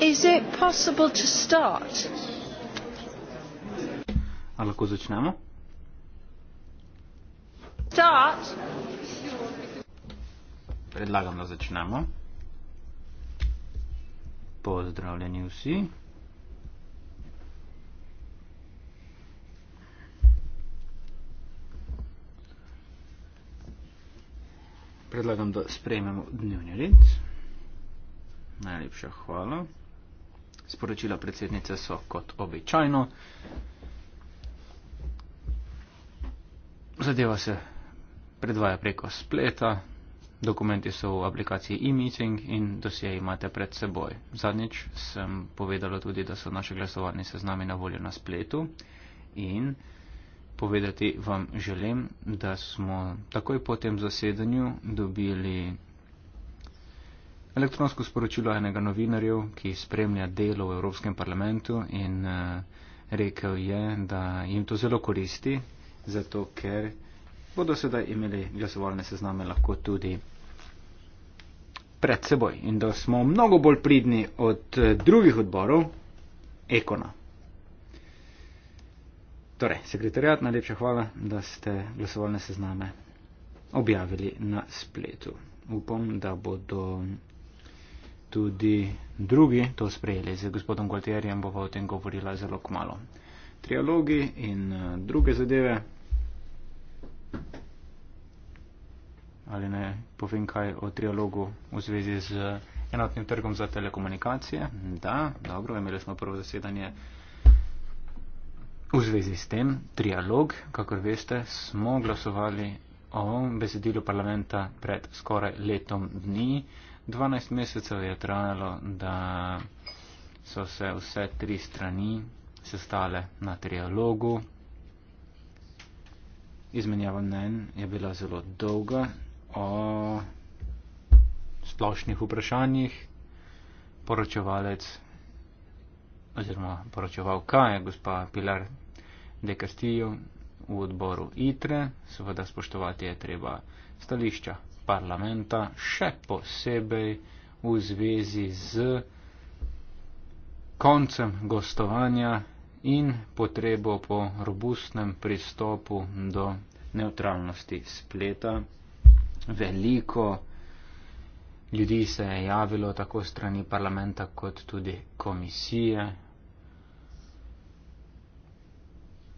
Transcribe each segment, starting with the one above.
Is it possible to start? A lahko začnemo? Start. Predlagam, da začnemo. Pozdravljeni vsi. predlagam, da sprejmemo dnevni red. Najlepša hvala. Sporočila predsednice so kot običajno. Zadeva se predvaja preko spleta, dokumenti so v aplikaciji e-meeting in dosje imate pred seboj. Zadnjič sem povedala tudi, da so naše glasovalne sezname na voljo na spletu in povedati vam želim, da smo takoj po tem zasedanju dobili elektronsko sporočilo enega novinarjev, ki spremlja delo v Evropskem parlamentu in eh, rekel je, da jim to zelo koristi, zato ker bodo sedaj imeli glasovalne sezname lahko tudi pred seboj in da smo mnogo bolj pridni od eh, drugih odborov, ekona. Torej, sekretarjat, najlepša hvala, da ste glasovalne sezname objavili na spletu. Upam, da bodo tudi drugi to sprejeli. Z gospodom Gualtierjem bova o tem govorila zelo kmalo. Trialogi in eh, druge zadeve. Ali ne povem kaj o trialogu v zvezi z enotnim trgom za telekomunikacije? Da, dobro, imeli smo prvo zasedanje. V zvezi s tem, trialog, kako veste, smo glasovali o besedilu parlamenta pred skoraj letom dni. 12 mesecev je trajalo, da so se vse tri strani sestale na trialogu. Izmenjava mnen je bila zelo dolga o splošnih vprašanjih. Poročevalec oziroma poročevalka je gospa Pilar de Castillo v odboru ITRE, seveda spoštovati je treba stališča parlamenta, še posebej v zvezi z koncem gostovanja in potrebo po robustnem pristopu do neutralnosti spleta. Veliko ljudi se je javilo tako strani parlamenta kot tudi komisije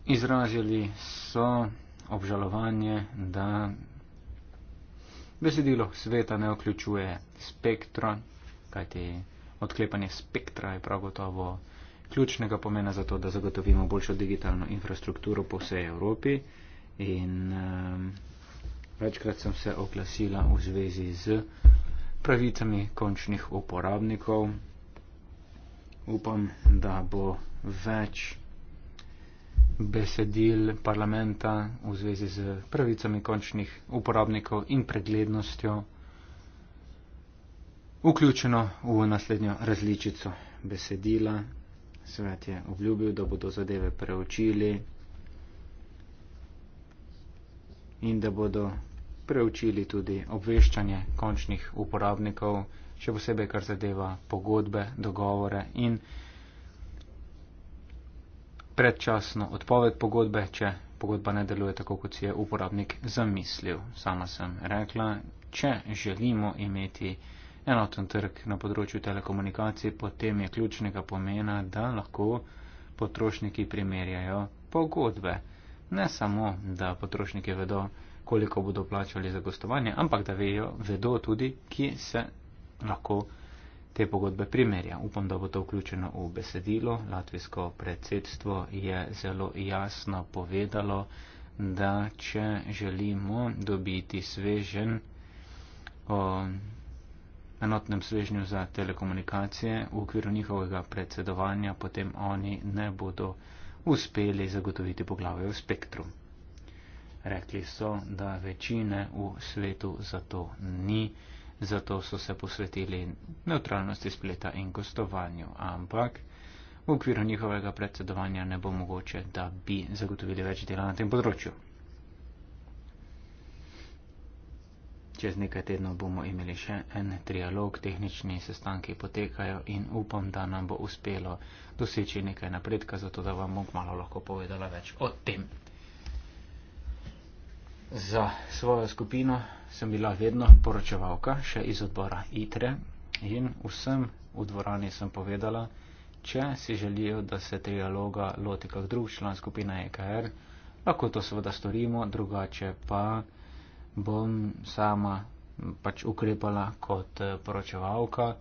Izrazili so obžalovanje, da besedilo sveta ne vključuje spektra, kajti odklepanje spektra je prav gotovo ključnega pomena za to, da zagotovimo boljšo digitalno infrastrukturo po vsej Evropi. In um, večkrat sem se oglasila v zvezi z pravicami končnih uporabnikov. Upam, da bo več besedil parlamenta v zvezi z pravicami končnih uporabnikov in preglednostjo vključeno v naslednjo različico besedila. Svet je obljubil, da bodo zadeve preučili in da bodo preučili tudi obveščanje končnih uporabnikov, še posebej kar zadeva pogodbe, dogovore in predčasno odpoved pogodbe, če pogodba ne deluje tako, kot si je uporabnik zamislil. Sama sem rekla, če želimo imeti enoten trg na področju telekomunikacij, potem je ključnega pomena, da lahko potrošniki primerjajo pogodbe. Ne samo, da potrošniki vedo, koliko bodo plačali za gostovanje, ampak da vejo, vedo tudi, kje se lahko primerjajo te pogodbe primerja. Upam, da bo to vključeno v besedilo. Latvijsko predsedstvo je zelo jasno povedalo, da če želimo dobiti svežen o enotnem svežnju za telekomunikacije v okviru njihovega predsedovanja, potem oni ne bodo uspeli zagotoviti poglavje v spektru. Rekli so, da večine v svetu za to ni zato so se posvetili neutralnosti spleta in gostovanju, ampak v okviru njihovega predsedovanja ne bo mogoče, da bi zagotovili več dela na tem področju. Čez nekaj tednov bomo imeli še en trialog, tehnični sestanki potekajo in upam, da nam bo uspelo doseči nekaj napredka, zato da vam bom malo lahko povedala več o tem. Za svojo skupino sem bila vedno poročevalka, še iz odbora ITRE in vsem v dvorani sem povedala, če si želijo, da se trialoga loti kak drug član skupine EKR, lahko to seveda storimo, drugače pa bom sama pač ukrepala kot eh, poročevalka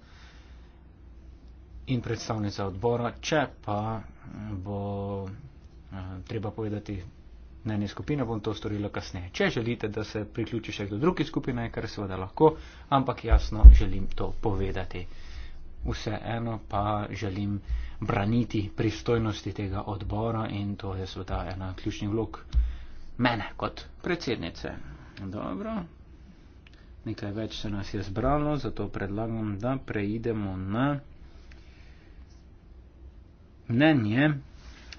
in predstavnica odbora, če pa bo eh, treba povedati na eni skupini, bom to storila kasneje. Če želite, da se priključi še kdo drugi skupine, kar seveda lahko, ampak jasno želim to povedati. Vseeno pa želim braniti pristojnosti tega odbora in to je seveda ena ključnih vlog mene kot predsednice. Dobro, nekaj več se nas je zbralo, zato predlagam, da preidemo na mnenje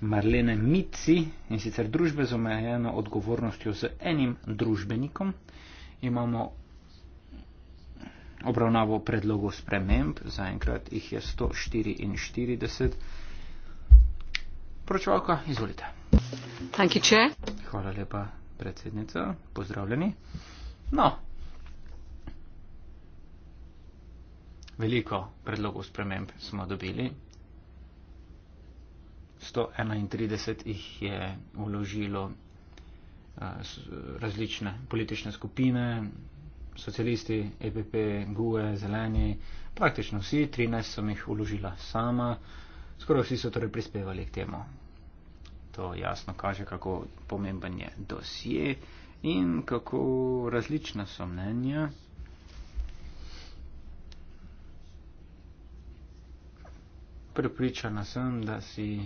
Marlene Mici in sicer družbe z omejeno odgovornostjo z enim družbenikom. Imamo obravnavo predlogov sprememb, zaenkrat jih je 144. Pročevalka, izvolite. You, Hvala lepa, predsednica, pozdravljeni. No, veliko predlogov sprememb smo dobili, 131 jih je uložilo eh, različne politične skupine, socialisti, EPP, GUE, zeleni, praktično vsi, 13 sem jih uložila sama, skoraj vsi so torej prispevali k temu. To jasno kaže, kako pomemben je dosje in kako različna so mnenja. Pripričana sem, da si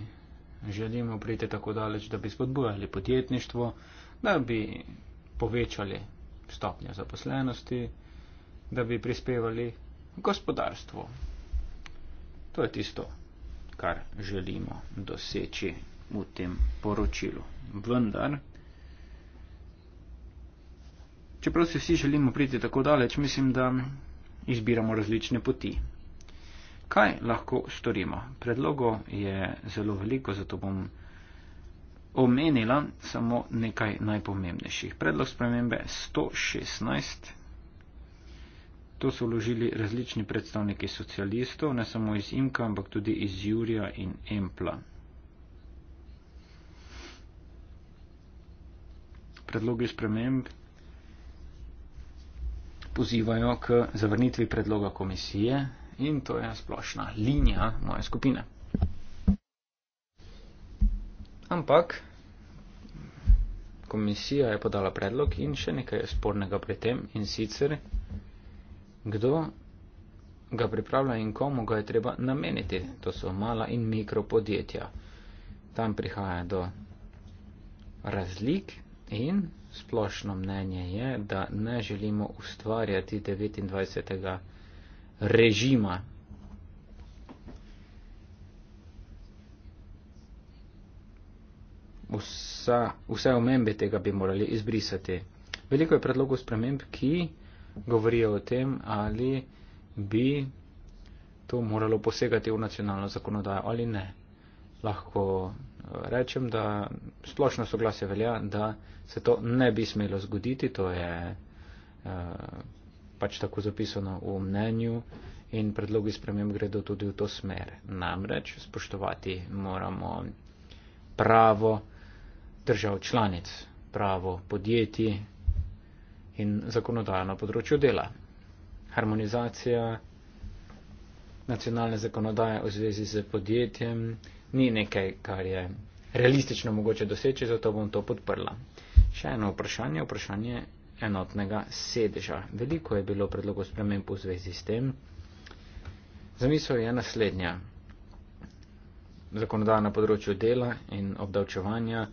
želimo priti tako daleč, da bi spodbujali podjetništvo, da bi povečali stopnjo zaposlenosti, da bi prispevali gospodarstvo. To je tisto, kar želimo doseči v tem poročilu. Vendar, čeprav si vsi želimo priti tako daleč, mislim, da izbiramo različne poti kaj lahko storimo? Predlogo je zelo veliko, zato bom omenila samo nekaj najpomembnejših. Predlog spremembe 116. To so vložili različni predstavniki socialistov, ne samo iz Imka, ampak tudi iz Jurija in Empla. Predlogi sprememb pozivajo k zavrnitvi predloga komisije, in to je splošna linija moje skupine. Ampak komisija je podala predlog in še nekaj je spornega pri tem in sicer, kdo ga pripravlja in komu ga je treba nameniti. To so mala in mikro podjetja. Tam prihaja do razlik in splošno mnenje je, da ne želimo ustvarjati 29 režima. Vsa, vse omembe tega bi morali izbrisati. Veliko je predlogov sprememb, ki govorijo o tem, ali bi to moralo posegati v nacionalno zakonodajo ali ne. Lahko eh, rečem, da splošno soglasje velja, da se to ne bi smelo zgoditi. To je eh, pač tako zapisano v mnenju in predlogi sprememb gredo tudi v to smer. Namreč spoštovati moramo pravo držav članic, pravo podjetij in zakonodajo na področju dela. Harmonizacija nacionalne zakonodaje v zvezi z podjetjem ni nekaj, kar je realistično mogoče doseči, zato bom to podprla. Še eno vprašanje, vprašanje enotnega sedeža. Veliko je bilo predlogov sprememb v zvezi s tem. Zamisel je naslednja. Zakonodaja na področju dela in obdavčevanja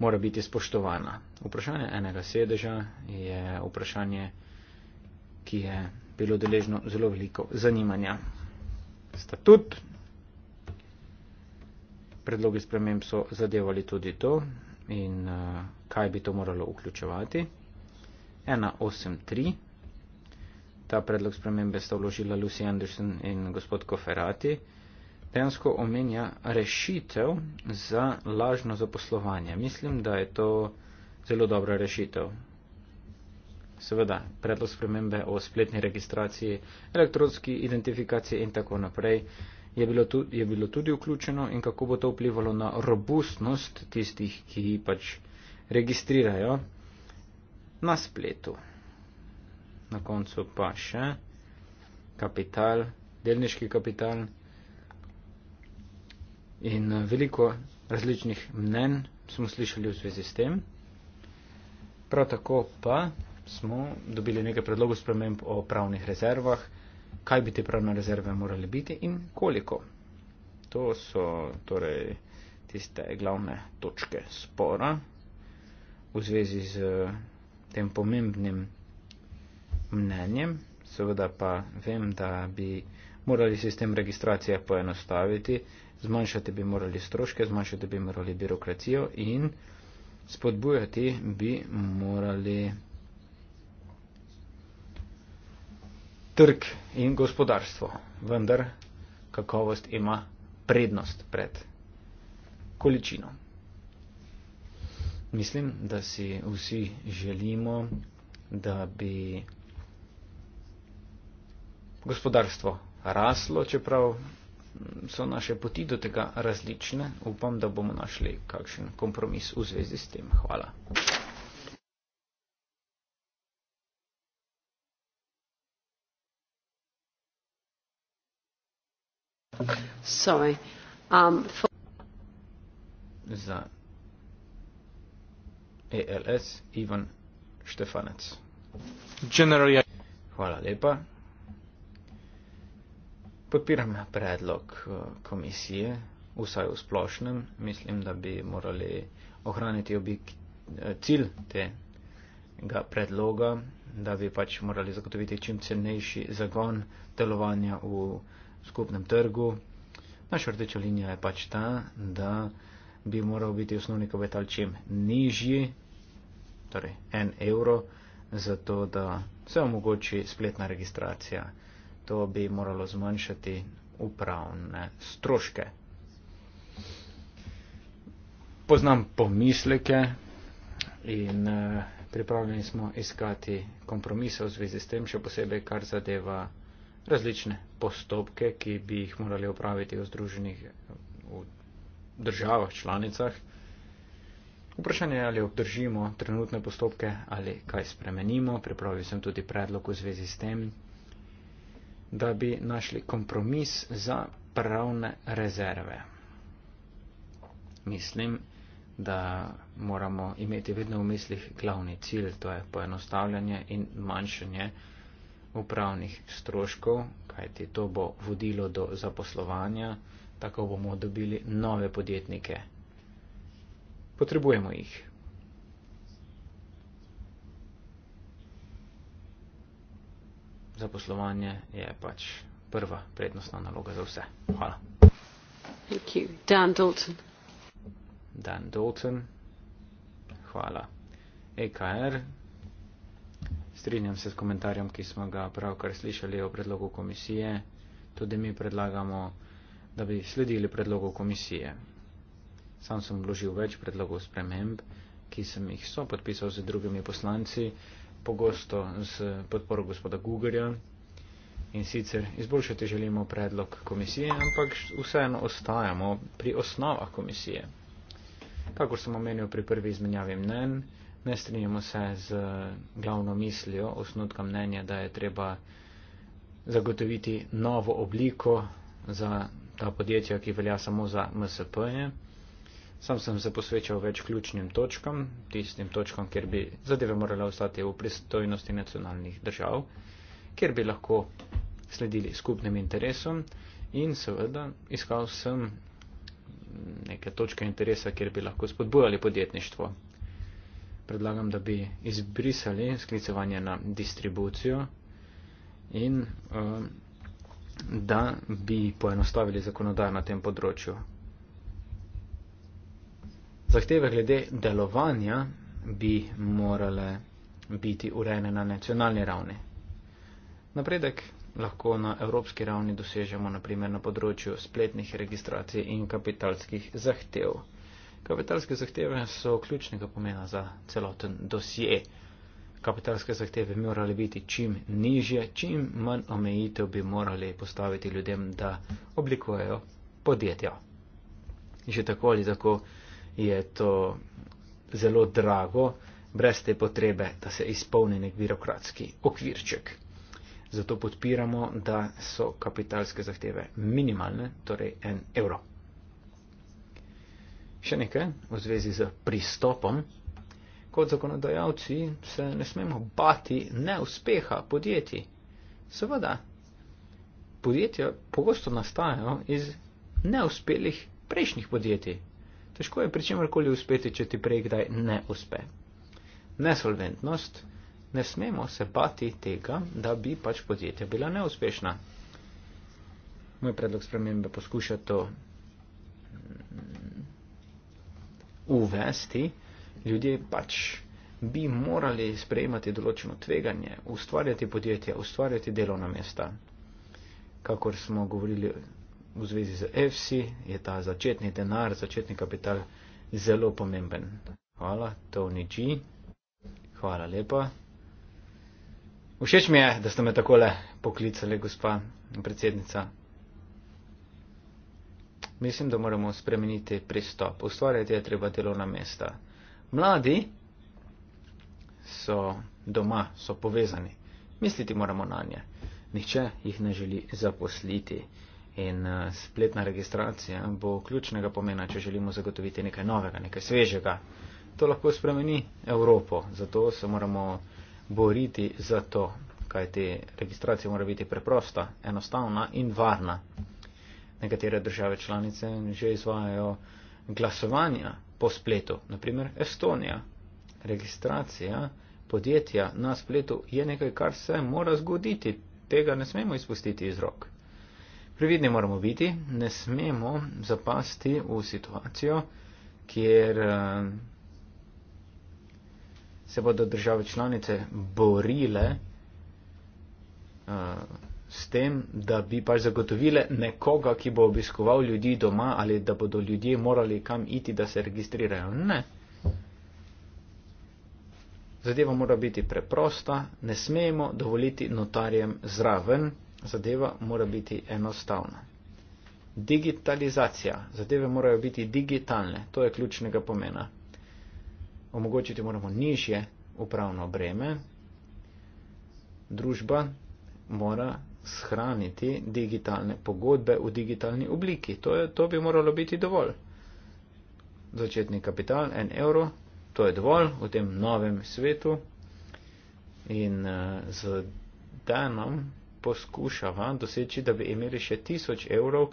mora biti spoštovana. Vprašanje enega sedeža je vprašanje, ki je bilo deležno zelo veliko zanimanja. Statut. Predlogi sprememb so zadevali tudi to in uh, kaj bi to moralo vključevati. 183. Ta predlog spremembe sta vložila Lucy Anderson in gospod Koferati. Dejansko omenja rešitev za lažno zaposlovanje. Mislim, da je to zelo dobra rešitev. Seveda, predlog spremembe o spletni registraciji, elektronski identifikaciji in tako naprej je bilo, tu, je bilo tudi vključeno in kako bo to vplivalo na robustnost tistih, ki jih pač registrirajo na spletu. Na koncu pa še kapital, delniški kapital in eh, veliko različnih mnen smo slišali v zvezi s tem. Prav tako pa smo dobili nekaj predlogov sprememb o pravnih rezervah, kaj bi te pravne rezerve morali biti in koliko. To so torej tiste glavne točke spora v zvezi z tem pomembnim mnenjem, seveda pa vem, da bi morali sistem registracije poenostaviti, zmanjšati bi morali stroške, zmanjšati bi morali birokracijo in spodbujati bi morali trg in gospodarstvo. Vendar kakovost ima prednost pred količino. Mislim, da si vsi želimo, da bi gospodarstvo raslo, čeprav so naše poti do tega različne. Upam, da bomo našli kakšen kompromis v zvezi s tem. Hvala. Sorry. Um, for... Za ALS e Ivan Štefanec. Generali. Hvala lepa. Podpiram predlog eh, komisije, vsaj v splošnem. Mislim, da bi morali ohraniti objek, eh, cilj tega predloga, da bi pač morali zagotoviti čim cenejši zagon delovanja v skupnem trgu. Naša rdeča linija je pač ta, da bi moral biti osnovni kapital čim nižji, torej en evro, zato da se omogoči spletna registracija. To bi moralo zmanjšati upravne stroške. Poznam pomisleke in eh, pripravljeni smo iskati kompromise v zvezi s tem, še posebej kar zadeva različne postopke, ki bi jih morali opraviti v združenih državah, članicah. Vprašanje je, ali obdržimo trenutne postopke ali kaj spremenimo. Pripravil sem tudi predlog v zvezi s tem, da bi našli kompromis za pravne rezerve. Mislim, da moramo imeti vedno v mislih glavni cilj, to je poenostavljanje in manjšanje upravnih stroškov, kajti to bo vodilo do zaposlovanja tako bomo dobili nove podjetnike. Potrebujemo jih. Zaposlovanje je pač prva prednostna naloga za vse. Hvala. Thank you. Dan Dalton. Dan Dalton. Hvala. EKR. Er. Strinjam se s komentarjem, ki smo ga pravkar slišali o predlogu komisije. Tudi mi predlagamo da bi sledili predlogu komisije. Sam sem vložil več predlogov sprememb, ki sem jih so podpisal z drugimi poslanci, pogosto z podporo gospoda Gugarja. In sicer izboljšati želimo predlog komisije, ampak vseeno ostajamo pri osnovah komisije. Kakor sem omenil pri prvi izmenjavi mnen, ne strinjamo se z glavno mislijo osnutka mnenja, da je treba zagotoviti novo obliko za ta podjetja, ki velja samo za MSP-je. Sam sem se posvečal več ključnim točkam, tistim točkam, kjer bi zadeve morale ostati v pristojnosti nacionalnih držav, kjer bi lahko sledili skupnim interesom in seveda iskal sem neke točke interesa, kjer bi lahko spodbujali podjetništvo. Predlagam, da bi izbrisali sklicevanje na distribucijo in uh, da bi poenostavili zakonodajo na tem področju. Zahteve glede delovanja bi morale biti urejene na nacionalni ravni. Napredek lahko na evropski ravni dosežemo naprimer na področju spletnih registracij in kapitalskih zahtev. Kapitalske zahteve so ključnega pomena za celoten dosje kapitalske zahteve morale biti čim nižje, čim manj omejitev bi morali postaviti ljudem, da oblikujejo podjetja. Že tako ali tako je to zelo drago, brez te potrebe, da se izpolni nek birokratski okvirček. Zato podpiramo, da so kapitalske zahteve minimalne, torej en evro. Še nekaj v zvezi z pristopom kot zakonodajalci se ne smemo bati neuspeha podjetij. Seveda, podjetja pogosto nastajajo iz neuspelih prejšnjih podjetij. Težko je pri čemkoli uspeti, če ti prej kdaj ne uspe. Nesolventnost. Ne smemo se bati tega, da bi pač podjetja bila neuspešna. Moj predlog spremembe poskuša to mm, uvesti ljudje pač bi morali sprejemati določeno tveganje, ustvarjati podjetja, ustvarjati delovna mesta. Kakor smo govorili v zvezi z EFSI, je ta začetni denar, začetni kapital zelo pomemben. Hvala, Tony G. Hvala lepa. Všeč mi je, da ste me takole poklicali, gospa predsednica. Mislim, da moramo spremeniti pristop. Ustvarjati je treba delovna mesta. Mladi so doma, so povezani. Misliti moramo na nje. Nihče jih ne želi zaposliti. In eh, spletna registracija bo ključnega pomena, če želimo zagotoviti nekaj novega, nekaj svežega. To lahko spremeni Evropo, zato se moramo boriti za to, kajti registracija mora biti preprosta, enostavna in varna. Nekatere države članice že izvajajo glasovanja po spletu. Naprimer, Estonija. Registracija podjetja na spletu je nekaj, kar se mora zgoditi. Tega ne smemo izpustiti iz rok. Previdni moramo biti, ne smemo zapasti v situacijo, kjer eh, se bodo države članice borile. Uh, s tem, da bi pač zagotovile nekoga, ki bo obiskoval ljudi doma ali da bodo ljudje morali kam iti, da se registrirajo. Ne. Zadeva mora biti preprosta, ne smemo dovoliti notarjem zraven, zadeva mora biti enostavna. Digitalizacija. Zadeve morajo biti digitalne, to je ključnega pomena. Omogočiti moramo nižje upravno breme. Družba mora shraniti digitalne pogodbe v digitalni obliki. To, je, to bi moralo biti dovolj. Začetni kapital, en evro, to je dovolj v tem novem svetu in eh, z danom poskušava doseči, da bi imeli še tisoč evrov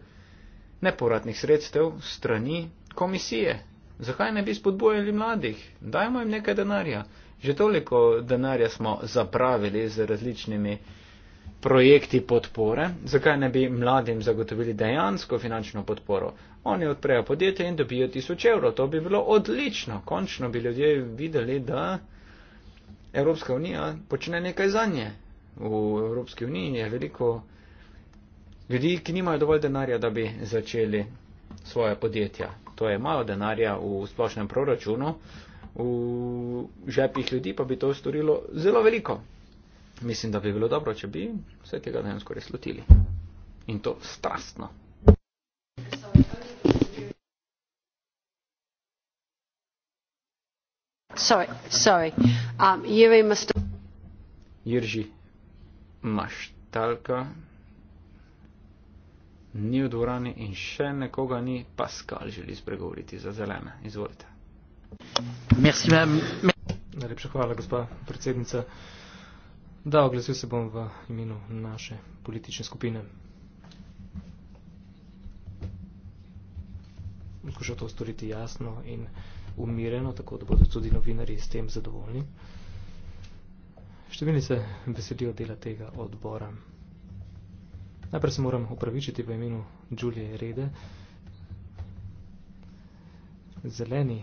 nepovratnih sredstev strani komisije. Zakaj ne bi spodbojali mladih? Dajmo jim nekaj denarja. Že toliko denarja smo zapravili z različnimi uh, projekti podpore, zakaj ne bi mladim zagotovili dejansko finančno podporo. Oni odprejo podjetje in dobijo tisoč evrov. To bi bilo odlično. Končno bi ljudje videli, da Evropska unija počne nekaj za nje. V Evropski uniji je veliko ljudi, ki nimajo dovolj denarja, da bi začeli svoje podjetja. To je malo denarja v splošnem proračunu, v žepih ljudi pa bi to storilo zelo veliko. Mislim, da bi bilo dobro, če bi se tega dejansko res lotili. In to strastno. Sorry, sorry. Um, Jiri, imaš Jirži, talka, ni v dvorani in še nekoga ni, pa skal želi spregovoriti za zelene. Izvolite. Najlepša hvala, gospa predsednica. Uh, Da, oglasil se bom v imenu naše politične skupine. Skušal to storiti jasno in umireno, tako da bodo tudi novinari s tem zadovoljni. Številni se veselijo dela tega odbora. Najprej se moram upravičiti v imenu Julije Rede. Zeleni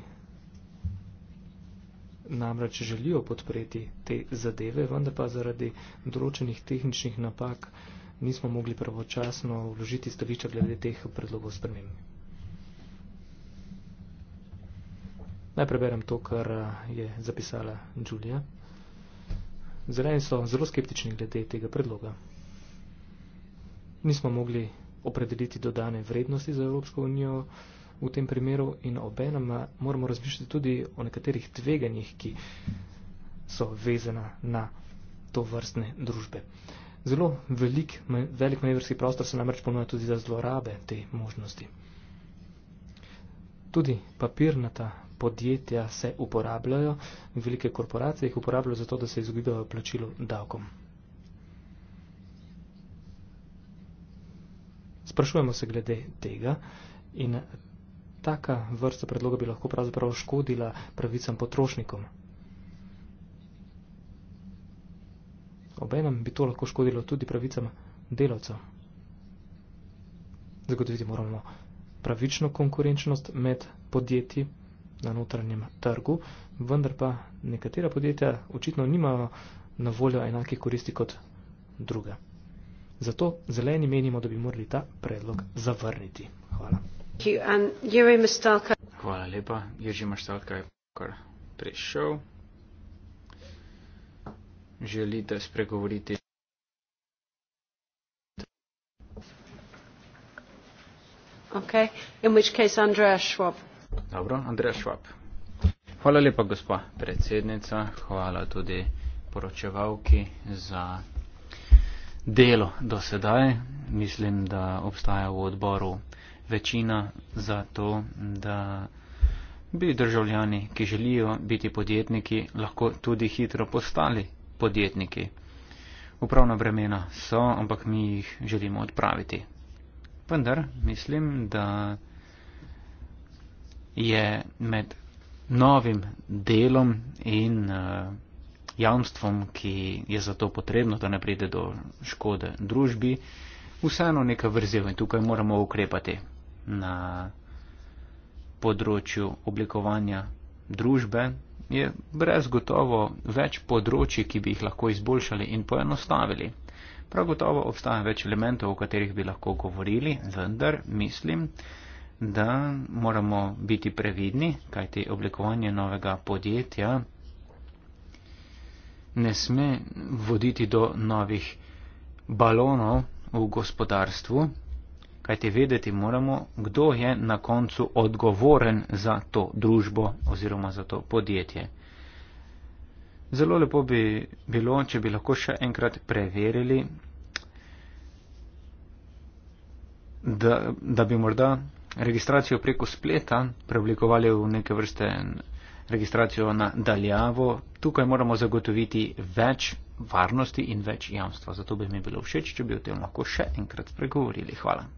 namreč želijo podpreti te zadeve, vendar pa zaradi določenih tehničnih napak nismo mogli pravočasno vložiti stališča glede teh predlogov sprememb. Naj preberem to, kar eh, je zapisala Julija. Zeleni so zelo skeptični glede tega predloga. Nismo mogli opredeliti dodane vrednosti za Evropsko unijo v tem primeru in obenem eh, moramo razmišljati tudi o nekaterih tveganjih, ki so vezana na to vrstne družbe. Zelo velik, velik manevrski prostor se namreč ponuja tudi za zlorabe te možnosti. Tudi papirnata podjetja se uporabljajo, velike korporacije jih uporabljajo zato, da se izogibajo plačilo davkom. Sprašujemo se glede tega in taka vrsta predloga bi lahko pravzaprav škodila pravicam potrošnikom. Obenem bi to lahko škodilo tudi pravicam delavcev. Zagotoviti moramo pravično konkurenčnost med podjetji na notranjem trgu, vendar pa nekatera podjetja očitno nimajo na voljo enakih koristi kot druga. Zato zeleni menimo, da bi morali ta predlog zavrniti. Hvala. Hvala lepa, Jerzy Maštalka je kar prišel. Želite spregovoriti? Okay. In which case Andrea Schwab. Dobro, Andrea Schwab. Hvala lepa, gospa predsednica. Hvala tudi poročevalki za delo do sedaj. Mislim, da obstaja v odboru večina za to, da bi državljani, ki želijo biti podjetniki, lahko tudi hitro postali podjetniki. Upravna bremena so, ampak mi jih želimo odpraviti. Vendar mislim, da je med novim delom in uh, jamstvom, ki je za to potrebno, da ne pride do škode družbi, vseeno neka vrzel in tukaj moramo ukrepati na področju oblikovanja družbe, je brez gotovo več področji, ki bi jih lahko izboljšali in poenostavili. Prav gotovo obstaja več elementov, o katerih bi lahko govorili, vendar mislim, da moramo biti previdni, kajti oblikovanje novega podjetja ne sme voditi do novih balonov v gospodarstvu, kajti vedeti moramo, kdo je na koncu odgovoren za to družbo oziroma za to podjetje. Zelo lepo bi bilo, če bi lahko še enkrat preverili, da, da bi morda registracijo preko spleta preoblikovali v neke vrste registracijo na daljavo. Tukaj moramo zagotoviti več varnosti in več jamstva. Zato bi mi bilo všeč, če bi o tem lahko še enkrat spregovorili. Hvala.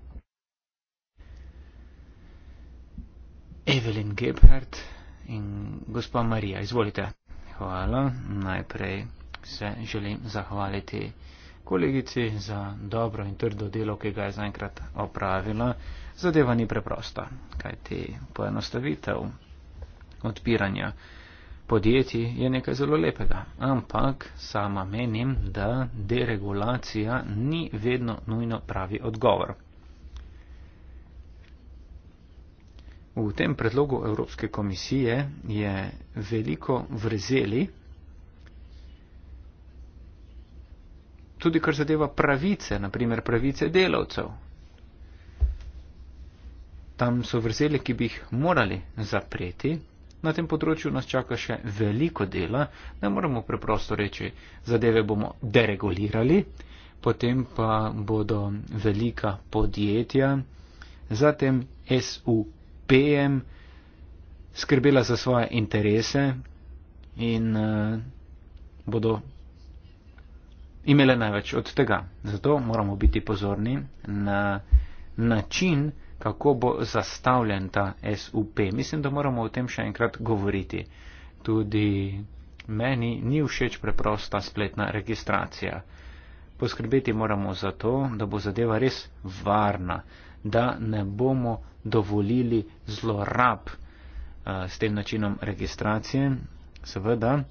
Evelyn Gebhardt in gospa Marija. Izvolite. Hvala. Najprej se želim zahvaliti kolegici za dobro in trdo delo, ki ga je zaenkrat opravila. Zadeva ni preprosta, kajti poenostavitev odpiranja podjetij je nekaj zelo lepega, ampak sama menim, da deregulacija ni vedno nujno pravi odgovor. V tem predlogu Evropske komisije je veliko vrzeli, tudi kar zadeva pravice, naprimer pravice delavcev. Tam so vrzeli, ki bi jih morali zapreti. Na tem področju nas čaka še veliko dela. Ne moremo preprosto reči, zadeve bomo deregulirali, potem pa bodo velika podjetja, zatem SUP pejem, skrbela za svoje interese in uh, bodo imele največ od tega. Zato moramo biti pozorni na način, kako bo zastavljen ta SUP. Mislim, da moramo o tem še enkrat govoriti. Tudi meni ni všeč preprosta spletna registracija. Poskrbeti moramo za to, da bo zadeva res varna, da ne bomo dovolili zlorab eh, s tem načinom registracije. Seveda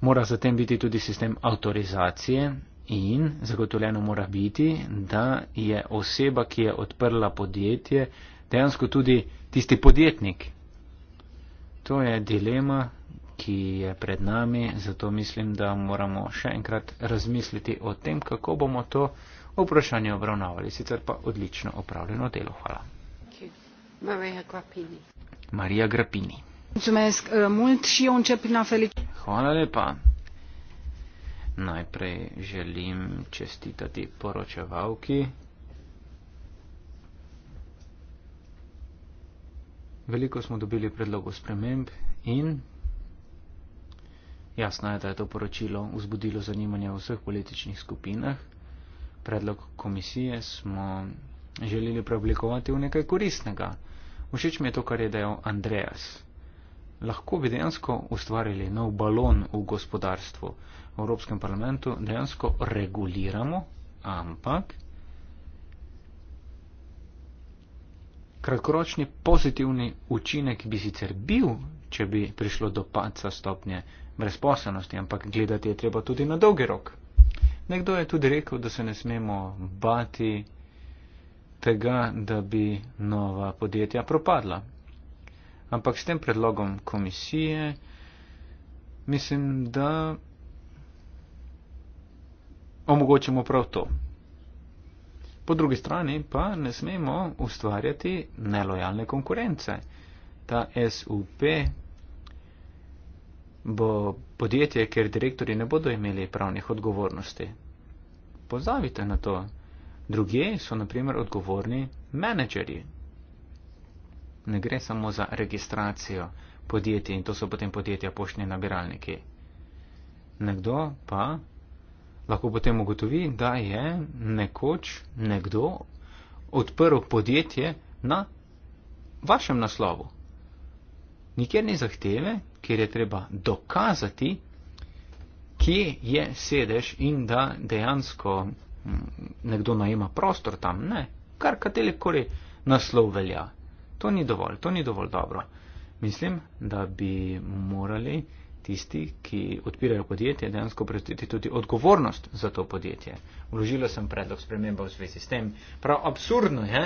mora zatem biti tudi sistem avtorizacije in zagotovljeno mora biti, da je oseba, ki je odprla podjetje, dejansko tudi tisti podjetnik. To je dilema, ki je pred nami, zato mislim, da moramo še enkrat razmisliti o tem, kako bomo to vprašanje obravnavali. Sicer pa odlično opravljeno delo. Hvala. Marija Grapini. Eh, Hvala lepa. Najprej želim čestitati poročevalki. Veliko smo dobili predlogov sprememb in jasno je, da je to poročilo vzbudilo zanimanje v vseh političnih skupinah predlog komisije smo želeli preoblikovati v nekaj koristnega. Všeč mi je to, kar je dejal Andreas. Lahko bi dejansko ustvarili nov balon v gospodarstvu. V Evropskem parlamentu dejansko reguliramo, ampak kratkoročni pozitivni učinek bi sicer bil, če bi prišlo do paca stopnje brezposelnosti, ampak gledati je treba tudi na dolgi rok. Nekdo je tudi rekel, da se ne smemo bati tega, da bi nova podjetja propadla. Ampak s tem predlogom komisije mislim, da omogočamo prav to. Po drugi strani pa ne smemo ustvarjati nelojalne konkurence. Ta SUP bo podjetje, kjer direktori ne bodo imeli pravnih odgovornosti. Pozavite na to. Drugi so naprimer odgovorni menedžeri. Ne gre samo za registracijo podjetij in to so potem podjetja poštni nabiralniki. Nekdo pa lahko potem ugotovi, da je nekoč nekdo odprl podjetje na vašem naslovu. Nikjer ni zahteve, kjer je treba dokazati, kje je sedež in da dejansko mm, nekdo najema prostor tam. Ne, kar katerikoli naslov velja. To ni dovolj, to ni dovolj dobro. Mislim, da bi morali tisti, ki odpirajo podjetje, dejansko prevzeti tudi odgovornost za to podjetje. Vložila sem predlog spremembe v zvezi s tem. Prav absurdno je,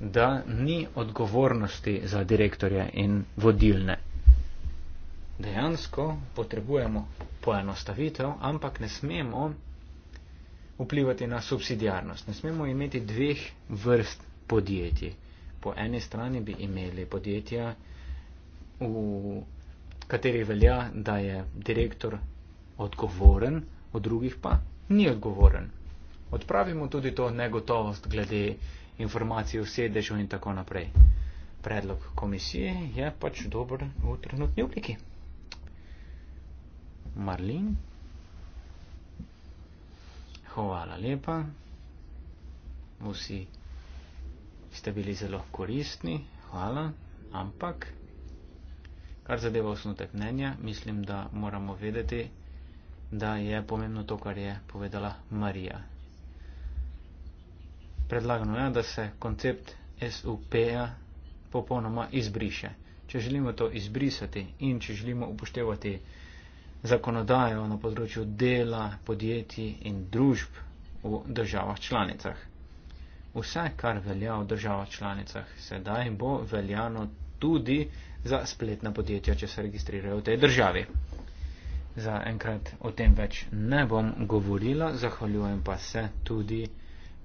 da ni odgovornosti za direktorje in vodilne dejansko potrebujemo poenostavitev, ampak ne smemo vplivati na subsidijarnost. Ne smemo imeti dveh vrst podjetij. Po eni strani bi imeli podjetja, v kateri velja, da je direktor odgovoren, v drugih pa ni odgovoren. Odpravimo tudi to negotovost glede informacij o sedežu in tako naprej. Predlog komisije je pač dober v trenutni obliki. Marlin. Hvala lepa. Vsi ste bili zelo koristni, hvala. Ampak, kar zadeva osnutek mnenja, mislim, da moramo vedeti, da je pomembno to, kar je povedala Marija. Predlagano je, da se koncept SUP-ja popolnoma izbriše. Če želimo to izbrisati in če želimo upoštevati zakonodajo na področju dela, podjetij in družb v državah članicah. Vse, kar velja v državah članicah, sedaj bo veljano tudi za spletna podjetja, če se registrirajo v tej državi. Za enkrat o tem več ne bom govorila, zahvaljujem pa se tudi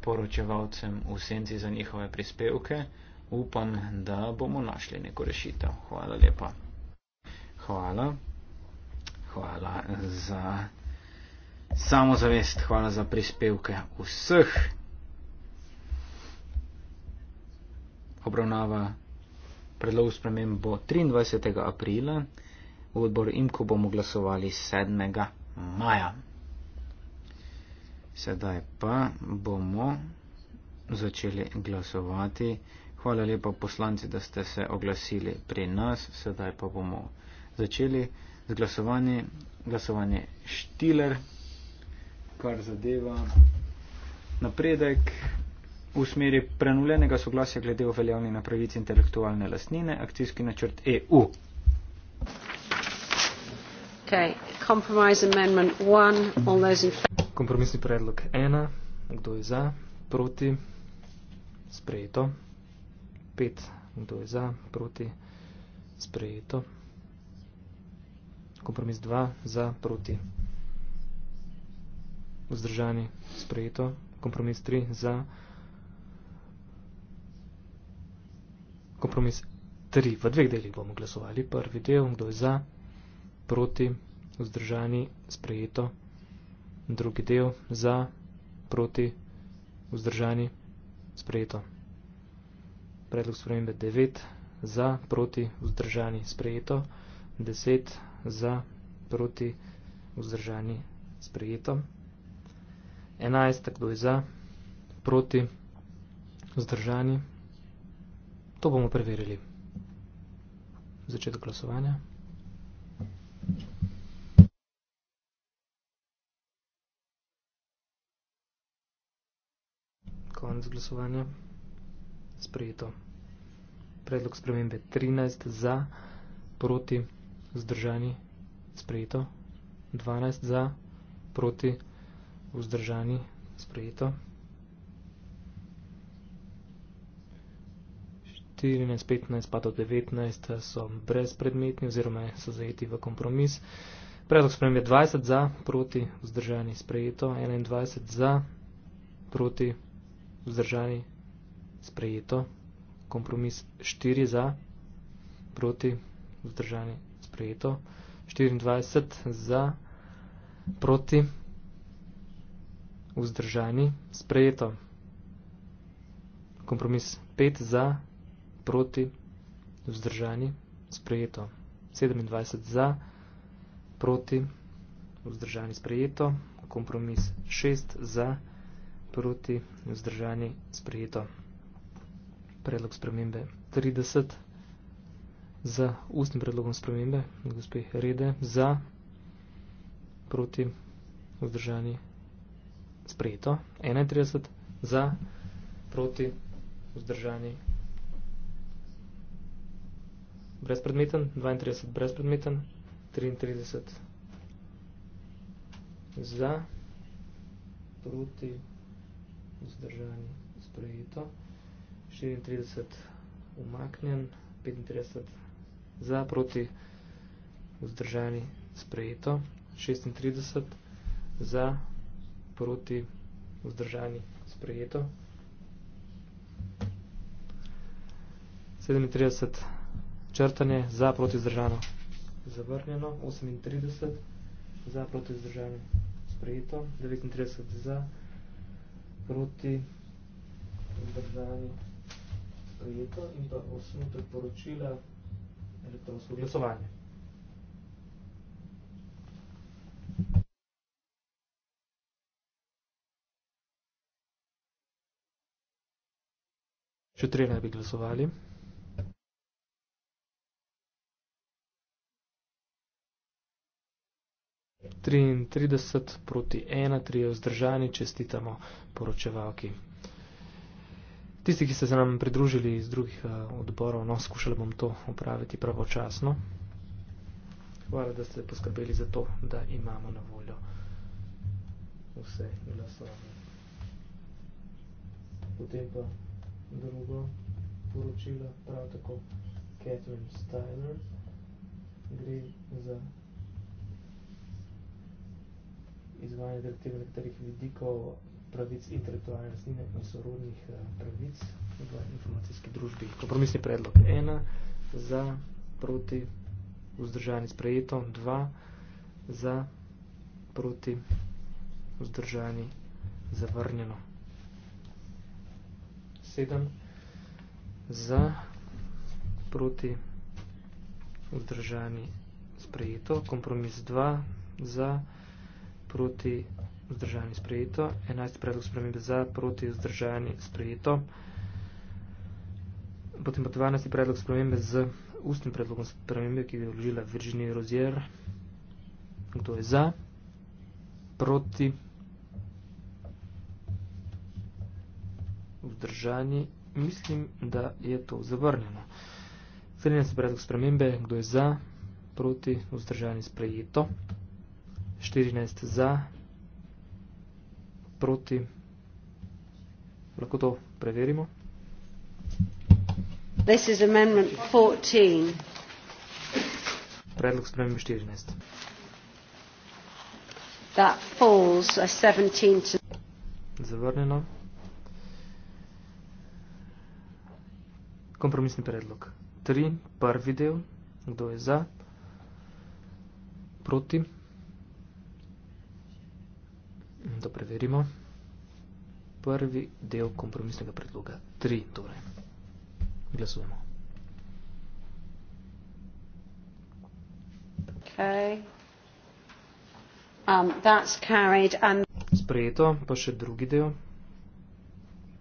poročevalcem v senci za njihove prispevke. Upam, da bomo našli neko rešitev. Hvala lepa. Hvala hvala za samozavest, hvala za prispevke vseh. Obravnava predlog sprememb bo 23. aprila, v odboru Imko bomo glasovali 7. maja. Sedaj pa bomo začeli glasovati. Hvala lepa poslanci, da ste se oglasili pri nas. Sedaj pa bomo začeli z glasovanje, glasovanje Štiler, kar zadeva napredek v smeri prenulenega soglasja glede uveljavni na pravici intelektualne lastnine, akcijski načrt EU. Okay. Compromise amendment one. All those in Kompromisni predlog ena. Kdo je za? Proti? Sprejeto. Pet. Kdo je za? Proti? Sprejeto kompromis 2 za proti. Vzdržani sprejeto, kompromis 3 za. Kompromis 3. V dveh delih bomo glasovali. Prvi del, kdo je za, proti, vzdržani, sprejeto. Drugi del, za, proti, vzdržani, sprejeto. Predlog spremembe 9, za, proti, vzdržani, sprejeto. 10, za, proti, vzdržani, sprejeto. 11. Kdo je za, proti, vzdržani? To bomo preverili. Začetek glasovanja. Konec glasovanja. Sprejeto. Predlog spremembe 13 za, proti, vzdržani vzdržani, sprejeto. 12 za, proti, vzdržani, sprejeto. 14, 15 pa do 19 so brezpredmetni oziroma so zajeti v kompromis. Predlog sprememb je 20 za, proti, vzdržani, sprejeto. 21 za, proti, vzdržani, sprejeto. Kompromis 4 za, proti, vzdržani, sprejeto sprejeto 24 za proti vzdržani sprejeto. Kompromis 5 za proti vzdržani sprejeto. 27 za proti vzdržani sprejeto. Kompromis 6 za proti vzdržani sprejeto. Predlog spremembe 30 z ustnim predlogom spremembe, gospe Rede, za proti vzdržani sprejeto, 31 za proti vzdržani brezpredmeten, 32 brezpredmeten, 33 za proti vzdržani sprejeto, 34 umaknjen, 35 za proti vzdržani sprejeto, 36 za proti vzdržani sprejeto, 37 črtanje za proti vzdržano zavrnjeno, 38 za proti vzdržano sprejeto, 39 za proti vzdržani sprejeto in pa osnutek poročila vzdržano elektronsko glasovanje. Če tri naj bi glasovali. Trideset proti ena, tri je vzdržani, čestitamo poročevalki Tisti, ki ste se nam pridružili iz drugih eh, odborov, no, skušali bom to upraviti pravočasno. Hvala, da ste poskrbeli za to, da imamo na voljo vse glasove. Potem pa drugo poročilo, prav tako Catherine Steiner, gre za izvajanje direktive nekaterih vidikov pravic intelektualne lastnine in sorodnih eh, pravic v informacijski družbi. Kompromisni predlog ena, za, proti, vzdržani sprejeto, dva, za, proti, vzdržani zavrnjeno. Sedem, za, proti, vzdržani sprejeto, kompromis dva, za, proti, vzdržajanje sprejeto, 11 predlog spremembe za, proti vzdržajanje sprejeto, potem pa 12 predlog spremembe z ustnim predlogom spremembe, ki je vložila Virginia Rozier, kdo je za, proti vzdržajanje, mislim, da je to zavrnjeno. 13 predlog spremembe, kdo je za, proti vzdržajanje sprejeto, 14 za, proti. Lahko to preverimo. This is amendment 14. Predlog spremembe 14. That falls a uh, 17 to Zavrnjeno. Kompromisni predlog. Tri, prvi del. Kdo je za? Proti da preverimo. Prvi del kompromisnega predloga, tri torej. Glasujemo. Okay. Um, that's carried and... Sprejeto, pa še drugi del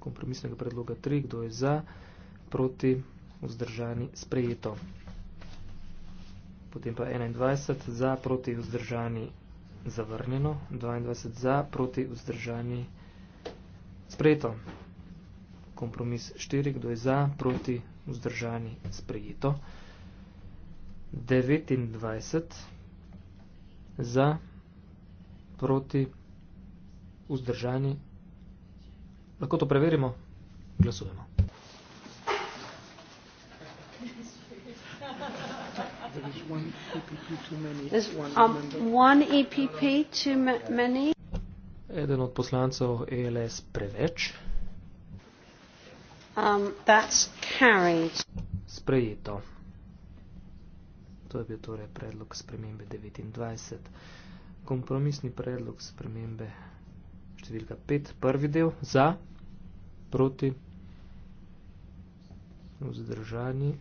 kompromisnega predloga 3, kdo je za, proti, vzdržani, sprejeto. Potem pa 21, za, proti, vzdržani, zavrnjeno, 22 za, proti vzdržani sprejeto. Kompromis 4, kdo je za, proti vzdržani sprejeto. 29 za, proti vzdržani. Lahko to preverimo? Glasujemo. one EPP too many? Is one, um, one EPP too ma many? Eden od poslancov ALS e preveč. Um, that's carried. Sprejeto. To je bil torej predlog spremembe 29. Kompromisni predlog spremembe številka 5, prvi del, za, proti, vzdržani,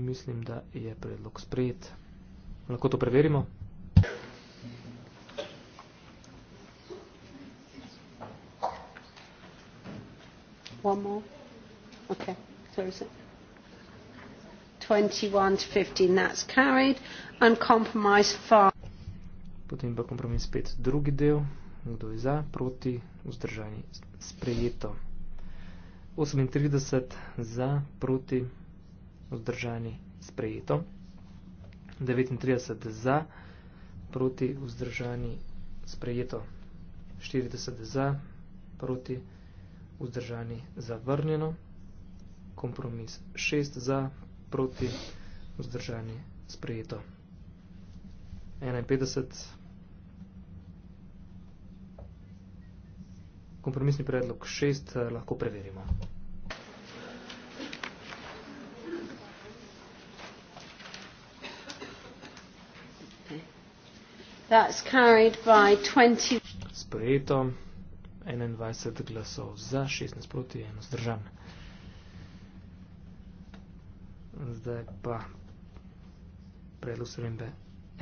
mislim, da je predlog sprejet. Lahko to preverimo? One more. Okay, so is it? 21 to 15, that's carried. And compromise 5. Potem pa kompromis spet drugi del. Kdo je za, proti, vzdržani, sprejeto. 38 za, proti, vzdržani, sprejeto. 39 za, proti vzdržani sprejeto. 40 za, proti vzdržani zavrnjeno. Kompromis 6 za, proti vzdržani sprejeto. 51. Kompromisni predlog 6 eh, lahko preverimo. 20... Sprejeto 21 glasov za, 16 proti, 1 zdržan. Zdaj pa predlog srembe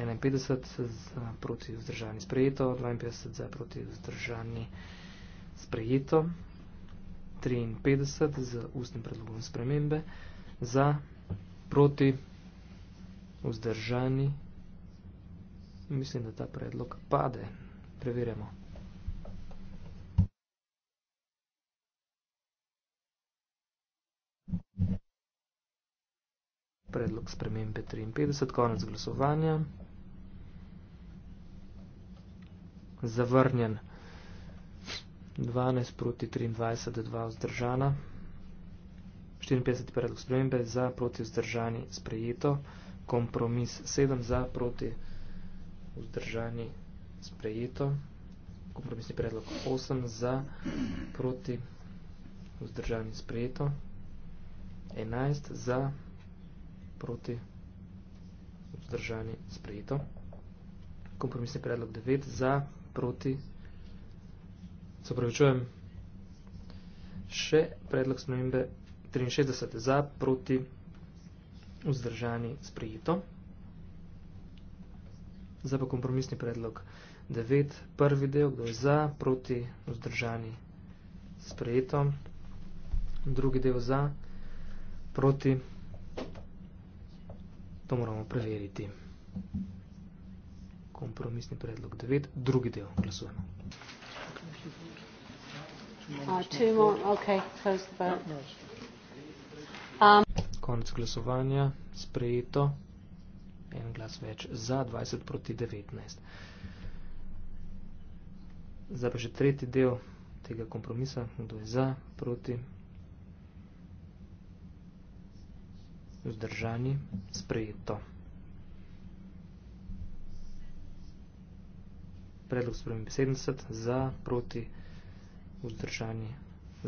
51 za proti vzdržani sprejeto, 52 za proti vzdržani sprejeto, 53 za ustnim predlogom spremembe, za proti vzdržani sprejeto. Mislim, da ta predlog pade. Preverjamo. Predlog spremembe 53, konec glasovanja. Zavrnjen 12 proti 23, 2 vzdržana. 54. predlog spremembe za proti vzdržani sprejeto. Kompromis 7 za proti vzdržani vzdržani, sprejeto. Kompromisni predlog 8 za, proti, vzdržani, sprejeto. 11 za, proti, vzdržani, sprejeto. Kompromisni predlog 9 za, proti, se upravičujem, še predlog spremembe 63 za, proti, vzdržani, sprejeto. Zdaj pa kompromisni predlog 9, prvi del, kdo je za, proti, vzdržani, sprejeto, drugi del za, proti, to moramo preveriti. Kompromisni predlog 9, drugi del, glasujemo. Uh, no, no. Um, Konec glasovanja, sprejeto en glas več za 20 proti 19. Zdaj pa še tretji del tega kompromisa, kdo je za, proti, vzdržani, sprejeto. Predlog spremem 70, za, proti, vzdržani,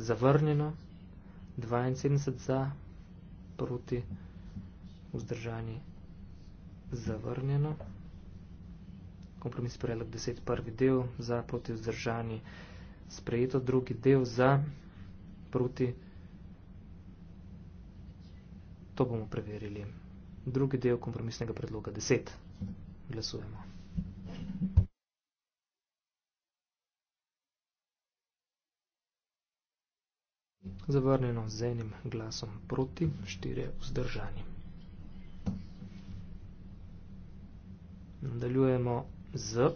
zavrnjeno, 72 za, proti, vzdržani, zavrnjeno. Kompromis prelep 10, prvi del za proti vzdržani sprejeto, drugi del za proti, to bomo preverili. Drugi del kompromisnega predloga 10. Glasujemo. Zavrnjeno z enim glasom proti, štirje vzdržani. nadaljujemo z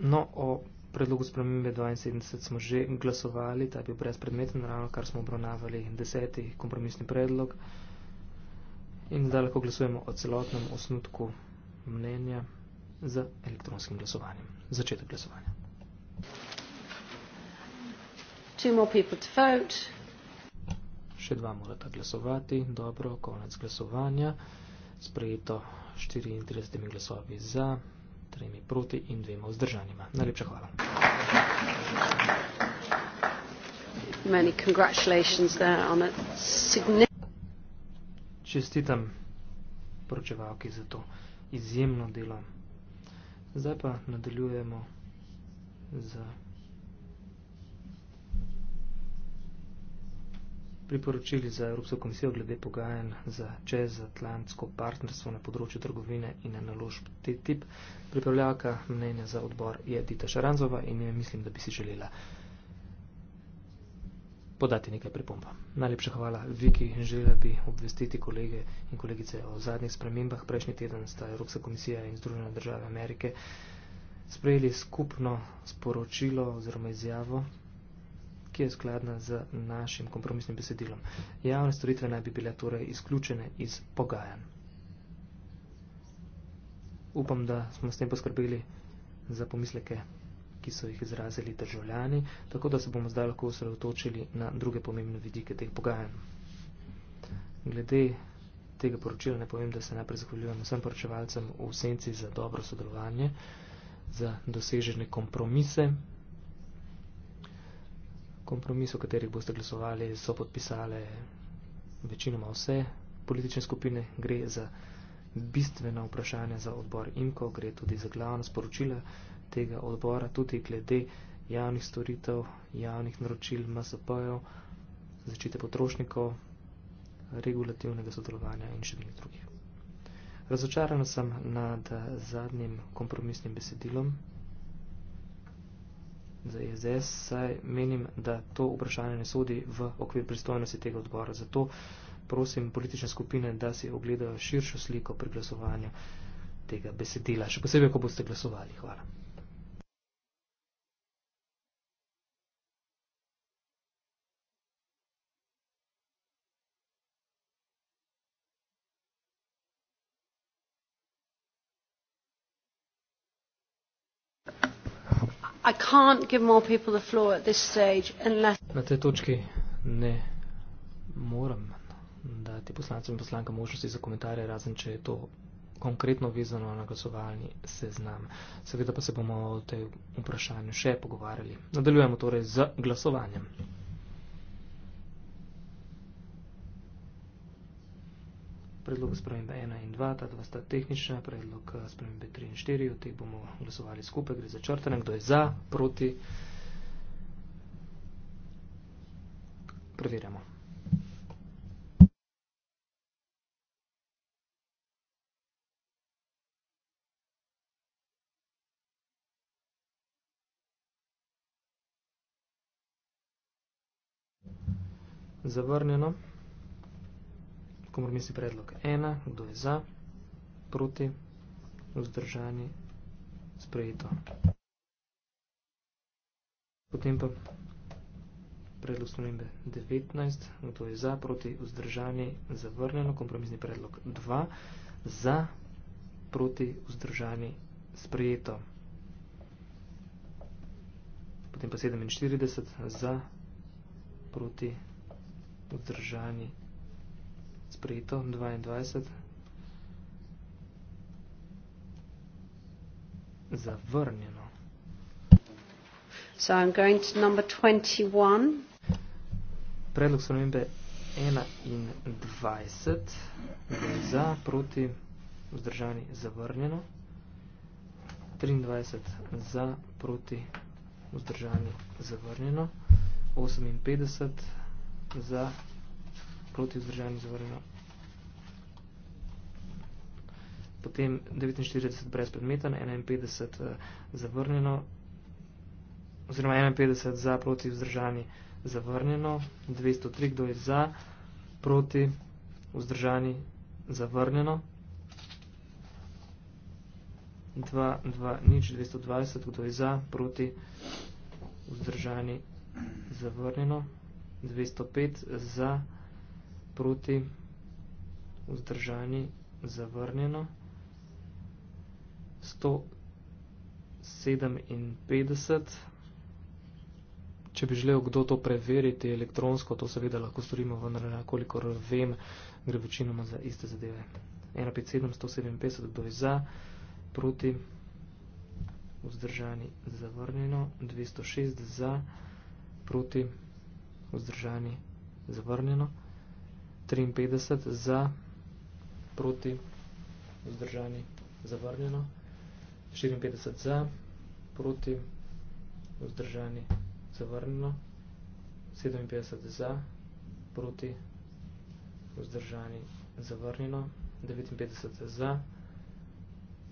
No, o predlogu spremembe 72 smo že glasovali, ta je bil brez predmeten, ravno kar smo obravnavali deseti kompromisni predlog. In zdaj lahko glasujemo o celotnem osnutku mnenja z elektronskim glasovanjem. Začetek glasovanja. Two more people to vote še dva morata glasovati. Dobro, konec glasovanja. Sprejeto 34 glasovi za, tremi proti in dvema vzdržanjima. Najlepša hvala. Many congratulations there on a significant... Čestitam poročevalki za to izjemno delo. Zdaj pa nadaljujemo za... priporočili za Evropsko komisijo glede pogajanj za čezatlantsko partnerstvo na področju trgovine in naložb TTIP. Pripravljaka mnenja za odbor je Dita Šaranzova in jim mislim, da bi si želela podati nekaj pripomb. Najlepša hvala Viki in želela bi obvestiti kolege in kolegice o zadnjih spremembah. Prejšnji teden sta Evropska komisija in Združene države Amerike sprejeli skupno sporočilo oziroma izjavo ki je skladna z našim kompromisnim besedilom. Javne storitve naj bi bile torej izključene iz pogajanj. Upam, da smo s tem poskrbeli za pomisleke, ki so jih izrazili državljani, tako da se bomo zdaj lahko osredotočili na druge pomembne vidike teh pogajanj. Glede tega poročila ne povem, da se najprej zahvaljujem vsem poročevalcem v senci za dobro sodelovanje, za dosežene kompromise kompromis, o katerih boste glasovali, so podpisale večinoma vse politične skupine. Gre za bistvena vprašanja za odbor IMKO, gre tudi za glavna sporočila tega odbora, tudi glede javnih storitev, javnih naročil, MSP-jev, začite potrošnikov, regulativnega sodelovanja in še mnogih drugih. Razočarana sem nad zadnjim kompromisnim besedilom za IZS, saj menim, da to vprašanje ne sodi v okvir pristojnosti tega odbora. Zato prosim politične skupine, da si ogledajo širšo sliko pri glasovanju tega besedila, še posebej, ko boste glasovali. Hvala. Na tej točki ne moram dati poslancem in poslankam možnosti za komentarje, razen če je to konkretno vezano na glasovalni seznam. Seveda pa se bomo o tej vprašanju še pogovarjali. Nadaljujemo torej z glasovanjem. predlogu spremembe 1 in 2, ta dva sta tehnična, predlog eh, spremembe 3 in 4, o teh bomo glasovali skupaj, gre za črtene, kdo je za, proti. Preverjamo. Zavrnjeno kompromisni predlog. Ena, kdo je za, proti, vzdržani, sprejeto. Potem pa predlog spremembe 19, kdo je za, proti, vzdržani, zavrnjeno, kompromisni predlog 2, za, proti, vzdržani, sprejeto. Potem pa 47, za, proti, vzdržani, sprejeto sprejeto 22. Zavrnjeno. So I'm going to number 21. Predlog spremembe 21 za proti vzdržani zavrnjeno. 23 za proti vzdržani zavrnjeno. 58 za proti vzdržanju zavrnjeno. Potem 49 brezpredmeten, 51 eh, zavrnjeno, oziroma 51 za proti vzdržanju zavrnjeno, 203 kdo je za proti vzdržanju zavrnjeno, 2-2 nič, 220 kdo je za proti vzdržanju zavrnjeno, 205 za vzdržanju zavrnjeno proti, vzdržani, zavrnjeno. 157. Če bi želel kdo to preveriti elektronsko, to seveda lahko storimo, vendar nekolikor vem, gre večinoma za iste zadeve. 157, 157, kdo je za, proti, vzdržani, zavrnjeno, 206 za, proti, vzdržani, zavrnjeno. 53 za, proti, vzdržani, zavrnjeno, 54 za, proti, vzdržani, zavrnjeno, 57 za, proti, vzdržani, zavrnjeno, 59 za,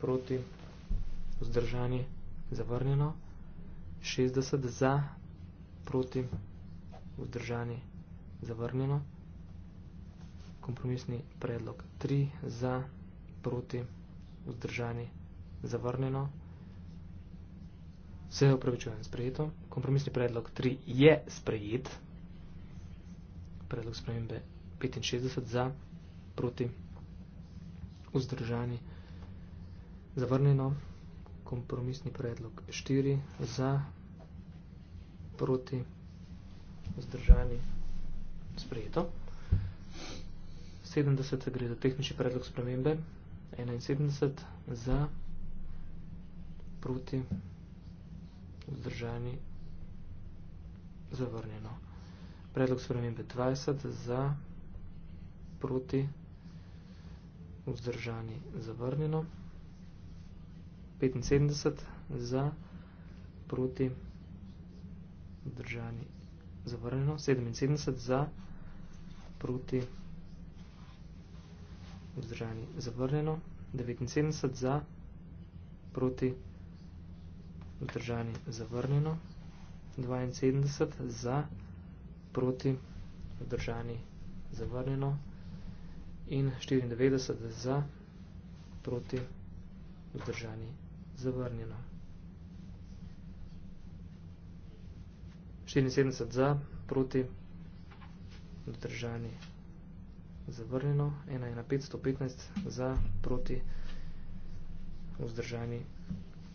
proti, vzdržani, zavrnjeno, 60 za, proti, vzdržani, zavrnjeno, 60 za, proti, vzdržani, zavrnjeno, kompromisni predlog. Tri za, proti, vzdržani, zavrnjeno. Vse upravičujem sprejeto. Kompromisni predlog 3 je sprejet. Predlog spremembe 65 za, proti, vzdržani, zavrnjeno. Kompromisni predlog 4 za, proti, vzdržani, sprejeto. 70 gre za tehnični predlog spremembe, 71 za, proti, vzdržani, zavrnjeno. Predlog spremembe 20 za, proti, vzdržani, zavrnjeno. 75 za, proti, vzdržani, zavrnjeno. 77 za, proti, vzdržani, zavrnjeno vzdržani zavrnjeno, 79 za, proti, vzdržani zavrnjeno, 72 za, proti, vzdržani zavrnjeno in 94 za, proti, vzdržani zavrnjeno. 74 za, proti, vzdržani zavrnjeno zavrnjeno, 1 je na 515, za, proti, vzdržani,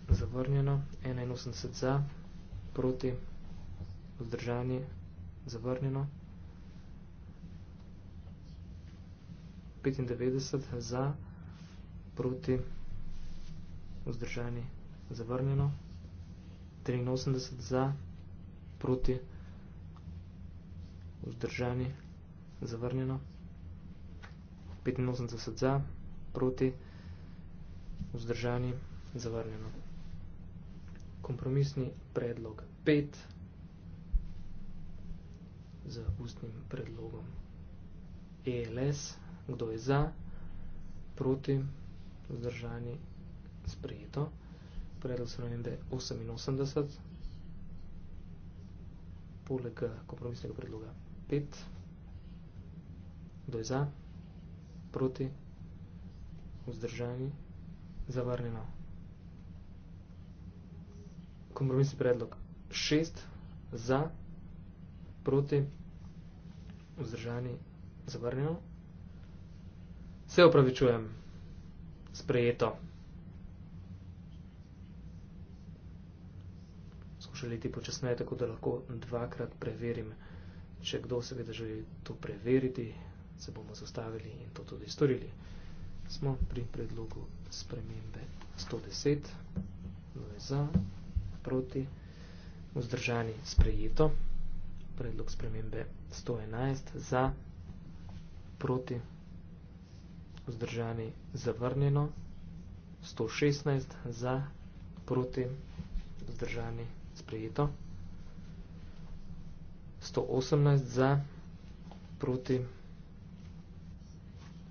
zavrnjeno, 1 je 80 za, proti, vzdržani, zavrnjeno, 95 za, proti, vzdržani, zavrnjeno, 83 za, proti, vzdržani, zavrnjeno, 85 za, proti, vzdržani, zavrnjeno. Kompromisni predlog 5 z ustnim predlogom ELS, kdo je za, proti, vzdržani, sprejeto. Predlog se namem, da je 88, poleg kompromisnega predloga 5, kdo je za, proti, vzdržani, sprejeto proti, vzdržani, zavrnjeno. Kompromisni predlog. Šest za, proti, vzdržani, zavrnjeno. Se upravičujem, sprejeto. Skušali ti počasneje, tako da lahko dvakrat preverim, če kdo seveda želi to preveriti se bomo zastavili in to tudi storili. Smo pri predlogu spremembe 110, no je za, proti, vzdržani sprejeto, predlog spremembe 111, za, proti, vzdržani zavrnjeno, 116, za, proti, vzdržani sprejeto, 118, za, proti, vzdržani sprejeto,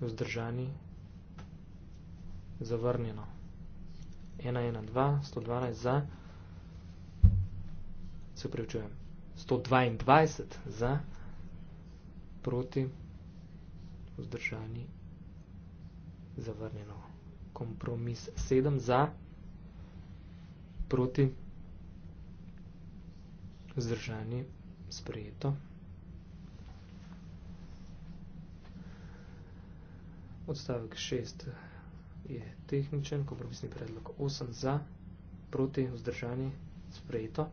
vzdržani, zavrnjeno. 112, 112 za, se pravičujem, 122 za, proti, vzdržani, zavrnjeno. Kompromis 7 za, proti, vzdržani, sprejeto. Odstavek 6 je tehničen, kompromisni predlog 8 za, proti, vzdržani, sprejeto.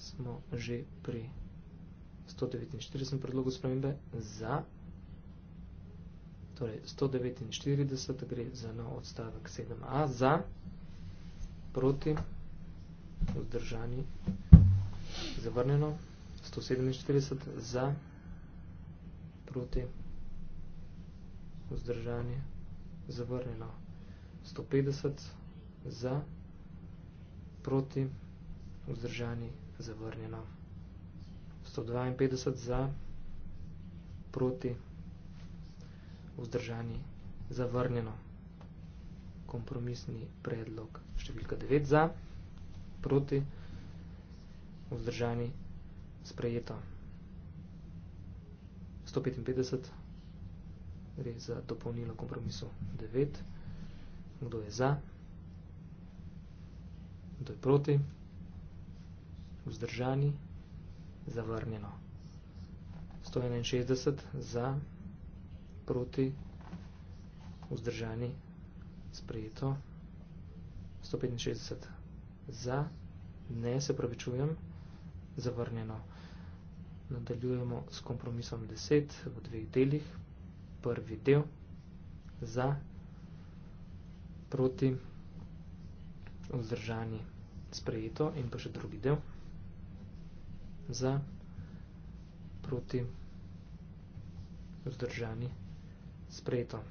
Smo že pri 149 predlogu spremembe za, torej 149 gre za nov odstavek 7a za, proti, vzdržani, zavrnjeno, 147 za, proti, vzdržani vzdržanje, zavrnjeno 150 za, proti vzdržanje, zavrnjeno 152 za, proti vzdržanje, zavrnjeno kompromisni predlog številka 9 za, proti vzdržanje, sprejeto 155 za gre za dopolnilo kompromisu 9. Kdo je za? Kdo je proti? Vzdržani? Zavrnjeno. 161 za, proti, vzdržani, sprejeto. 165 za, ne, se pravi čujem, zavrnjeno. Nadaljujemo s kompromisom 10 v dveh delih, prvi del za proti vzdržanje sprejeto in pa še drugi del za proti vzdržanje sprejeto.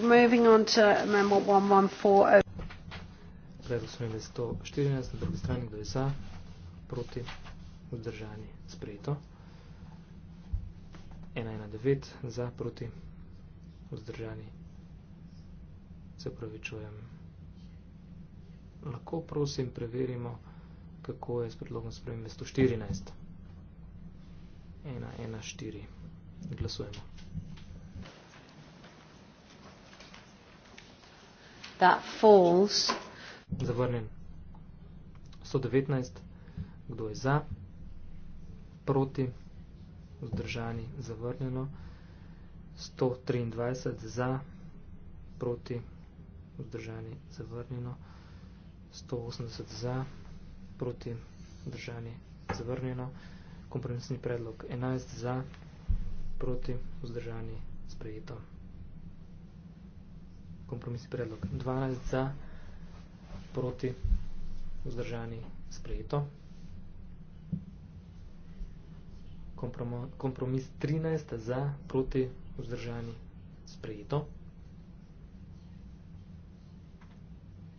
moving on to Amendment 114. Predlog smo imeli 114, na drugi strani kdo je za, proti, vzdržani, sprejeto. 119 za, proti, vzdržani, se pravi čujem. Lahko prosim preverimo, kako je s predlogom spremembe 114. 114. Glasujemo. that falls. Zavrnjen. 119. Kdo je za? Proti? Vzdržani? Zavrnjeno. 123. Za? Proti? Vzdržani? Zavrnjeno. 180. Za? Proti? Vzdržani? Zavrnjeno. Kompromisni predlog 11 za, proti, vzdržani, sprejeto kompromisni predlog. 12 za, proti, vzdržani, sprejeto. Kompromis 13 za, proti, vzdržani, sprejeto.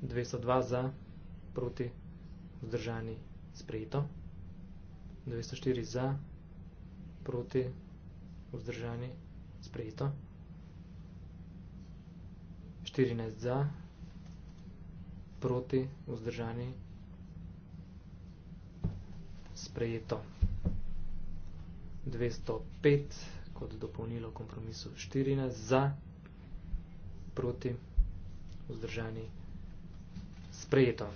202 za, proti, vzdržani, sprejeto. 204 za, proti, vzdržani, sprejeto. 205 za, proti, vzdržani, sprejeto. 14 za, proti, vzdržani, sprejeto. 205 kot dopolnilo kompromisu 14 za, proti, vzdržani, sprejeto.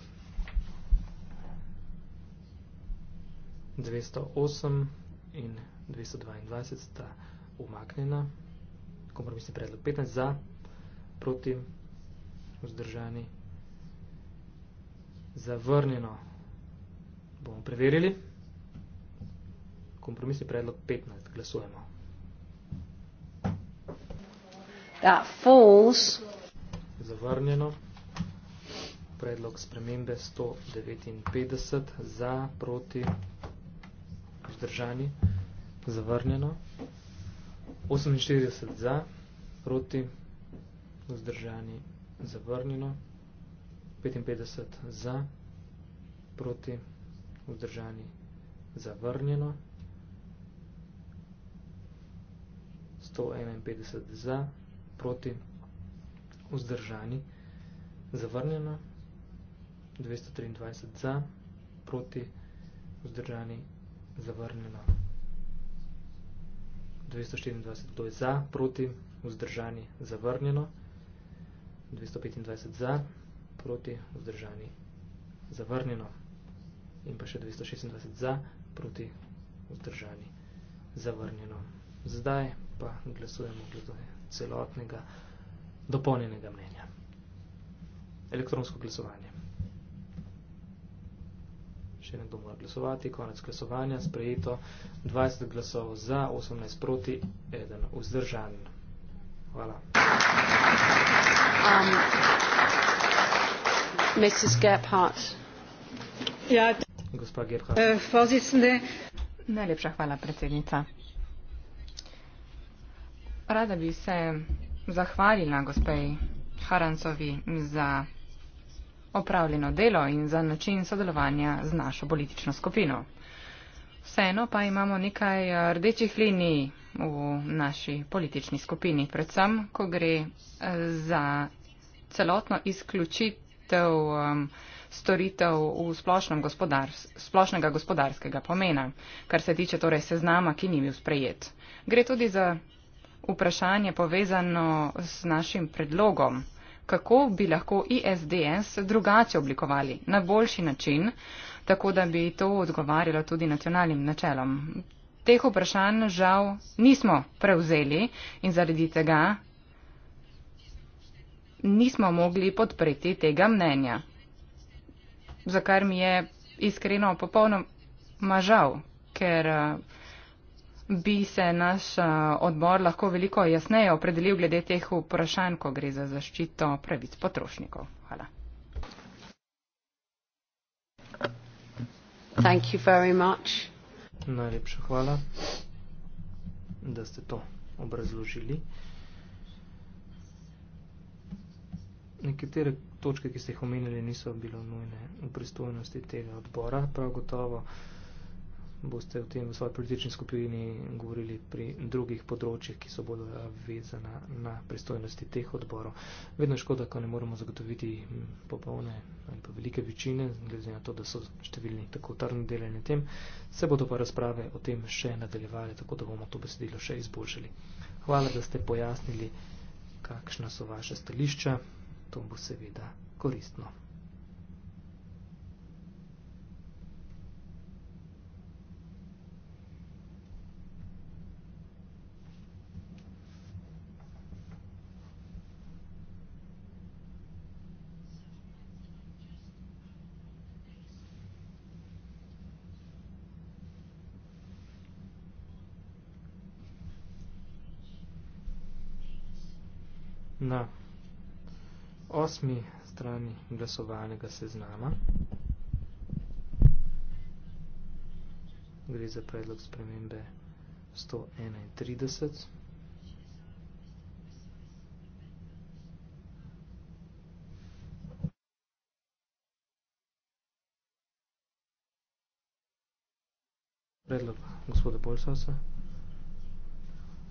208 in 222 sta umaknjena, kompromisni predlog 15 za, proti, vzdržani, sprejeto proti, vzdržani, zavrnjeno. Bomo preverili. Kompromisni predlog 15. Glasujemo. That falls. Zavrnjeno. Predlog spremembe 159 za, proti, vzdržani, zavrnjeno. 48 za, proti, vzdržani vzdržani zavrnjeno, 55 za, proti, vzdržani zavrnjeno, 151 za, proti, vzdržani zavrnjeno, 223 za, proti, vzdržani zavrnjeno, 224 do za, proti, vzdržani zavrnjeno, 225 za, proti, vzdržani, zavrnjeno. In pa še 226 za, proti, vzdržani, zavrnjeno. Zdaj pa glasujemo glede celotnega dopolnjenega mnenja. Elektronsko glasovanje. Še nekdo mora glasovati. Konec glasovanja. Sprejeto 20 glasov za, 18 proti, 1 vzdržan. Hvala um, Mrs. Gebhardt. Ja, Gebhardt. Uh, eh, vorsitzende. Najlepša hvala, predsednica. Rada bi se zahvalila gospej Harancovi za opravljeno delo in za način sodelovanja z našo politično skupino. Vseeno pa imamo nekaj eh, rdečih linij v naši politični skupini, predvsem, ko gre eh, za celotno izključitev storitev v splošnem gospodars splošnega gospodarskega pomena, kar se tiče torej seznama, ki ni bil sprejet. Gre tudi za vprašanje povezano s našim predlogom, kako bi lahko ISDS drugače oblikovali na boljši način, tako da bi to odgovarjalo tudi nacionalnim načelom. Teh vprašanj žal nismo prevzeli in zaradi tega nismo mogli podpreti tega mnenja, za kar mi je iskreno popolnoma žal, ker eh, bi se naš eh, odbor lahko veliko jasneje opredelil glede teh vprašanj, ko gre za zaščito pravic potrošnikov. Hvala. Thank you very much. Najlepša hvala, da ste to obrazložili. Nekatere točke, ki ste jih omenili, niso bile nujne v pristojnosti tega odbora, prav gotovo boste o tem v svoji politični skupini govorili pri drugih področjih, ki so bodo eh, vezana na pristojnosti teh odborov. Vedno je škoda, ko ne moremo zagotoviti hm, popolne ali pa velike večine, glede na to, da so številni tako trdni deljeni tem. Se bodo pa razprave o tem še nadaljevali, tako da bomo to besedilo še izboljšali. Hvala, da ste pojasnili, kakšna so vaše stališča. To bo seveda koristno. na osmi strani glasovalnega seznama. Gre za predlog spremembe 131. Predlog gospoda Polsosa.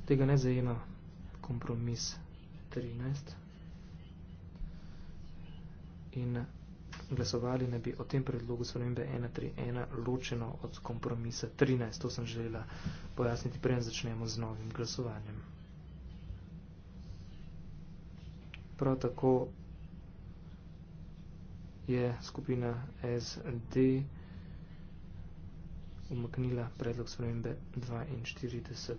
Tega ne zajema kompromis 13. In glasovali ne bi o tem predlogu spremembe 1.3.1 ločeno od kompromisa 13. To sem želela pojasniti, preden začnemo z novim glasovanjem. Prav tako je skupina SD umaknila predlog spremembe 42.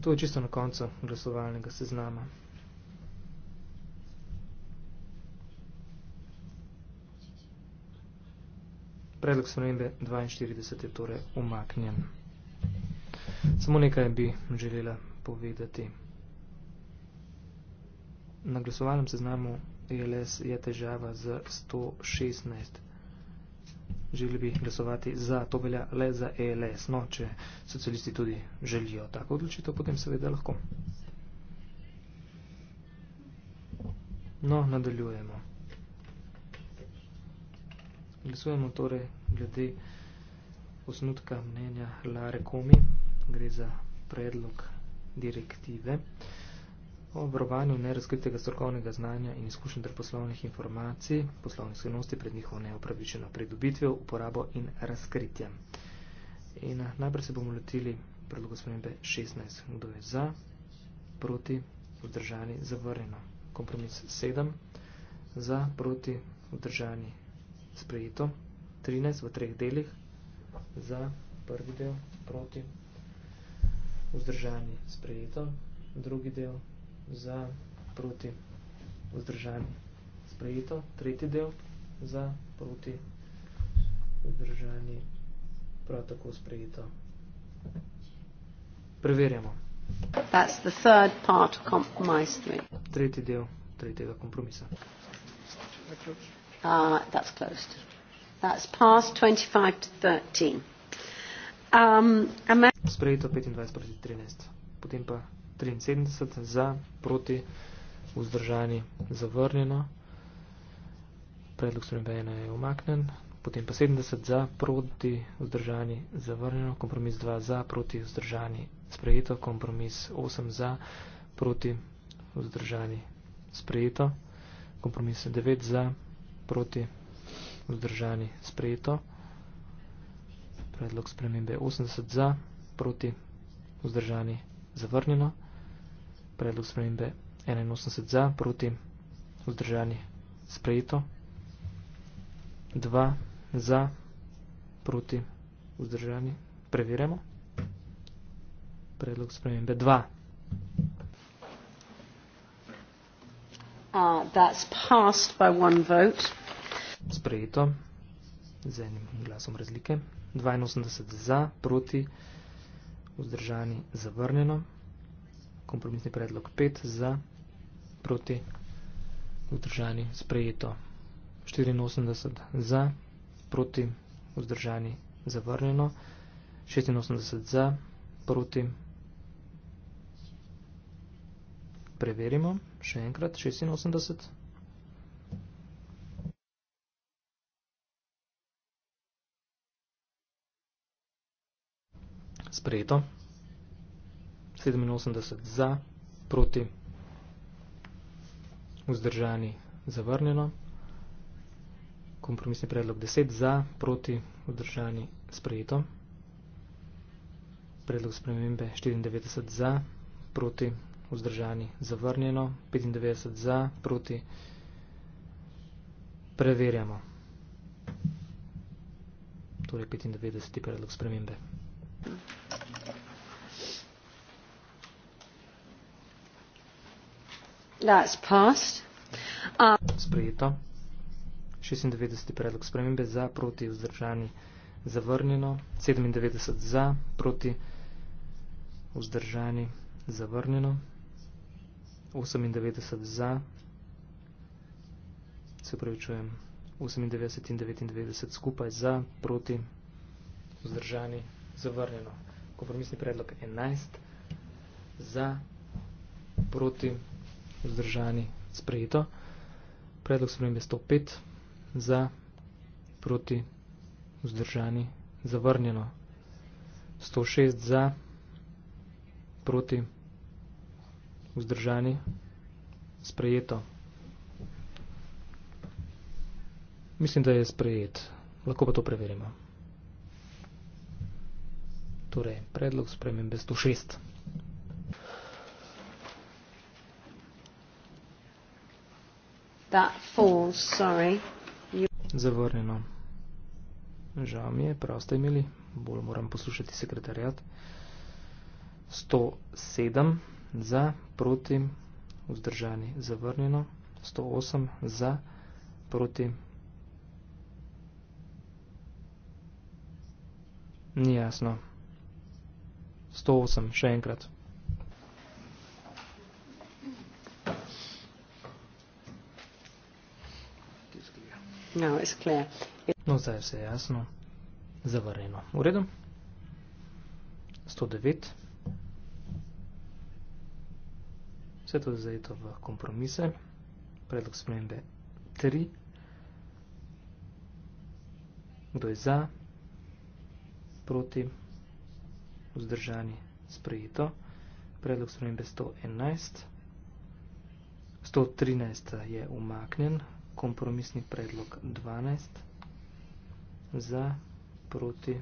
To je čisto na koncu glasovalnega seznama. Predlog spremembe 42 je torej umaknjen. Samo nekaj bi želela povedati. Na glasovalnem seznamu ELS je težava z 116 želeli bi glasovati za, to velja le za ELS. No, če socialisti tudi želijo tako odločitev, potem seveda lahko. No, nadaljujemo. Glasujemo torej glede osnutka mnenja Lare Komi, gre za predlog direktive o obrovanju nerazkritega strokovnega znanja in izkušnj ter poslovnih informacij, poslovnih skrivnosti pred njihovo neopravičeno pridobitvijo, uporabo in razkritjem. In eh, najprej se bomo lotili predlogo spremembe 16. Kdo je za, proti, vzdržani, zavrjeno. Kompromis 7. Za, proti, vzdržani, sprejeto. 13 v treh delih. Za, prvi del, proti, vzdržani, sprejeto. Drugi del, za proti vzdržanje. Sprejeto, tretji del za proti vzdržanje, prav tako sprejeto. Preverjamo. That's the third part of compromise three. Tretji del tretjega kompromisa. Ah, uh, that's closed. That's past 25 to 13. Um, Sprejeto 25 proti 13. Potem pa 73 za, proti, vzdržani, zavrnjeno. Predlog spremembe 1 je omaknen. Potem pa 70 za, proti, vzdržani, zavrnjeno. Kompromis 2 za, proti, vzdržani, sprejeto. Kompromis 8 za, proti, vzdržani, sprejeto. Kompromis 9 za, proti, vzdržani, sprejeto. Predlog spremembe 80 za, proti, vzdržani, zavrnjeno predlog spremembe 81 za, proti, vzdržani, sprejeto. 2 za, proti, vzdržani, preverjamo. Predlog spremembe 2. Uh, that's passed by one vote. Sprejeto, z enim glasom razlike. 82 za, proti, vzdržani, zavrnjeno kompromisni predlog 5 za proti vzdržani sprejeto. 84 za proti vzdržani zavrnjeno. 86 za proti preverimo še enkrat 86. Sprejeto. 87 za, proti, vzdržani, zavrnjeno. Kompromisni predlog 10 za, proti, vzdržani, sprejeto. Predlog spremembe 94 za, proti, vzdržani, zavrnjeno. 95 za, proti, preverjamo. Torej 95 predlog spremembe. Thank you. That's passed. Uh, Sprejeto. 96 predlog spremembe za proti vzdržani zavrnjeno. 97 za proti vzdržani zavrnjeno. 98 za. Se pravi, čujem. 98 in 99 skupaj za proti vzdržani zavrnjeno. Kompromisni predlog 11 za proti vzdržani zavrnjeno vzdržani sprejeto. Predlog spremembe 105 za proti vzdržani zavrnjeno. 106 za proti vzdržani sprejeto. Mislim, da je sprejet. Lahko pa to preverimo. Torej, predlog spremembe 106. That falls, sorry. You... Zavrnjeno. Žal mi je, prav ste imeli. Bolj moram poslušati sekretarjat. 107 za, proti, vzdržani, zavrnjeno. 108 za, proti. Ni jasno. 108, še enkrat. No, no, zdaj vse je jasno, zavareno. V redu. 109. Vse to je zajeto v kompromise. Predlog spremembe 3. Kdo je za? Proti? Vzdržani? Sprejeto. Predlog spremembe 111. 113 je umaknen, kompromisni predlog 12 za proti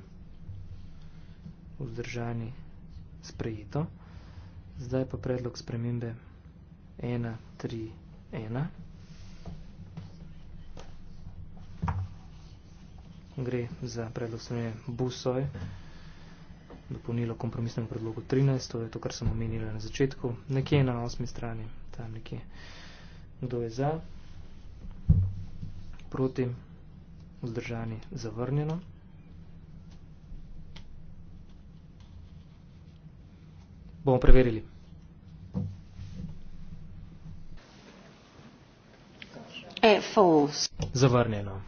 vzdržani sprejeto. Zdaj pa predlog spremembe 1, 3, 1. Gre za predlog spremembe BUSOJ, dopolnilo kompromisnemu predlogu 13, to je to, kar sem omenila na začetku, nekje na osmi strani, tam nekje. Kdo je za? proti, vzdržani, zavrnjeno. Bomo preverili. E, false. Zavrnjeno.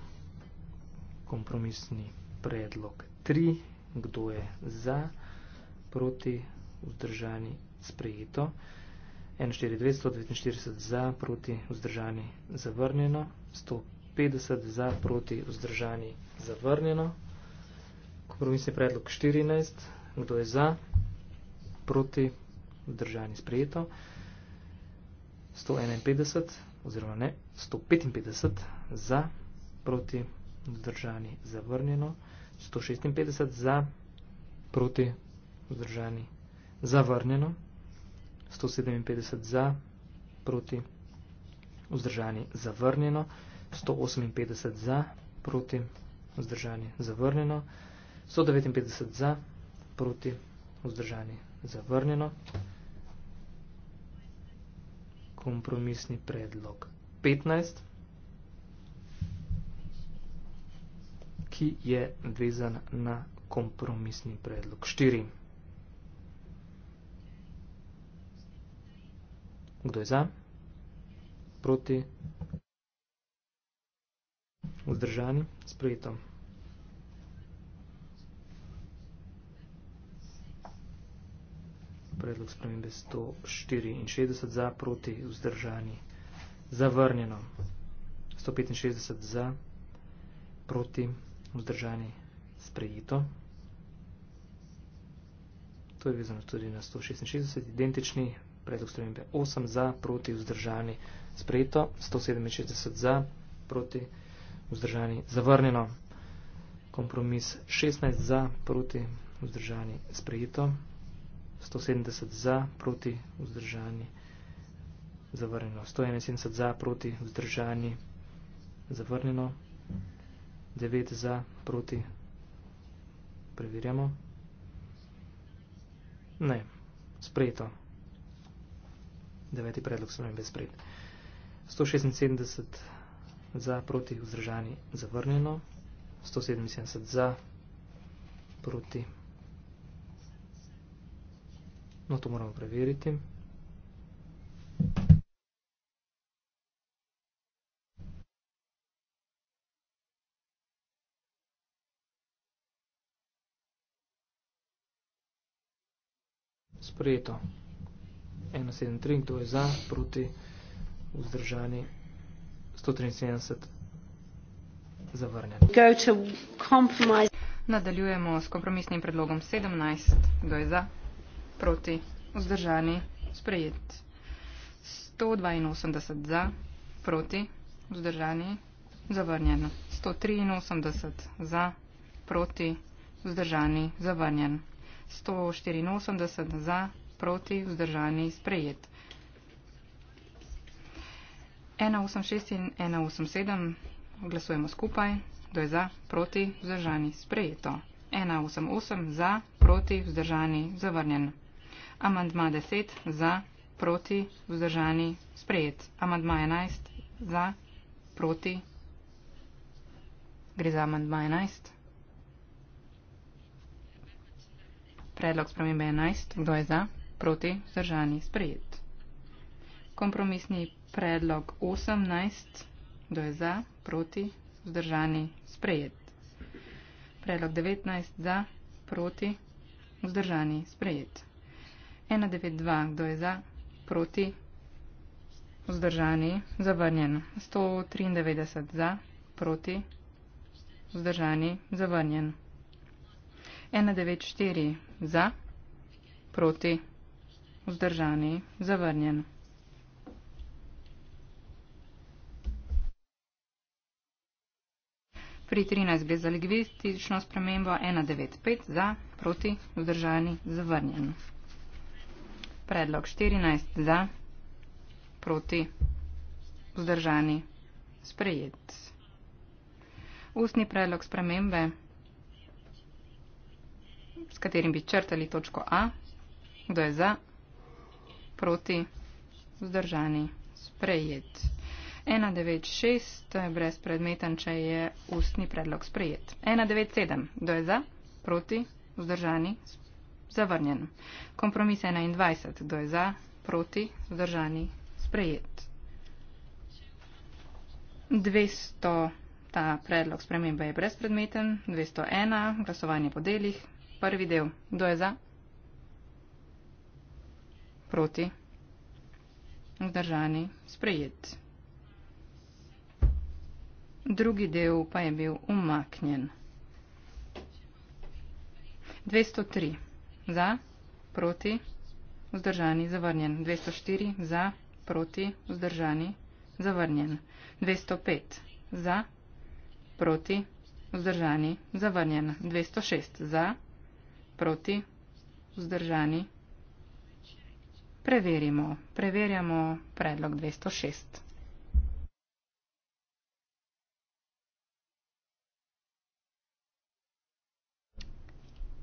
Kompromisni predlog 3. Kdo je za, proti, vzdržani, sprejeto. 1,4249 za, proti, vzdržani, zavrnjeno. 100. 50 za, proti, vzdržani, zavrnjeno. Kompromisni predlog 14, kdo je za, proti, vzdržani, sprejeto. 151 oziroma ne, 155 za, proti, vzdržani, zavrnjeno. 156 za, proti, vzdržani, zavrnjeno. 157 za, proti, vzdržani, zavrnjeno. 158 za, proti, vzdržanje zavrnjeno. 159 za, proti, vzdržanje zavrnjeno. Kompromisni predlog 15, ki je vezan na kompromisni predlog 4. Kdo je za? Proti, vzdržani, sprejeto. Predlog spremembe 164 za, proti vzdržani, zavrnjeno. 165 za, proti vzdržani, sprejeto. To je vezano tudi na 166, identični predlog spremembe 8 za, proti vzdržani, sprejeto. 167 za, proti vzdržani vzdržani zavrnjeno. Kompromis 16 za, proti, vzdržani sprejeto. 170 za, proti, vzdržani zavrnjeno. 171 za, proti, vzdržani zavrnjeno. 9 za, proti, preverjamo. Ne, sprejeto. Deveti predlog se nam je bez sprejeti. 176 za, za, proti, vzdržani, zavrnjeno, 177 za, proti, no to moramo preveriti. Sprejeto. 173, kdo je za, proti, vzdržani, vzdržani. 173 zavrnjen. Nadaljujemo s kompromisnim predlogom 17, kdo je za, proti, vzdržani, sprejet. 182 za, proti, vzdržani, zavrnjen. 183 za, proti, vzdržani, zavrnjen. 184 za, proti, vzdržani, sprejet. 186 in 187 glasujemo skupaj, kdo je za, proti, vzdržani, sprejeto. 188 za, proti, vzdržani, zavrnjen. Amandma 10 za, proti, vzdržani, sprejet. Amandma 11 za, proti. Gre za amandma 11. Predlog spremembe 11. Kdo je za? Proti. Zdržani. Sprejet. Kompromisni Predlog 18, kdo je za, proti, vzdržani, sprejet. Predlog 19, za, proti, vzdržani, sprejet. 192, kdo je za, proti, vzdržani, zavrnjen. 193, za, proti, vzdržani, zavrnjen. 194, za, proti, vzdržani, zavrnjen. 195, pri 13 gre za lingvistično spremembo 195 za, proti, vzdržani, zavrnjen. Predlog 14 za, proti, vzdržani, sprejet. Ustni predlog spremembe, s katerim bi črtali točko A, kdo je za, proti, vzdržani, sprejet. 196, to je brezpredmeten, če je ustni predlog sprejet. 197, kdo je za, proti, vzdržani, zavrnjen. Kompromis 21, kdo je za, proti, vzdržani, sprejet. 200, ta predlog spremembe je brezpredmeten, 201, glasovanje po delih, prvi del, kdo je za, proti, vzdržani, sprejet drugi del pa je bil umaknjen. 203 za, proti, vzdržani, zavrnjen. 204 za, proti, vzdržani, zavrnjen. 205 za, proti, vzdržani, zavrnjen. 206 za, proti, vzdržani. Preverimo, preverjamo predlog 206.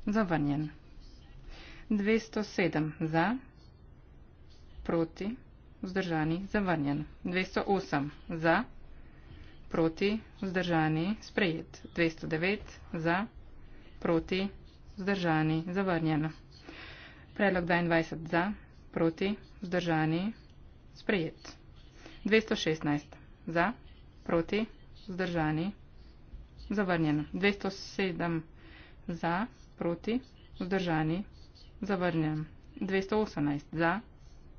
Zavrnjen. 207 za, proti, vzdržani, zavrnjen. 208 za, proti, vzdržani, sprejet. 209 za, proti, vzdržani, zavrnjen. Predlog 22 za, proti, vzdržani, sprejet. 216 za, proti, vzdržani, zavrnjen. 207 za, proti, vzdržani, sprejet proti, vzdržani, zavrnjen. 218 za,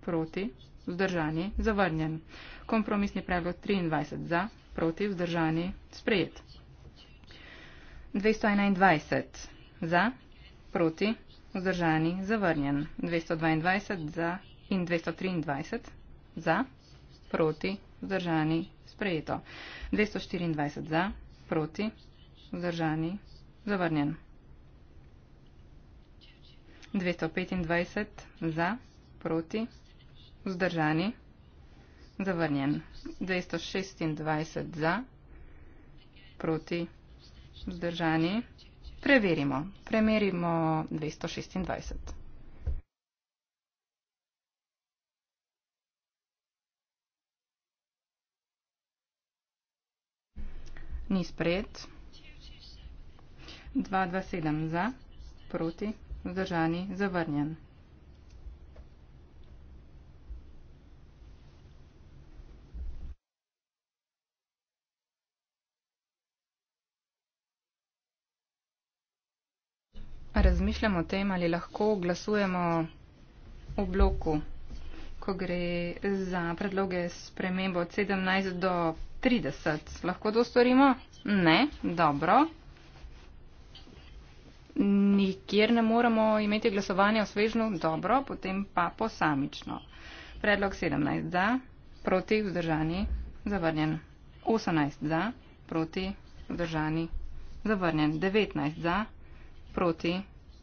proti, vzdržani, zavrnjen. Kompromisni predlog 23 za, proti, vzdržani, sprejet. 221 za, proti, vzdržani, zavrnjen. 222 za in 223 za, proti, vzdržani, sprejeto. 224 za, proti, vzdržani, zavrnjen. 225 za, proti, vzdržani, zavrnjen. 226 za, proti, vzdržani. Preverimo. Premerimo 226. Ni sprejet. 227 za, proti, vzdržani. Vzdržani zavrnjen. Razmišljamo o tem, ali lahko glasujemo v bloku, ko gre za predloge spremembo od 17 do 30. Lahko to storimo? Ne? Dobro nikjer ne moremo imeti glasovanja o svežnu, dobro, potem pa posamično. Predlog 17 za, proti vzdržani, zavrnjen. 18 za, proti vzdržani, zavrnjen. 19 za, proti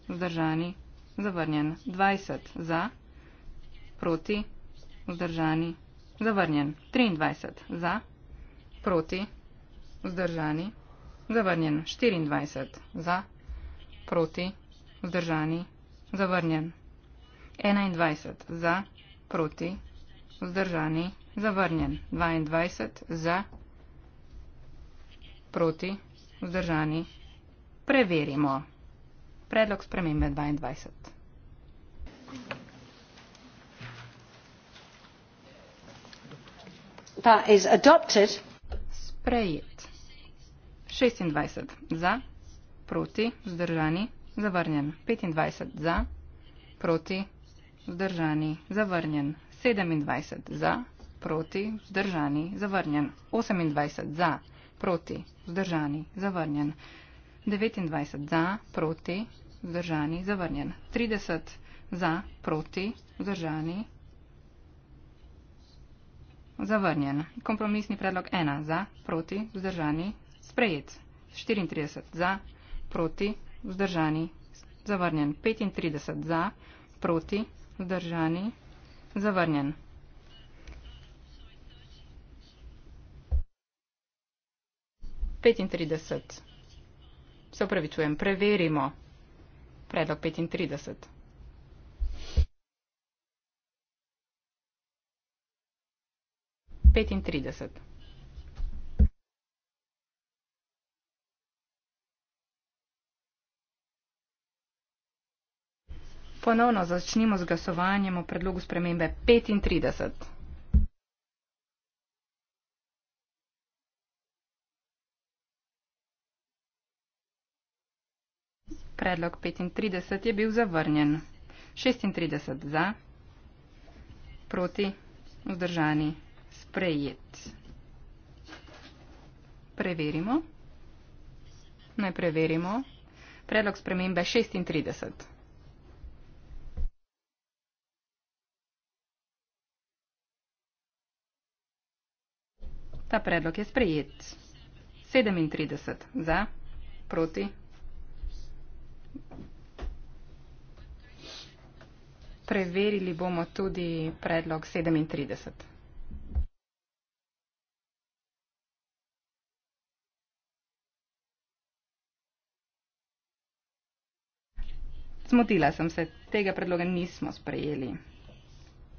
vzdržani, zavrnjen. 20 za, proti vzdržani, zavrnjen. 23 za, proti vzdržani, zavrnjen. 24 za, proti vzdržani proti, vzdržani, zavrnjen. 21 za, proti, vzdržani, zavrnjen. 22 za, proti, vzdržani, preverimo. Predlog spremembe 22. That is adopted. Sprejet. 26 za, proti, vzdržani, zavrnjen. 25 za, proti, vzdržani, zavrnjen. 27 za, proti, vzdržani, zavrnjen. 28 za, proti, vzdržani, zavrnjen. 29 za, proti, vzdržani, zavrnjen. 30 za, proti, vzdržani, zavrnjen. Kompromisni predlog 1 za, proti, vzdržani, sprejet. 34 za, proti, vzdržani, zavrnjen. 35 za, proti, vzdržani, zavrnjen. Se upravičujem, preverimo predlog 35. Ponovno začnimo z glasovanjem o predlogu spremembe 35. Predlog 35 je bil zavrnjen. 36 za, proti, vzdržani, sprejet. Preverimo. Naj preverimo. Predlog spremembe 36. Ta predlog je sprejet. 37 za, proti. Preverili bomo tudi predlog 37. Smotila sem se, tega predloga nismo sprejeli.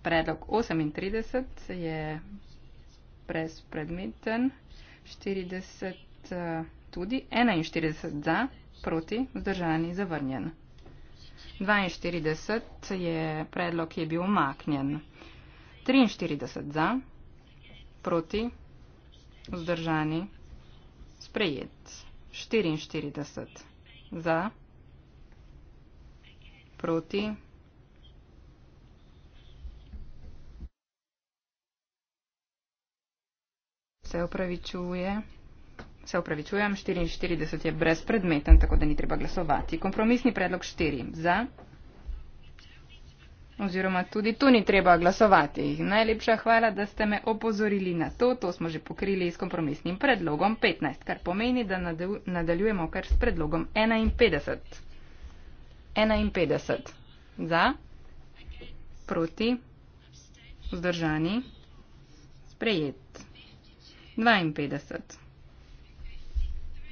Predlog 38 je brezpredmeten, 40 eh, tudi, 41 za, proti, vzdržani, zavrnjen. 42 je predlog, ki je bil omaknjen. 43 za, proti, vzdržani, sprejet. 44 za, proti, vzdržani. se opravičuje. Se opravičujem, 44 je brezpredmeten, tako da ni treba glasovati. Kompromisni predlog 4 za. Oziroma tudi tu ni treba glasovati. Najlepša hvala, da ste me opozorili na to. To smo že pokrili s kompromisnim predlogom 15, kar pomeni, da nadaljujemo kar s predlogom 51. 51. Za. Proti. Vzdržani. Sprejet. 52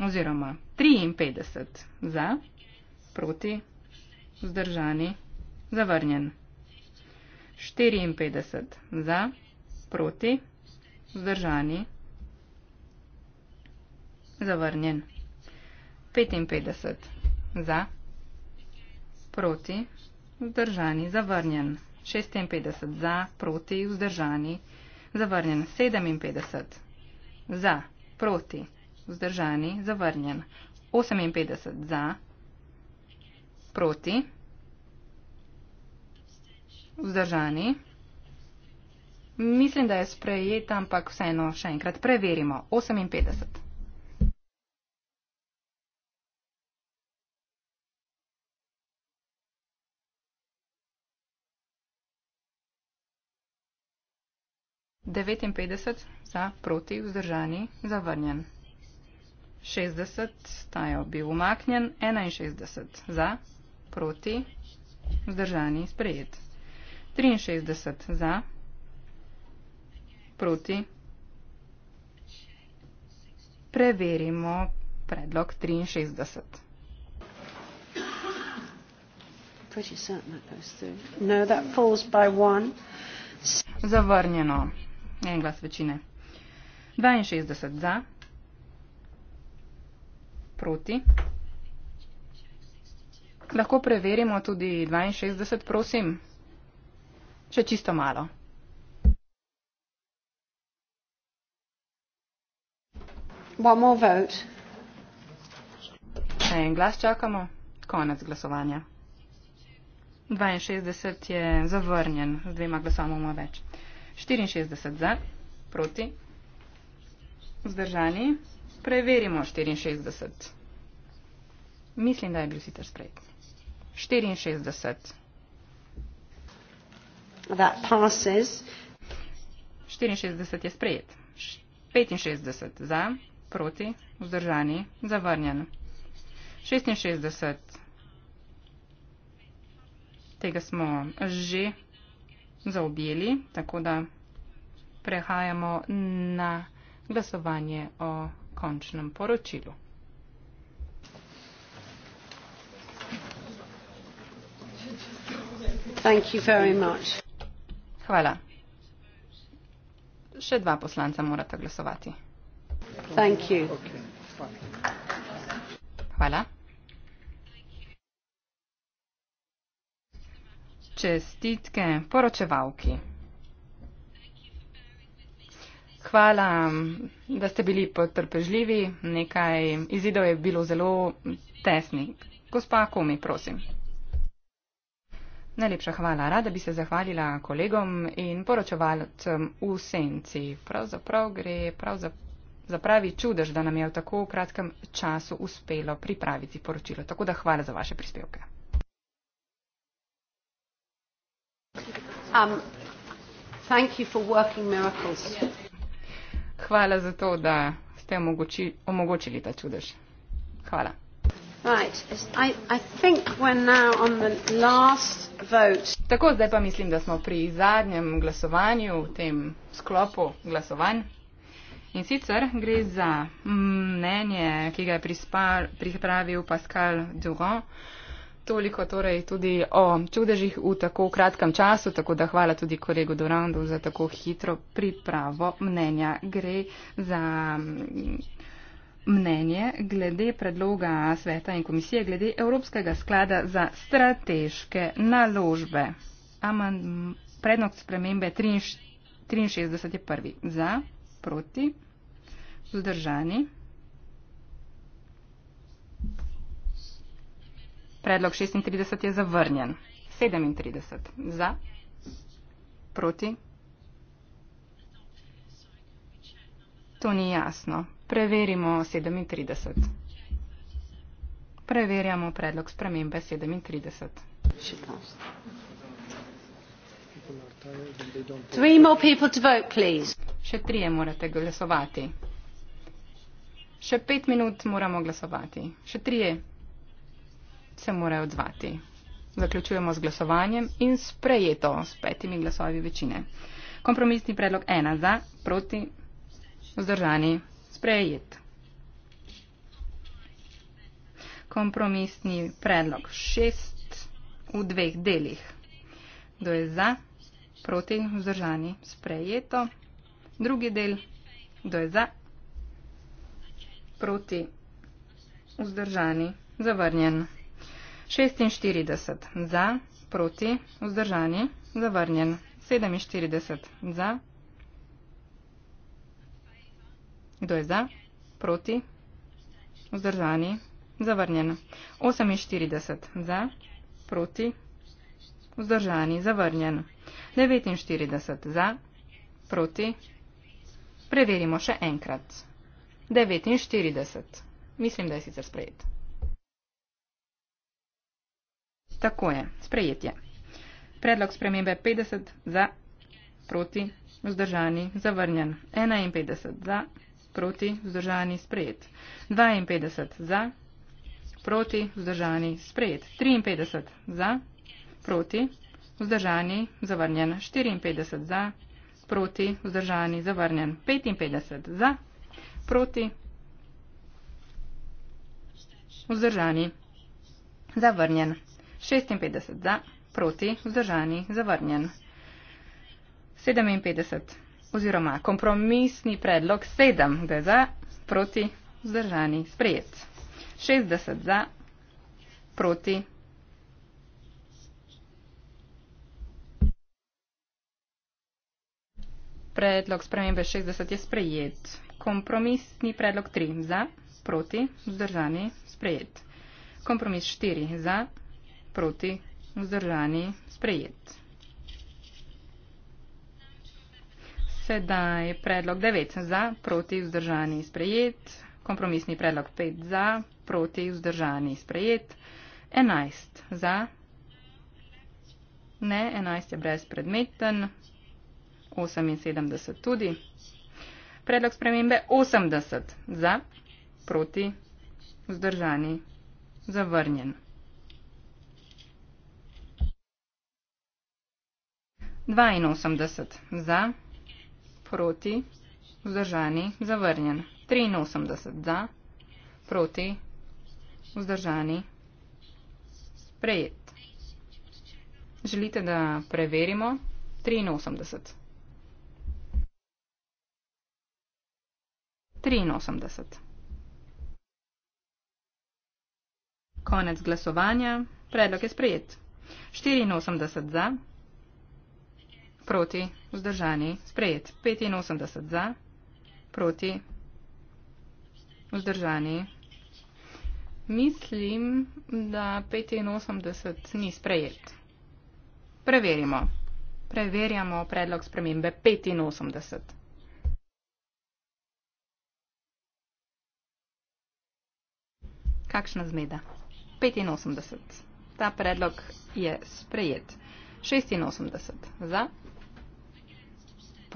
oziroma 53 za, proti, vzdržani, zavrnjen. 54 za, proti, vzdržani, zavrnjen. 55 za, proti, vzdržani, zavrnjen. 56 za, proti, vzdržani, zavrnjen. 57 za za, proti, vzdržani, zavrnjen. 58 za, proti, vzdržani. Mislim, da je sprejet, ampak vseeno še enkrat preverimo. 58. 59 za, proti, vzdržani, zavrnjen. 60, ta je bil umaknjen, 61 za, proti, vzdržani, sprejet. 63 za, proti. Preverimo predlog 63. No, Zavrnjeno. En glas večine. 62 za, proti. Lahko preverimo tudi 62, prosim. Še čisto malo. One more vote. En glas čakamo, konec glasovanja. 62 je zavrnjen, z dvema glasovanjoma več. 64 za, proti, vzdržani, preverimo 64. Mislim, da je bil sicer sprejet. 64. That passes. 64 je sprejet. 65 za, proti, vzdržani, zavrnjen. 66. Tega smo že zaobjeli, tako da prehajamo na glasovanje o končnem poročilu. Hvala. Še dva poslanca morata glasovati. Hvala. Čestitke poročevalki. Hvala, da ste bili potrpežljivi. Nekaj izidov je bilo zelo tesnih. Gospa Komi, prosim. Najlepša hvala. Rada bi se zahvalila kolegom in poročevalcem v senci. Pravzaprav gre prav za, za pravi čudež, da nam je v tako kratkem času uspelo pripraviti poročilo. Tako da hvala za vaše prispevke. Um, thank you for working miracles. Hvala za to, da ste omogoči, omogočili ta čudež. Hvala. Right. I, I think we're now on the last vote. Tako, zdaj pa mislim, da smo pri zadnjem glasovanju v tem sklopu glasovanj. In sicer gre za mnenje, ki ga je prispar, pripravil Pascal Durand. Toliko torej tudi o čudežih v tako kratkem času, tako da hvala tudi kolegu Dorandu za tako hitro pripravo mnenja. Gre za mm, mnenje glede predloga sveta in komisije glede Evropskega sklada za strateške naložbe. Prednok spremembe 63 je prvi. Za, proti, vzdržani. Predlog 36 je zavrnjen. 37 za, proti. To ni jasno. Preverimo 37. Preverjamo predlog spremembe 37. Še trije morate glasovati. Še pet minut moramo glasovati. Še trije se mora odzvati. Zaključujemo z glasovanjem in sprejeto s petimi glasovi večine. Kompromisni predlog ena za, proti, vzdržani, sprejet. Kompromisni predlog šest v dveh delih. Kdo je za, proti, vzdržani, sprejeto. Drugi del, kdo je za, proti, vzdržani, zavrnjen. 46 za, proti, vzdržani, zavrnjen. 47 za. Kdo je za? Proti, vzdržani, zavrnjen. 48 za, proti, vzdržani, zavrnjen. 49 za, proti. Preverimo še enkrat. 49. Mislim, da je sicer sprejet. Tako je, sprejetje. Predlog spremembe 50 za, proti, vzdržani, zavrnjen. 51 za, proti, vzdržani, sprejet. 52 za, proti, vzdržani, sprejet. 53 za, proti, vzdržani, zavrnjen. 54 za, proti, vzdržani, zavrnjen. 55 za, proti, vzdržani, zavrnjen. 56 za, proti, vzdržani, zavrnjen. 57 oziroma kompromisni predlog 7 da za, proti, vzdržani, sprejet. 60 za, proti. Predlog spremembe 60 je sprejet. Kompromisni predlog 3 za, proti, vzdržani, sprejet. Kompromis 4 za, proti proti vzdržani sprejet. Sedaj je predlog 9 za, proti vzdržani sprejet, kompromisni predlog 5 za, proti vzdržani sprejet, 11 za, ne, 11 je brezpredmeten, 78 tudi. Predlog spremembe 80 za, proti vzdržani zavrnjen. 82 za, proti, vzdržani, zavrnjen. 83 za, proti, vzdržani, sprejet. Želite, da preverimo? 83. 83. Konec glasovanja. Predlog je sprejet. 84 za. Proti. Vzdržani. Sprejet. 85 za. Proti. Vzdržani. Mislim, da 85 ni sprejet. Preverimo. Preverjamo predlog spremembe 85. Kakšna zmeda? 85. Ta predlog je sprejet. 86 za,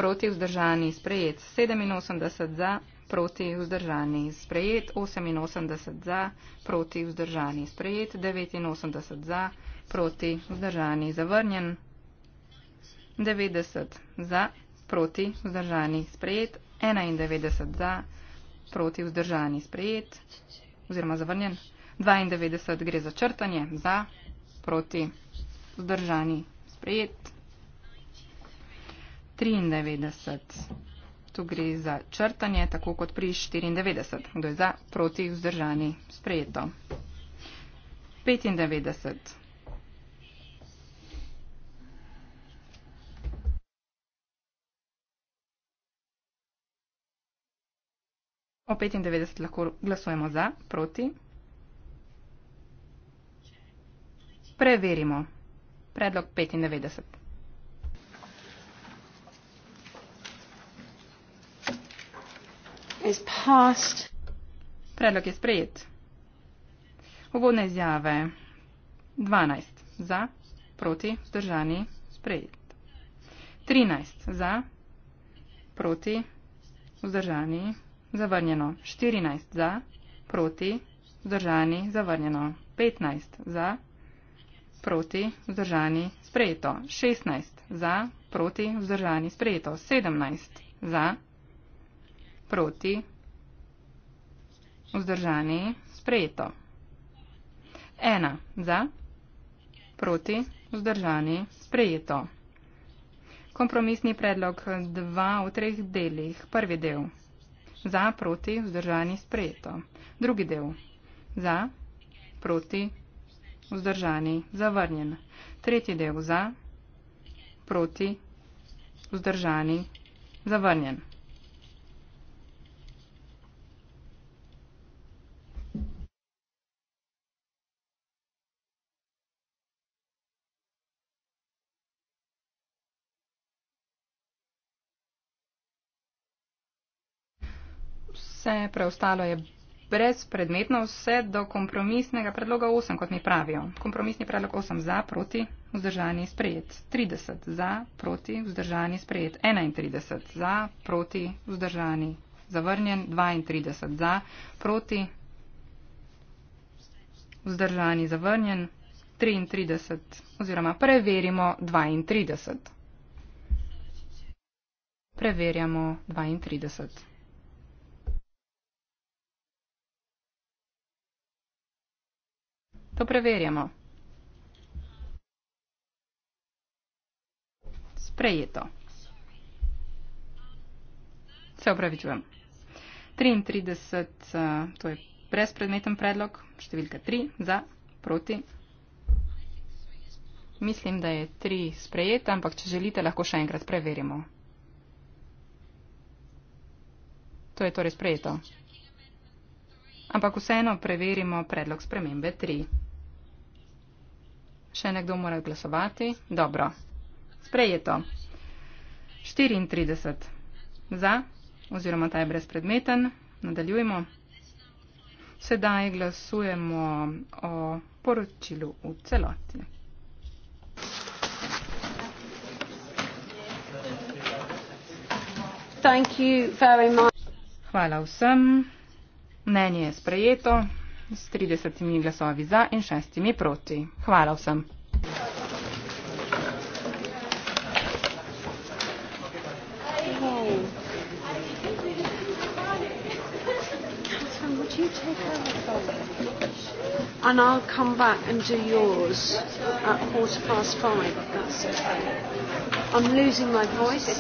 proti vzdržani sprejet 87 za, proti vzdržani sprejet 88 za, proti vzdržani sprejet 89 za, proti vzdržani zavrnjen 90 za, proti vzdržani sprejet 91 za, proti vzdržani sprejet oziroma zavrnjen 92 gre za črtanje za, proti vzdržani sprejet 93. Tu gre za črtanje, tako kot pri 94. Kdo je za, proti, vzdržani, sprejeto. 95. O 95 lahko glasujemo za, proti. Preverimo. Predlog 95. Predlog je sprejet. Uvodne izjave 12 za, proti, zdržani, sprejet. 13 za, proti, vzdržani, zavrnjeno. 14 za, proti, vzdržani, zavrnjeno. 15 za, proti, vzdržani, sprejeto. 16 za, proti, vzdržani, sprejeto. 17 za, proti, vzdržani, sprejeto proti, vzdržani, sprejeto. Ena za, proti, vzdržani, sprejeto. Kompromisni predlog dva v treh delih. Prvi del. Za, proti, vzdržani, sprejeto. Drugi del. Za, proti, vzdržani, zavrnjen. Tretji del. Za, proti, vzdržani, zavrnjen. Vse preostalo je brezpredmetno, vse do kompromisnega predloga 8, kot mi pravijo. Kompromisni predlog 8 za, proti, vzdržani, sprejet. 30 za, proti, vzdržani, sprejet. 31 za, proti, vzdržani, zavrnjen. 32 za, proti, vzdržani, zavrnjen. 33 oziroma preverimo 32. Preverjamo 32. To preverjamo. Sprejeto. Se upravičujem. 33, eh, to je brezpredmeten predlog, številka 3 za, proti. Mislim, da je 3 sprejeta, ampak če želite, lahko še enkrat preverimo. To je torej sprejeto. Ampak vseeno preverimo predlog spremembe 3. Še nekdo mora glasovati? Dobro. Sprejeto. 34. Za oziroma ta je brezpredmeten. Nadaljujemo. Sedaj glasujemo o poročilu v celoti. Hvala vsem. Mnenje je sprejeto s 30 glasovi za in 6 proti. Hvala vsem. And I'll come back and do yours at quarter past five, if that's okay. I'm losing my voice.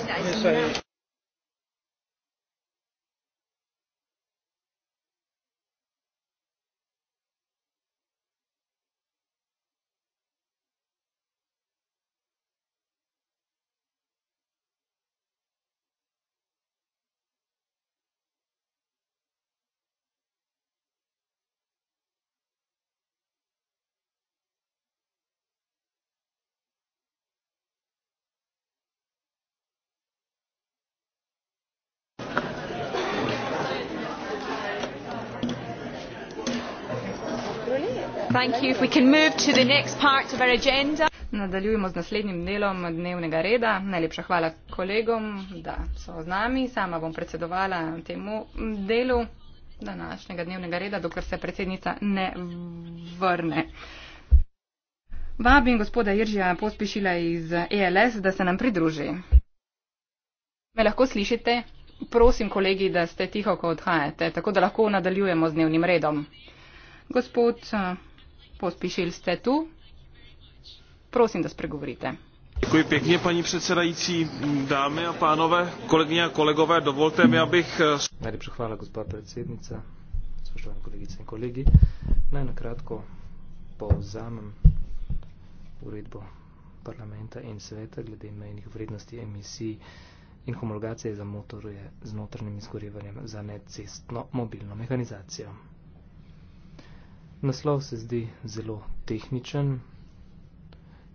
Nadaljujemo z naslednjim delom dnevnega reda. Najlepša hvala kolegom, da so z nami. Sama bom predsedovala temu delu današnjega dnevnega reda, dokler se predsednica ne vrne. Vabim gospoda Iržija pospešila iz ELS, da se nam pridruži. Me lahko slišite? Prosim, kolegi, da ste tiho, ko odhajate, tako da lahko nadaljujemo z dnevnim redom. Gospod Pospišil ste tu. Prosim, da spregovorite. Děkuji pěkně, paní předsedající, dámy a pánové, kolegyně a kolegové, dovolte mi, abych... Eh, Najlepšu chvála, gospod predsednice, spoštovane kolegice in kolegi. Naj nakratko povzamem uredbo parlamenta in sveta glede mejnih vrednosti emisij in homologacije za motorje z notrnim izgorevanjem za necestno mobilno mehanizacijo. Naslov se zdi zelo tehničen,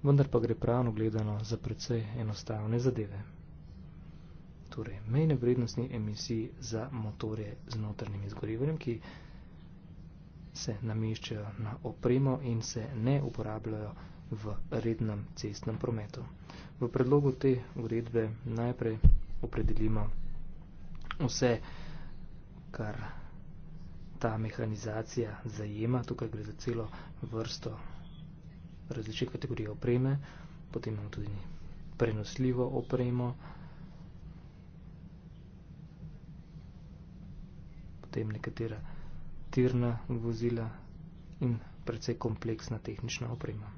vendar pa gre pravno gledano za precej enostavne zadeve. Torej, mejne vrednostni emisiji za motorje z notrnim izgorevanjem, ki se nameščajo na opremo in se ne uporabljajo v rednem cestnem prometu. V predlogu te uredbe najprej opredelimo vse, kar ta mehanizacija zajema. Tukaj gre za celo vrsto različnih kategorij opreme. Potem imamo tudi prenosljivo opremo. Potem nekatera tirna vozila in precej kompleksna tehnična oprema.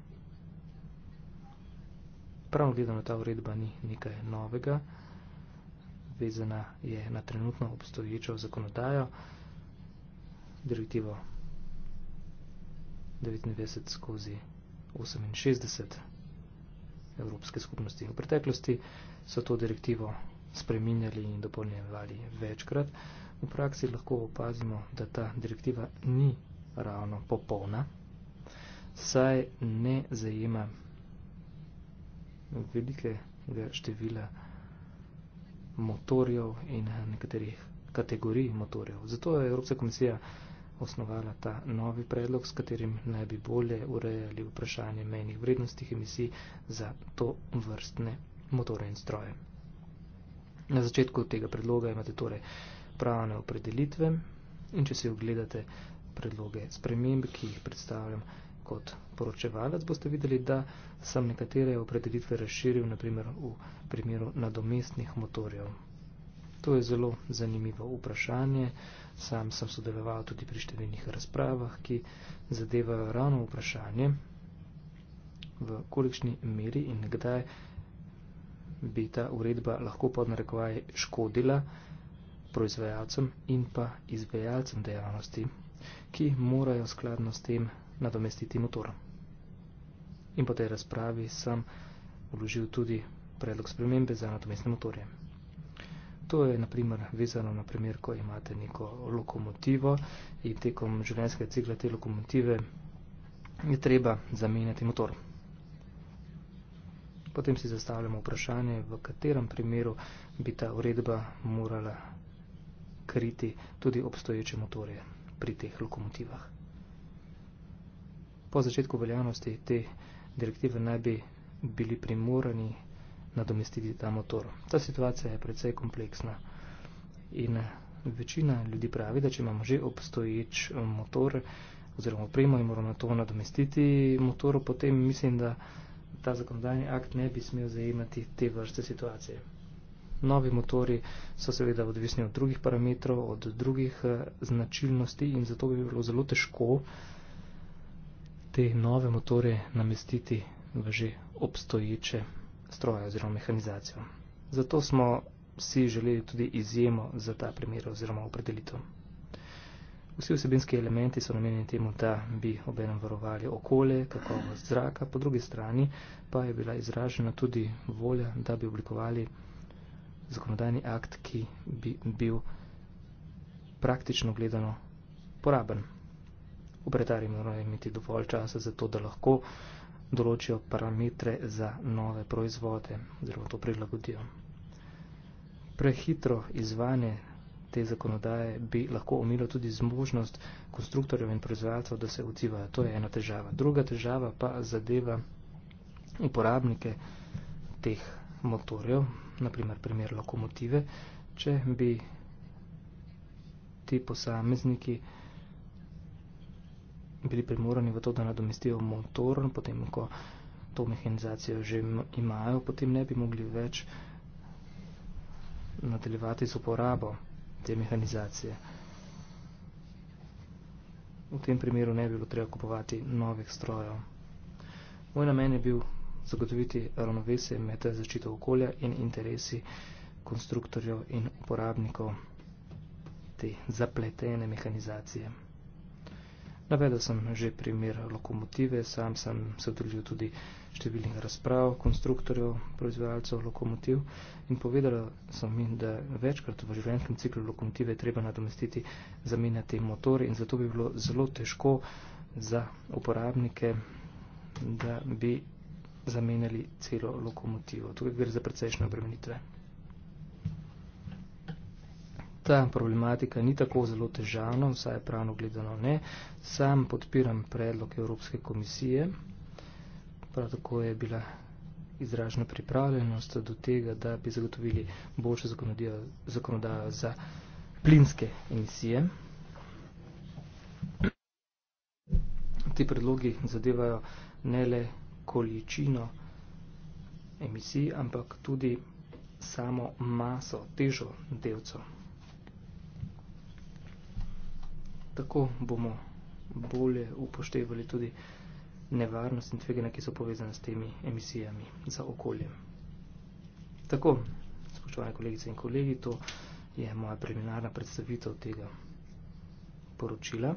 Pravno gledano ta uredba ni nekaj novega, vezana je na trenutno obstoječo zakonodajo direktivo 99 skozi 68 Evropske skupnosti. V preteklosti so to direktivo spreminjali in dopolnjevali večkrat. V praksi lahko opazimo, da ta direktiva ni ravno popolna, saj ne zajema velikega števila motorjev in nekaterih kategorij motorjev. Zato je Evropska komisija osnovala ta novi predlog, s katerim naj bi bolje urejali vprašanje menjih vrednosti emisij za to vrstne motore in stroje. Na začetku tega predloga imate torej pravne opredelitve in če si ogledate predloge sprememb, ki jih predstavljam kot poročevalec, boste videli, da sem nekatere opredelitve razširil, naprimer v primeru nadomestnih motorjev. To je zelo zanimivo vprašanje. Sam sem sodeloval tudi pri številnih razpravah, ki zadevajo ravno vprašanje, v kolikšni meri in kdaj bi ta uredba lahko podnarekovaj škodila proizvajalcem in pa izvajalcem dejavnosti, ki morajo skladno s tem nadomestiti motor. In po tej razpravi sem vložil tudi predlog spremembe za nadomestne motorje. To je naprimer vezano na primer, ko imate neko lokomotivo in tekom življenjskega cikla te lokomotive je treba zamenjati motor. Potem si zastavljamo vprašanje, v katerem primeru bi ta uredba morala kriti tudi obstoječe motorje pri teh lokomotivah. Po začetku veljavnosti te direktive naj bi bili primorani nadomestiti ta motor. Ta situacija je precej kompleksna in večina ljudi pravi, da če imamo že obstoječ eh, motor oziroma opremo in moramo na to nadomestiti motor, potem mislim, da ta zakonodajni akt ne bi smel zajemati te vrste situacije. Novi motori so seveda odvisni od drugih parametrov, od drugih eh, značilnosti in zato bi bilo zelo težko te nove motore namestiti v že obstoječe stroja oziroma mehanizacijo. Zato smo vsi želeli tudi izjemo za ta primer oziroma opredelitev. Vsi vsebinski elementi so namenjeni temu, da bi obenem varovali okolje, kakovost zraka, po drugi strani pa je bila izražena tudi volja, da bi oblikovali zakonodajni akt, ki bi bil praktično gledano poraben. Operatari morajo imeti dovolj časa za to, da lahko določijo parametre za nove proizvode, oziroma to prilagodijo. Prehitro izvanje te zakonodaje bi lahko omilo tudi zmožnost konstruktorjev in proizvajalcev, da se odzivajo. To je ena težava. Druga težava pa zadeva uporabnike teh motorjev, naprimer primer lokomotive, če bi ti posamezniki bili primorani v to, da nadomestijo motor, potem ko to mehanizacijo že imajo, potem ne bi mogli več nadaljevati z uporabo te mehanizacije. V tem primeru ne bi bilo treba kupovati novih strojev. Moj namen je bil zagotoviti ravnovesje med zaščito okolja in interesi konstruktorjev in uporabnikov te zapletene mehanizacije. Navedel sem že primer lokomotive, sam sem se udeležil tudi številnih razprav konstruktorjev, proizvajalcev lokomotiv in povedal sem jim, da večkrat v življenjskem ciklu lokomotive treba nadomestiti, zamenjati motor in zato bi bilo zelo težko za uporabnike, da bi zamenjali celo lokomotivo. Tukaj gre za precejšnje obremenitve ta problematika ni tako zelo težavna, vsaj pravno gledano ne. Sam podpiram predlog Evropske komisije, prav tako je bila izražena pripravljenost do tega, da bi zagotovili boljšo zakonodajo za plinske emisije. Ti predlogi zadevajo ne le količino emisij, ampak tudi samo maso, težo delcev. tako bomo bolje upoštevali tudi nevarnost in tvegane, ki so povezane s temi emisijami za okolje. Tako, spoštovane kolegice in kolegi, to je moja preliminarna predstavitev tega poročila.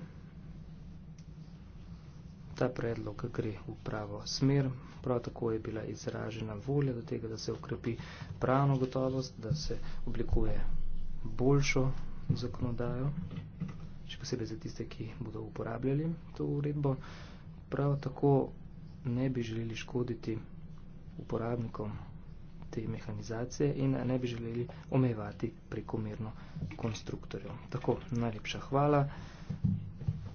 Ta predlog gre v pravo smer, prav tako je bila izražena volja do tega, da se ukrepi pravno gotovost, da se oblikuje boljšo zakonodajo še posebej za tiste, ki bodo uporabljali to uredbo. Prav tako ne bi želeli škoditi uporabnikom te mehanizacije in ne bi želeli omejevati prekomerno konstruktorjev. Tako, najlepša hvala.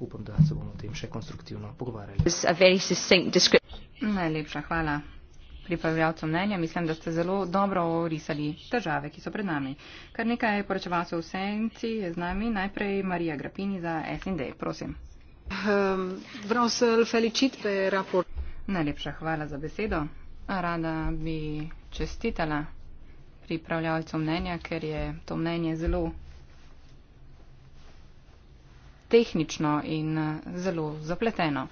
Upam, da se bomo o tem še konstruktivno pogovarjali. Najlepša hvala pripravljalcev mnenja, mislim, da ste zelo dobro orisali težave, ki so pred nami. Kar nekaj poročevalcev v senci je z nami, najprej Marija Grapini za SND, prosim. Um, Najlepša hvala za besedo. Rada bi čestitala pripravljalcu mnenja, ker je to mnenje zelo tehnično in eh, zelo zapleteno.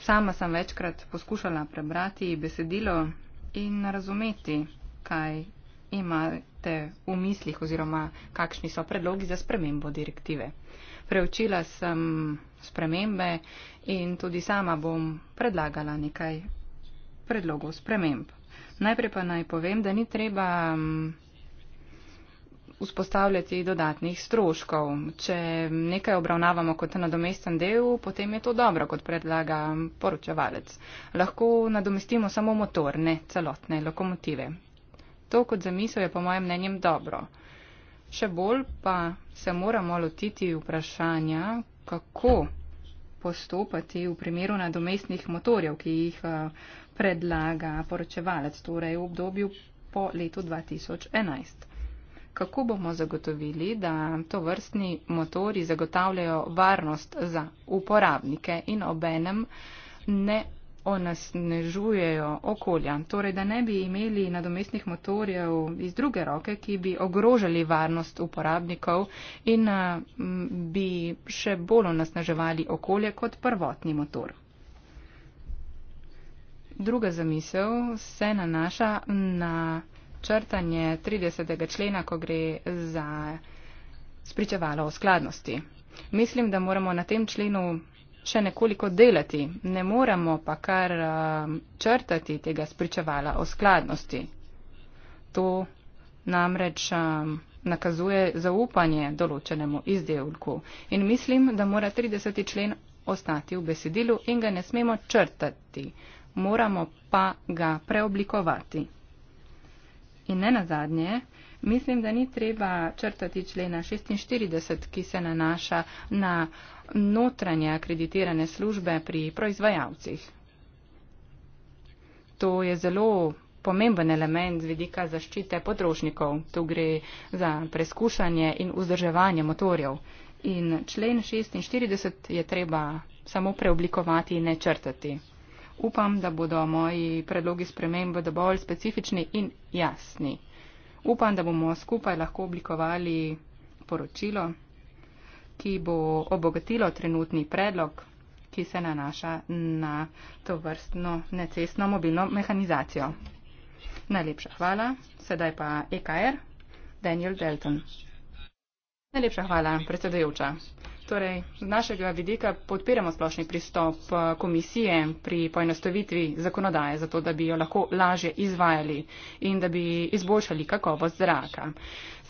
Sama sem večkrat poskušala prebrati besedilo in razumeti, kaj imate v mislih oziroma kakšni so predlogi za spremembo direktive. Preučila sem spremembe in tudi sama bom predlagala nekaj predlogov sprememb. Najprej pa naj povem, da ni treba mm, vzpostavljati dodatnih stroškov. Če nekaj obravnavamo kot nadomesten del, potem je to dobro, kot predlaga poročevalec. Lahko nadomestimo samo motor, ne celotne lokomotive. To kot zamisel je po mojem mnenjem dobro. Še bolj pa se moramo lotiti vprašanja, kako postopati v primeru nadomestnih motorjev, ki jih eh, predlaga poročevalec, torej v obdobju po letu 2011 kako bomo zagotovili, da to vrstni motori zagotavljajo varnost za uporabnike in obenem ne onesnežujejo okolja. Torej, da ne bi imeli nadomestnih motorjev iz druge roke, ki bi ogrožali varnost uporabnikov in eh, bi še bolj onesnaževali okolje kot prvotni motor. Druga zamisel se nanaša na črtanje 30. člena, ko gre za spričevalo o skladnosti. Mislim, da moramo na tem členu še nekoliko delati, ne moramo pa kar črtati tega spričevala o skladnosti. To namreč nakazuje zaupanje določenemu izdelku in mislim, da mora 30. člen ostati v besedilu in ga ne smemo črtati, moramo pa ga preoblikovati. In ne nazadnje, mislim, da ni treba črtati člena 46, ki se nanaša na notranje akreditirane službe pri proizvajalcih. To je zelo pomemben element z vidika zaščite potrošnikov. Tu gre za preskušanje in vzdrževanje motorjev. In člen 46 je treba samo preoblikovati in ne črtati. Upam, da bodo moji predlogi sprememb dovolj specifični in jasni. Upam, da bomo skupaj lahko oblikovali poročilo, ki bo obogatilo trenutni predlog, ki se nanaša na to vrstno necestno mobilno mehanizacijo. Najlepša hvala. Sedaj pa EKR, Daniel Delton. Najlepša hvala, predsedujoča. Torej, z našega vidika podpiramo splošni pristop eh, komisije pri poenostavitvi zakonodaje, zato da bi jo lahko lažje izvajali in da bi izboljšali kakovost zraka.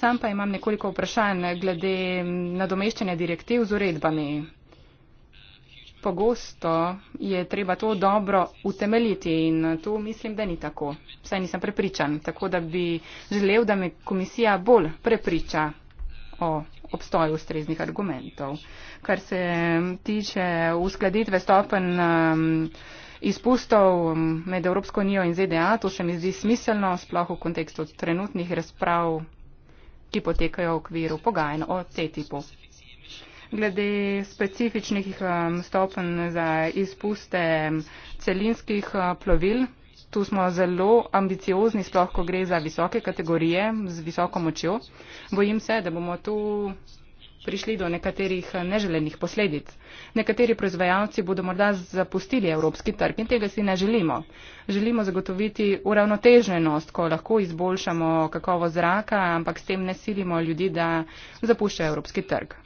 Sam pa imam nekoliko vprašanj glede nadomeščanja direktiv z uredbami. Pogosto je treba to dobro utemeljiti in tu mislim, da ni tako. Saj nisem prepričan, tako da bi želel, da me komisija bolj prepriča o obstoju ustreznih argumentov. Kar se tiče uskladitve stopen izpustov med Evropsko unijo in ZDA, to se mi zdi smiselno, sploh v kontekstu trenutnih razprav, ki potekajo v okviru pogajanj o tej tipu. Glede specifičnih stopenj za izpuste celinskih eh, plovil, Tu smo zelo ambiciozni, sploh ko gre za visoke kategorije z visoko močjo. Bojim se, da bomo tu prišli do nekaterih eh, neželenih posledic. Nekateri proizvajalci bodo morda zapustili evropski trg in tega si ne želimo. Želimo zagotoviti uravnoteženost, ko lahko izboljšamo kakovo zraka, ampak s tem ne silimo ljudi, da zapuščajo evropski trg.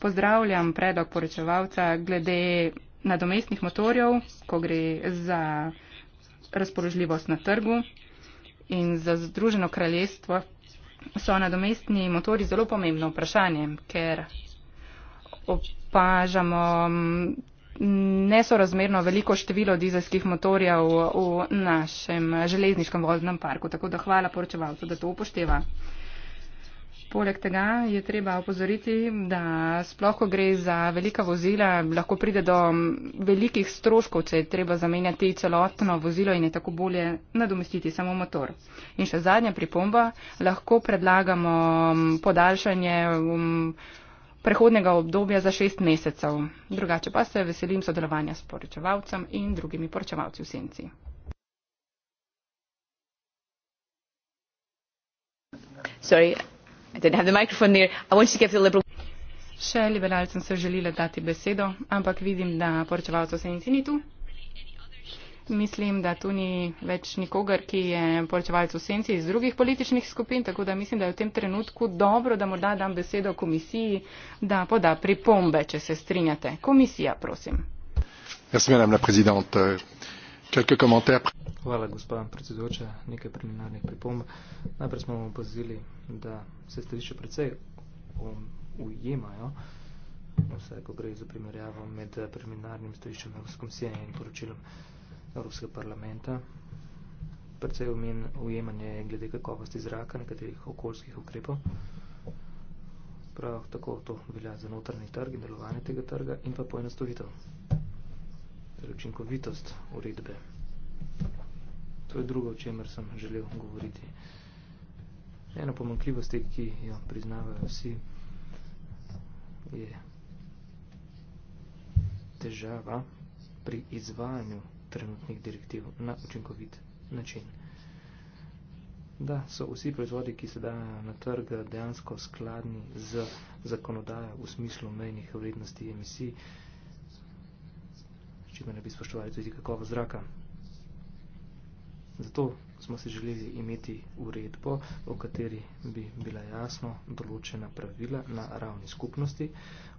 Pozdravljam predlog poročevalca glede nadomestnih motorjev, ko gre za razpoložljivost na trgu in za združeno kraljestvo so nadomestni motori zelo pomembno vprašanje, ker opažamo mm, nesorazmerno veliko število dizelskih motorjev v našem železniškem voznem parku. Tako da hvala poročevalcu, da to upošteva. Poleg tega je treba opozoriti, da sploh, ko gre za velika vozila, lahko pride do mm, velikih stroškov, če je treba zamenjati celotno vozilo in je tako bolje nadomestiti samo motor. In še zadnja pripomba, lahko predlagamo mm, podaljšanje mm, prehodnega obdobja za šest mesecev. Drugače pa se veselim sodelovanja s poročevalcem in drugimi poročevalci v senci. Sorry. Še liberalcem sem želela dati besedo, ampak vidim, da poročevalcev se in si ni tu. Mislim, da tu ni več nikogar, ki je poročevalcev v senci iz drugih političnih skupin, tako da mislim, da je v tem trenutku dobro, da morda dam besedo komisiji, da poda pripombe, če se strinjate. Komisija, prosim. Merci, madame la présidente. Kakšen komentar? Hvala, gospod predsedujoča, nekaj preliminarnih pripomb. Najprej smo opazili, da se stališče precej ujemajo, vse, ko gre za primerjavo med preliminarnim stališčem Evropske komisije in poročilom Evropskega parlamenta. Precej ujemanje je glede kakovosti zraka, nekaterih okoljskih ukrepov. Prav tako to velja za notrni trg in delovanje tega trga in pa poenostavitev ter učinkovitost uredbe. To je drugo, o čemer sem želel govoriti. Ena pomankljivosti, ki jo priznavajo vsi, je težava pri izvajanju trenutnih direktiv na učinkovit način. Da so vsi proizvodi, ki se dajo na trg, dejansko skladni z zakonodajo v smislu mejnih vrednosti emisij, čime ne bi spoštovali tudi kakova zraka. Zato smo se želeli imeti uredbo, v kateri bi bila jasno določena pravila na ravni skupnosti,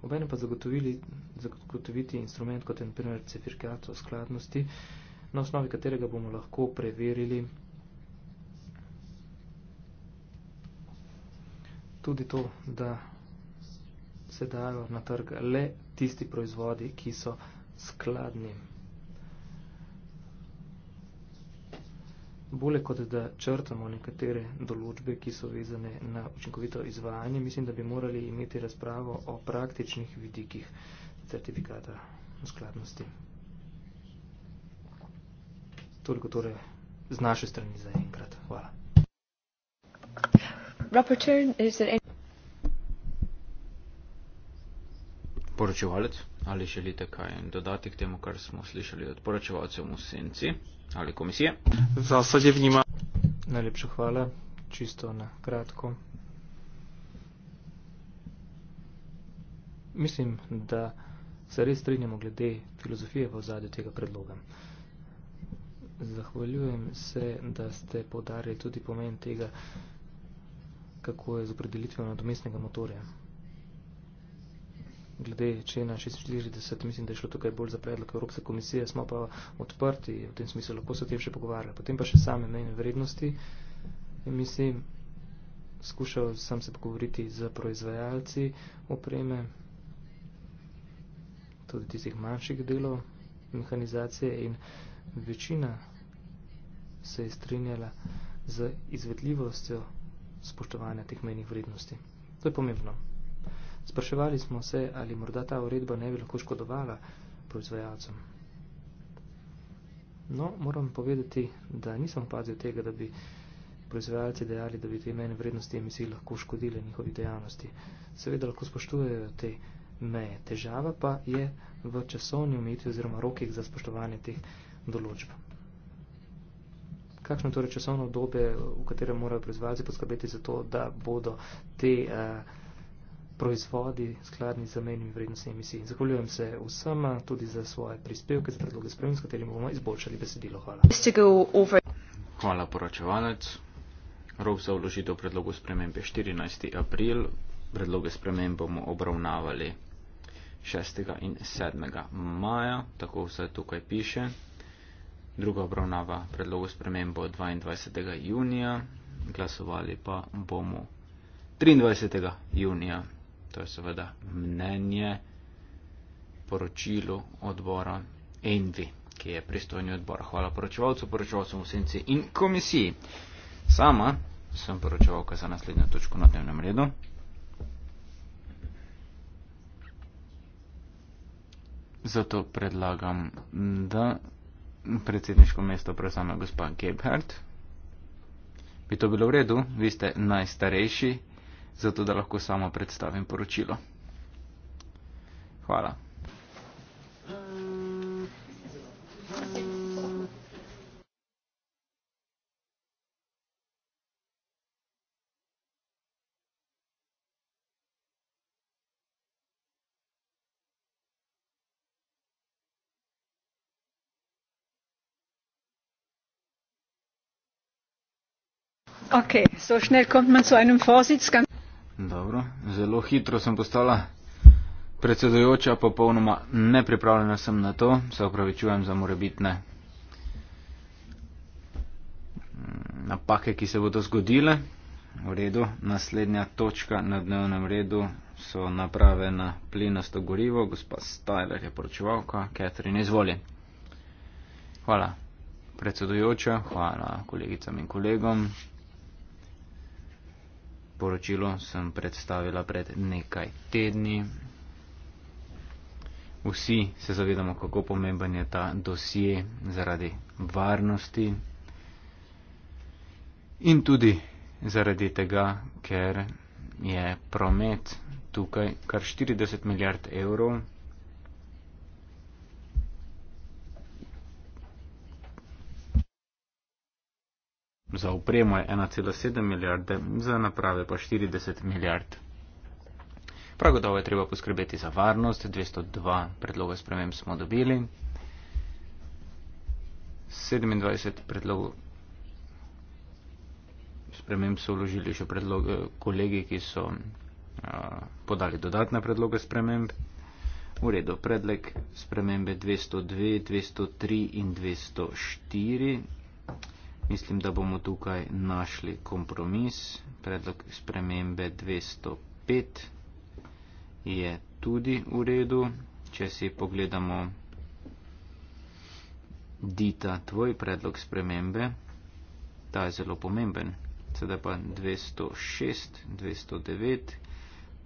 obene pa zagotovili, zagotoviti instrument kot je naprimer certifikat o skladnosti, na osnovi katerega bomo lahko preverili tudi to, da se dajo na trg le tisti proizvodi, ki so skladnim. Bole kot da črtamo nekatere določbe, ki so vezane na učinkovito izvajanje, mislim, da bi morali imeti razpravo o praktičnih vidikih certifikata skladnosti. Toliko torej z naše strani za enkrat. Hvala. poročevalec ali želite kaj dodati k temu, kar smo slišali od poročevalcev v senci ali komisije? Za sadje vnima. Najlepša hvala, čisto na kratko. Mislim, da se res strinjamo glede filozofije v zadju tega predloga. Zahvaljujem se, da ste podarili tudi pomen tega, kako je z opredelitvijo nadomestnega motorja glede člena 46, mislim, da je šlo tukaj bolj za predlog Evropske komisije, smo pa odprti, v tem smislu lahko se o tem še pogovarjali. Potem pa še same mejne vrednosti. Mislim, skušal sem se pogovoriti z proizvajalci opreme, tudi tistih manjših delov mehanizacije in večina se je strinjala z izvedljivostjo spoštovanja teh mejnih vrednosti. To je pomembno. Spraševali smo se, ali morda ta uredba ne bi lahko škodovala proizvajalcem. No, moram povedati, da nisem opazil tega, da bi proizvajalci dejali, da bi te mejne vrednosti emisij lahko škodile njihovi dejavnosti. Seveda lahko spoštujejo te meje. Težava pa je v časovni omejitvi oziroma rokih za spoštovanje teh določb. Kakšno torej časovno obdobje, v katerem morajo proizvajalci poskrbeti za to, da bodo te uh, proizvodi skladni z menjimi vrednostnimi emisijami. Zahvaljujem se vsem tudi za svoje prispevke, za predloge sprememb, s katerimi bomo izboljšali besedilo. Hvala. Hvala, poročevalec. Rov za vložitev predlogov spremembe 14. april. Predloge sprememb bomo obravnavali 6. in 7. maja, tako vse tukaj piše. Druga obravnava predlogov sprememb bo 22. junija, glasovali pa bomo 23. junija to je seveda mnenje poročilu odbora Envi, ki je pristojni odbor. Hvala poročevalcu, poročevalcu v senci in komisiji. Sama sem poročevalka za naslednjo točko na dnevnem redu. Zato predlagam, da predsedniško mesto prevzame gospa Gebhardt. Bi to bilo v redu? Vi ste najstarejši zato da lahko sama predstavim poročilo. Hvala. Okay, so schnell kommt man zu einem Vorsitz. Ganz Dobro. Zelo hitro sem postala predsedojoča, popolnoma nepripravljena sem na to, se opravičujem za morebitne mm, napake, ki se bodo zgodile. V redu, naslednja točka na dnevnem redu so naprave na plinasto gorivo, gospa Stajler je poročevalka, Katrin izvoli. Hvala predsedujoča, hvala kolegicam in kolegom, poročilo sem predstavila pred nekaj tedni. Vsi se zavedamo, kako pomemben je ta dosje zaradi varnosti in tudi zaradi tega, ker je promet tukaj kar 40 milijard evrov. za opremo je 1,7 milijarde, za naprave pa 40 milijard. Prav gotovo je treba poskrbeti za varnost, 202 predloga sprememb smo dobili, 27 predlogov sprememb so vložili še predlog, kolegi, ki so a, podali dodatne predloge sprememb. V redu, predlog spremembe 202, 203 in 204. Mislim, da bomo tukaj našli kompromis. Predlog spremembe 205 je tudi v redu. Če si pogledamo Dita, tvoj predlog spremembe, ta je zelo pomemben. Sedaj pa 206, 209,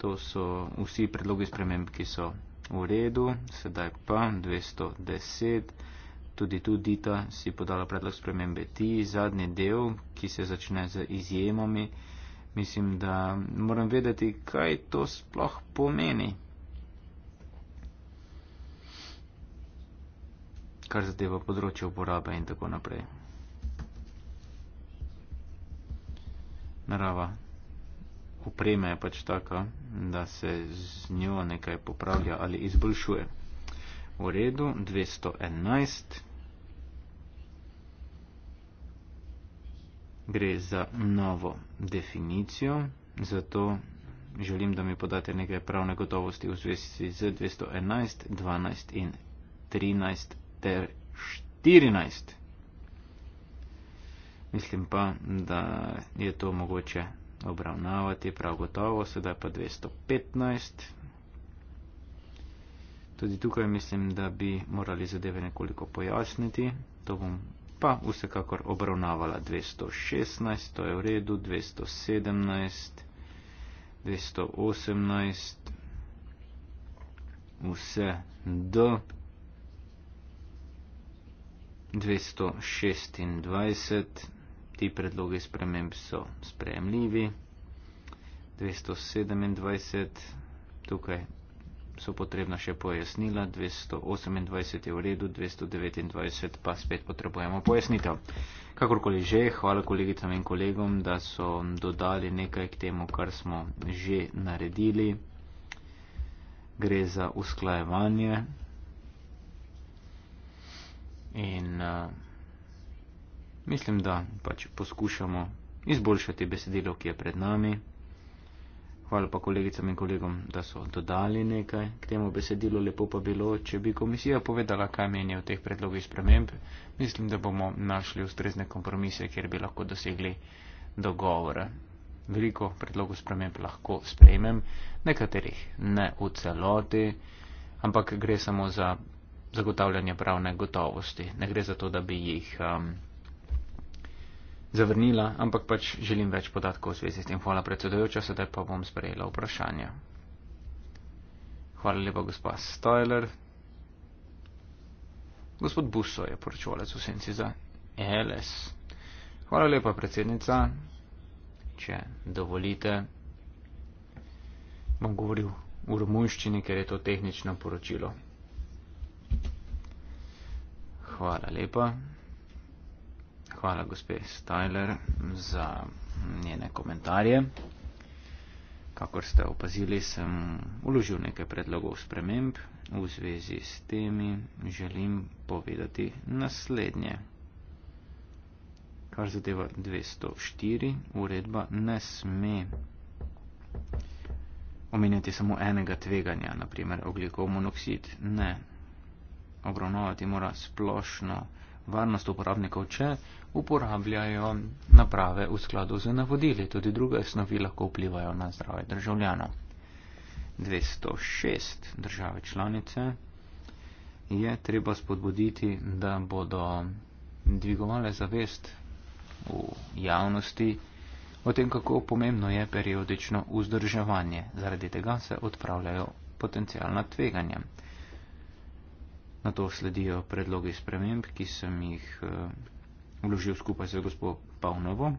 to so vsi predlogi sprememb, ki so v redu. Sedaj pa 210. Tudi tu Dita si podala predlog spremembe. Ti zadnji del, ki se začne z izjemami, mislim, da moram vedeti, kaj to sploh pomeni. Kar zadeva področje uporabe in tako naprej. Narava upreme je pač taka, da se z njo nekaj popravlja ali izboljšuje. V redu, 211. Gre za novo definicijo, zato želim, da mi podate nekaj pravne gotovosti v zvezi z 211, 12 in 13 ter 14. Mislim pa, da je to mogoče obravnavati prav gotovo, sedaj pa 215, Tudi tukaj mislim, da bi morali zadeve nekoliko pojasniti. To bom pa vsekakor obravnavala 216, to je v redu, 217, 218, vse do 226. Ti predlogi sprememb so sprejemljivi. 227, tukaj so potrebna še pojasnila, 228 je v redu, 229 pa spet potrebujemo pojasnitev. Kakorkoli že, hvala kolegicam in kolegom, da so dodali nekaj k temu, kar smo že naredili. Gre za usklajevanje in uh, mislim, da pač poskušamo izboljšati besedilo, ki je pred nami. Hvala pa kolegicam in kolegom, da so dodali nekaj k temu besedilu. Lepo pa bilo, če bi komisija povedala, kaj menijo o teh predlogih sprememb. Mislim, da bomo našli ustrezne kompromise, kjer bi lahko dosegli dogovore. Veliko predlogov sprememb lahko sprejmem, nekaterih ne v celoti, ampak gre samo za zagotavljanje pravne gotovosti. Ne gre za to, da bi jih. Um, zavrnila, ampak pač želim več podatkov v zvezi s tem. Hvala predsedojoča, sedaj pa bom sprejela vprašanja. Hvala lepa, gospa Stoiler. Gospod Buso je poročevalec v senci za ELS. Hvala lepa, predsednica. Če dovolite, bom govoril v romunščini, ker je to tehnično poročilo. Hvala lepa. Hvala, gospe Stajler, za njene komentarje. Kakor ste opazili, sem uložil nekaj predlogov sprememb. V zvezi s temi želim povedati naslednje. Kar zadeva 204, uredba ne sme omenjati samo enega tveganja, naprimer oglikov monoksid. Ne. Obravnavati mora splošno varnost uporabnikov, če uporabljajo naprave v skladu z navodili. Tudi druge snovi lahko vplivajo na zdrave državljanov. 206 države članice je treba spodbuditi, da bodo dvigovale zavest v javnosti o tem, kako pomembno je periodično vzdrževanje. Zaradi tega se odpravljajo potencijalna tveganja. Na to sledijo predlogi sprememb, ki sem jih eh, vložil skupaj z gospod Pavnovo.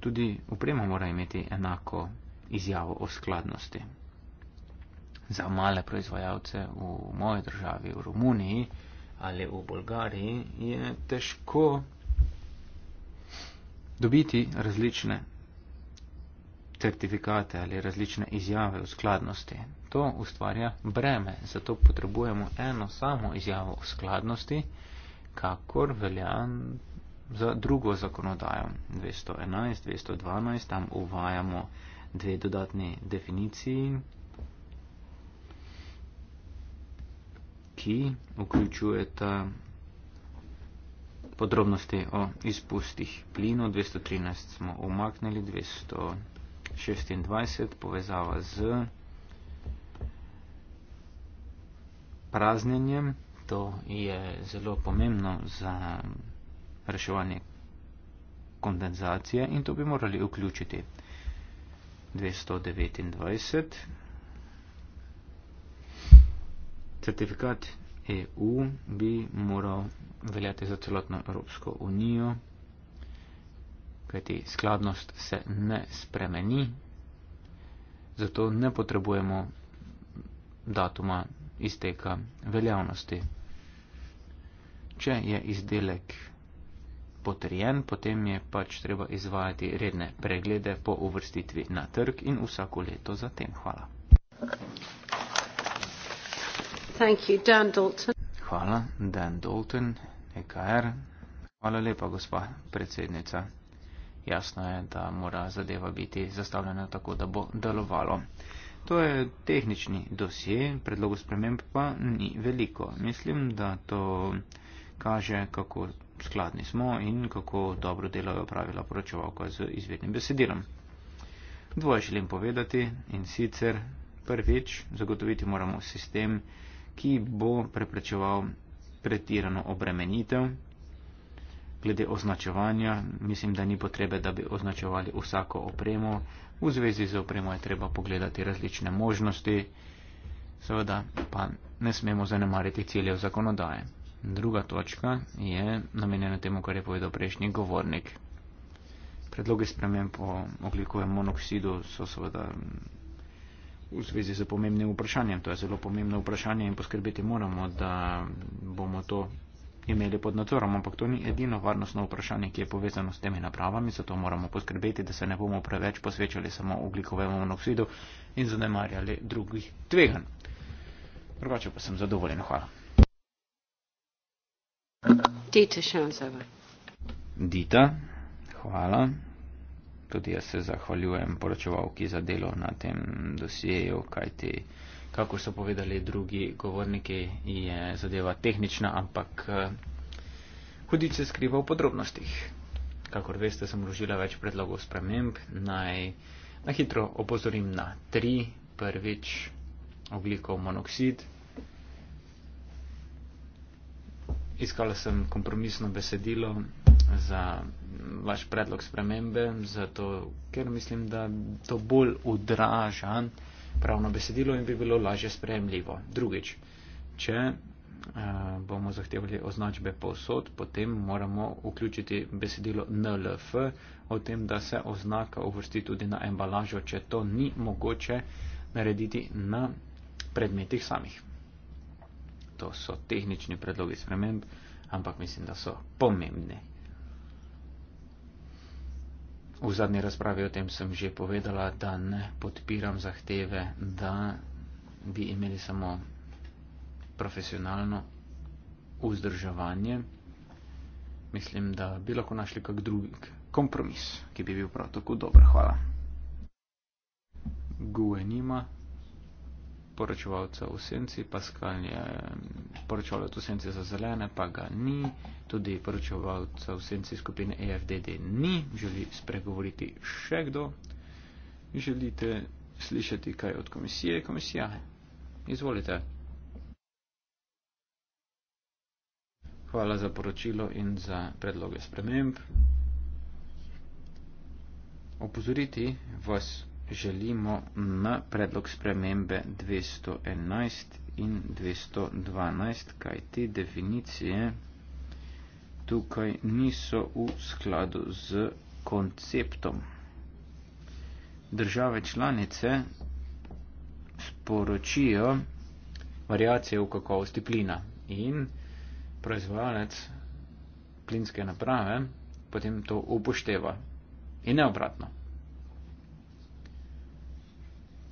Tudi uprema mora imeti enako izjavo o skladnosti. Za male proizvajalce v moji državi, v Romuniji ali v Bolgariji, je težko dobiti različne certifikate ali različne izjave o skladnosti. To ustvarja breme, zato potrebujemo eno samo izjavo o skladnosti, kakor velja za drugo zakonodajo 211, 212, tam uvajamo dve dodatni definiciji, ki vključujeta podrobnosti o izpustih plinov. 213 smo umaknili, 226 povezava z praznjenjem to je zelo pomembno za reševanje kondenzacije in to bi morali vključiti. 229. Certifikat EU bi moral veljati za celotno Evropsko unijo, kajti skladnost se ne spremeni, zato ne potrebujemo datuma izteka veljavnosti. Če je izdelek potrjen, potem je pač treba izvajati redne preglede po uvrstitvi na trg in vsako leto zatem. Hvala. Hvala, Dan Dalton, EKR. Hvala lepa, gospa predsednica. Jasno je, da mora zadeva biti zastavljena tako, da bo delovalo. To je tehnični dosje, predlogu sprememb pa ni veliko. Mislim, da to kaže, kako skladni smo in kako dobro delo je opravila poročevalka z izvednim besedilom. Dvoje želim povedati in sicer prvič zagotoviti moramo sistem, ki bo preprečeval pretirano obremenitev. Glede označevanja, mislim, da ni potrebe, da bi označevali vsako opremo. V zvezi z opremo je treba pogledati različne možnosti, seveda pa ne smemo zanemariti ciljev zakonodaje. Druga točka je namenjena temu, kar je povedal prejšnji govornik. Predloge spremem po oglikovem monoksidu so seveda v zvezi z pomembnim vprašanjem. To je zelo pomembno vprašanje in poskrbeti moramo, da bomo to imeli pod nadzorom, ampak to ni edino varnostno vprašanje, ki je povezano s temi napravami, zato moramo poskrbeti, da se ne bomo preveč posvečali samo oglikovemu monoksidu in zanemarjali drugih tveganj. Drugače pa sem zadovoljen, hvala. Dita, Dita, hvala. Tudi jaz se zahvaljujem poročevalki za delo na tem dosjeju, kajti, kako so povedali drugi govorniki, je zadeva tehnična, ampak eh, hudič se skriva v podrobnostih. Kakor veste, sem vložila več predlogov sprememb. Naj na hitro opozorim na tri. Prvič, oglikov monoksid. iskala sem kompromisno besedilo za vaš predlog spremembe, zato, ker mislim, da to bolj odraža pravno besedilo in bi bilo lažje sprejemljivo. Drugič, če uh, bomo zahtevali označbe posod, potem moramo vključiti besedilo NLF o tem, da se oznaka uvrsti tudi na embalažo, če to ni mogoče narediti na predmetih samih to so tehnični predlogi sprememb, ampak mislim, da so pomembni. V zadnji razpravi o tem sem že povedala, da ne podpiram zahteve, da bi imeli samo profesionalno vzdrževanje. Mislim, da bi lahko našli kak drug kompromis, ki bi bil prav tako dober. Hvala. Gue Nima poročevalca v senci, Pascal je poročevalec v senci za zelene, pa ga ni, tudi poročevalca v senci skupine EFDD ni, želi spregovoriti še kdo. Želite slišati kaj od komisije? Komisija, izvolite. Hvala za poročilo in za predloge sprememb. Opozoriti vas želimo na predlog spremembe 211 in 212, kaj te definicije tukaj niso v skladu z konceptom. Države članice sporočijo variacije v kakovosti plina in proizvajalec plinske naprave potem to upošteva in ne obratno.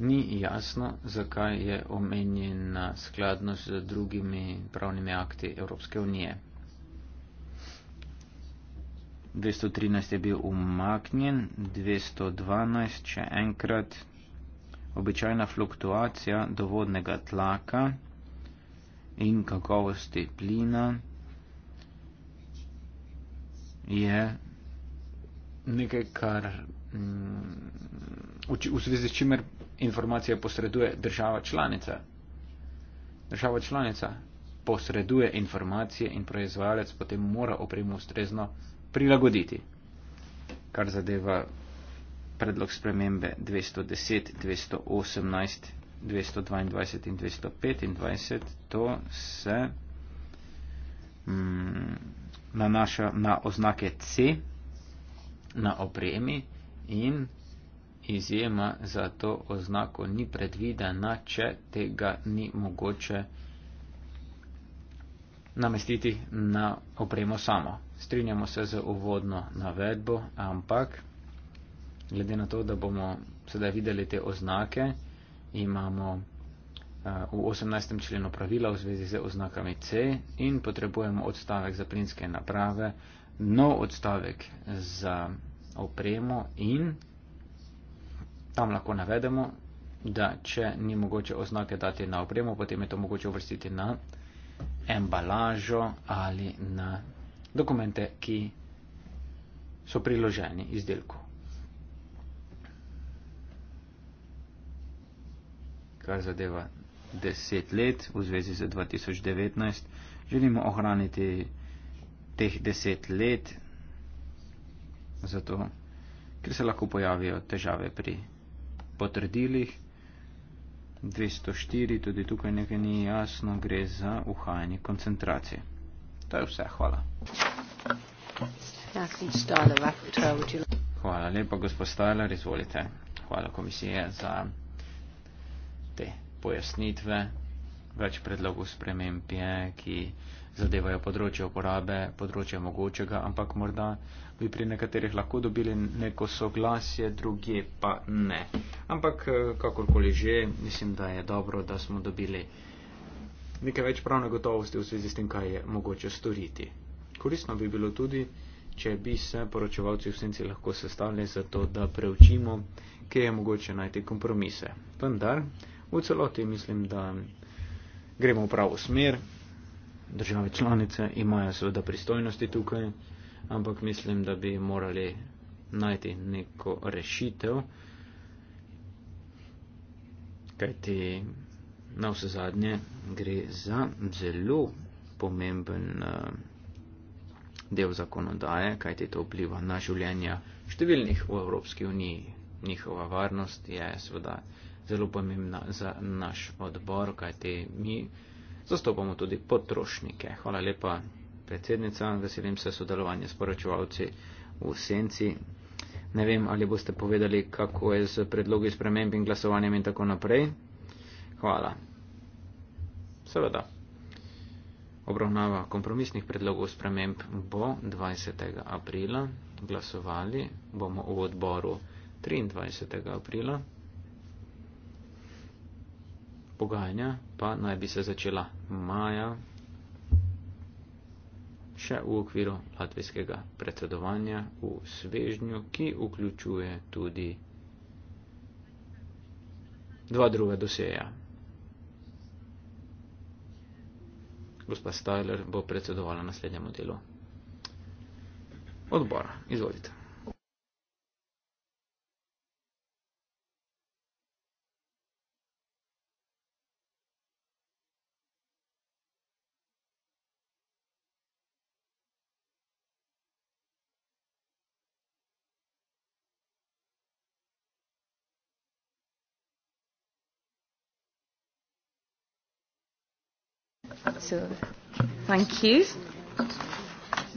Ni jasno, zakaj je omenjena skladnost z drugimi pravnimi akti Evropske unije. 213 je bil umaknjen, 212 še enkrat običajna fluktuacija dovodnega tlaka in kakovosti plina je nekaj, kar mm, v zvezi s čimer informacije posreduje država članica. Država članica posreduje informacije in proizvajalec potem mora opremo ustrezno prilagoditi. Kar zadeva predlog spremembe 210, 218, 222 in 225, to se mm, nanaša na oznake C na opremi in izjema za to oznako ni predvidena, če tega ni mogoče namestiti na opremo samo. Strinjamo se z uvodno navedbo, ampak glede na to, da bomo sedaj videli te oznake, imamo eh, v 18. členu pravila v zvezi z oznakami C in potrebujemo odstavek za plinske naprave, nov odstavek za opremo in Tam lahko navedemo, da če ni mogoče oznake dati na opremo, potem je to mogoče uvrstiti na embalažo ali na dokumente, ki so priloženi izdelku. Kar zadeva 10 let v zvezi z 2019, želimo ohraniti teh 10 let, zato ker se lahko pojavijo težave pri potrdilih. 204, tudi tukaj nekaj ni jasno, gre za uhajanje koncentracije. To je vse, hvala. Hvala lepa, gospod Stalar, izvolite. Hvala komisije za te pojasnitve. Več predlogov spremembe, ki zadevajo področje uporabe, področje mogočega, ampak morda bi pri nekaterih lahko dobili neko soglasje, druge pa ne. Ampak eh, kakorkoli že, mislim, da je dobro, da smo dobili nekaj več pravne gotovosti v zvezi s tem, kaj je mogoče storiti. Koristno bi bilo tudi, če bi se poročevalci v senci lahko sestavili za to, da preučimo, kje je mogoče najti kompromise. Vendar, v celoti mislim, da gremo v pravo smer, države članice imajo seveda pristojnosti tukaj, ampak mislim, da bi morali najti neko rešitev, kajti na vse zadnje gre za zelo pomemben eh, del zakonodaje, kajti to vpliva na življenja številnih v Evropski uniji. Njihova varnost je seveda zelo pomembna za naš odbor, kajti mi zastopamo tudi potrošnike. Hvala lepa, predsednica, veselim se sodelovanja s poročevalci v senci. Ne vem, ali boste povedali, kako je z predlogi sprememb in glasovanjem in tako naprej. Hvala. Seveda. Obravnava kompromisnih predlogov sprememb bo 20. aprila. Glasovali bomo v odboru 23. aprila pogajanja pa naj bi se začela maja še v okviru latvijskega predsedovanja v svežnju, ki vključuje tudi dva druga doseja. Gospa Stajler bo predsedovala naslednjemu delu odbora. Izvolite. Thank you.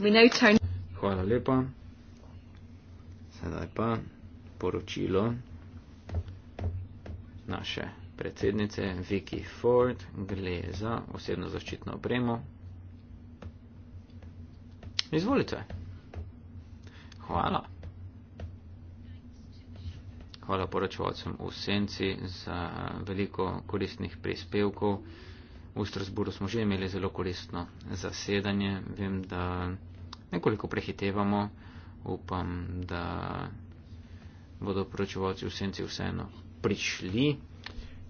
We now turn Hvala lepa. Sedaj pa poročilo naše predsednice Vicky Ford gre za osebno zaščitno opremo. Izvolite. Hvala. Hvala poročevalcem v senci za veliko koristnih prispevkov v Strasburu smo že imeli zelo koristno zasedanje. Vem, da nekoliko prehitevamo. Upam, da bodo poročevalci v senci vseeno prišli,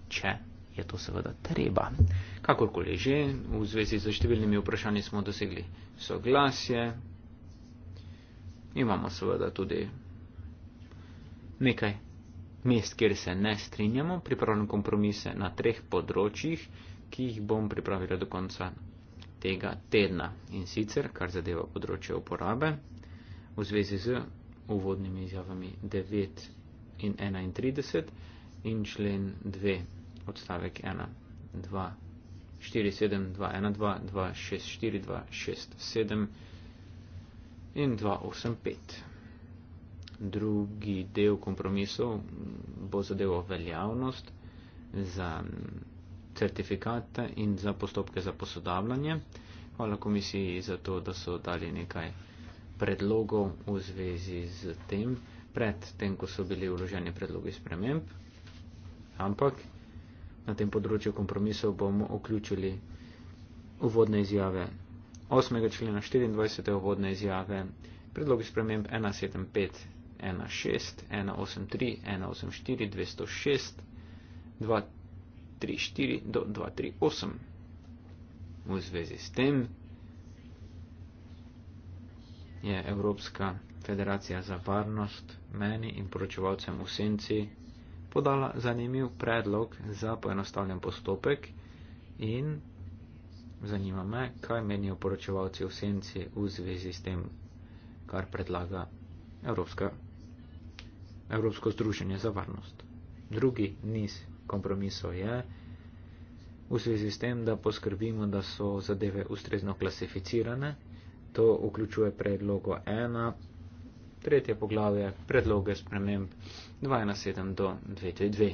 če je to seveda treba. Kakorkoli že, v zvezi z številnimi vprašanji smo dosegli soglasje. Imamo seveda tudi nekaj mest, kjer se ne strinjamo, pripravljamo kompromise na treh področjih ki jih bom pripravila do konca tega tedna. In sicer, kar zadeva področje uporabe, v zvezi z uvodnimi izjavami 9 in 31 in člen 2, odstavek 1, 2, 4, 7, 2, 1, 2, 2, 6, 4, 2, 6, 7 in 2, 8, 5. Drugi del kompromisov bo zadeval veljavnost za certifikate in za postopke za posodabljanje. Hvala komisiji za to, da so dali nekaj predlogov v zvezi z tem, pred tem, ko so bili vloženi predlogi sprememb. Ampak na tem področju kompromisov bomo vključili uvodne izjave 8. člena 24. uvodne izjave, predlogi sprememb 175, 16, 183, 184, 206, 2. 2.3.4 do 2.3.8. V zvezi s tem je Evropska federacija za varnost meni in poročevalcem v senci podala zanimiv predlog za poenostavljen postopek in zanima me, kaj menijo poročevalci v senci v zvezi s tem, kar predlaga Evropska, Evropsko združenje za varnost. Drugi niz kompromisov je v zvezi s tem, da poskrbimo, da so zadeve ustrezno klasificirane. To vključuje predlogo 1, tretje poglavje, predloge sprememb 217 do 22.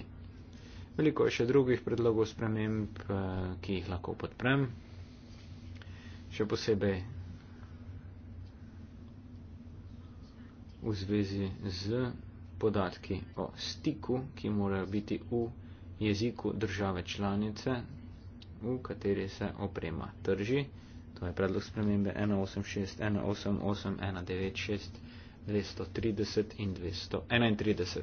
Veliko je še drugih predlogov sprememb, eh, ki jih lahko podprem. Še posebej v zvezi z podatki o stiku, ki morajo biti v jeziku države članice, v kateri se oprema trži. To je predlog spremembe 186-188-196-230 in 231.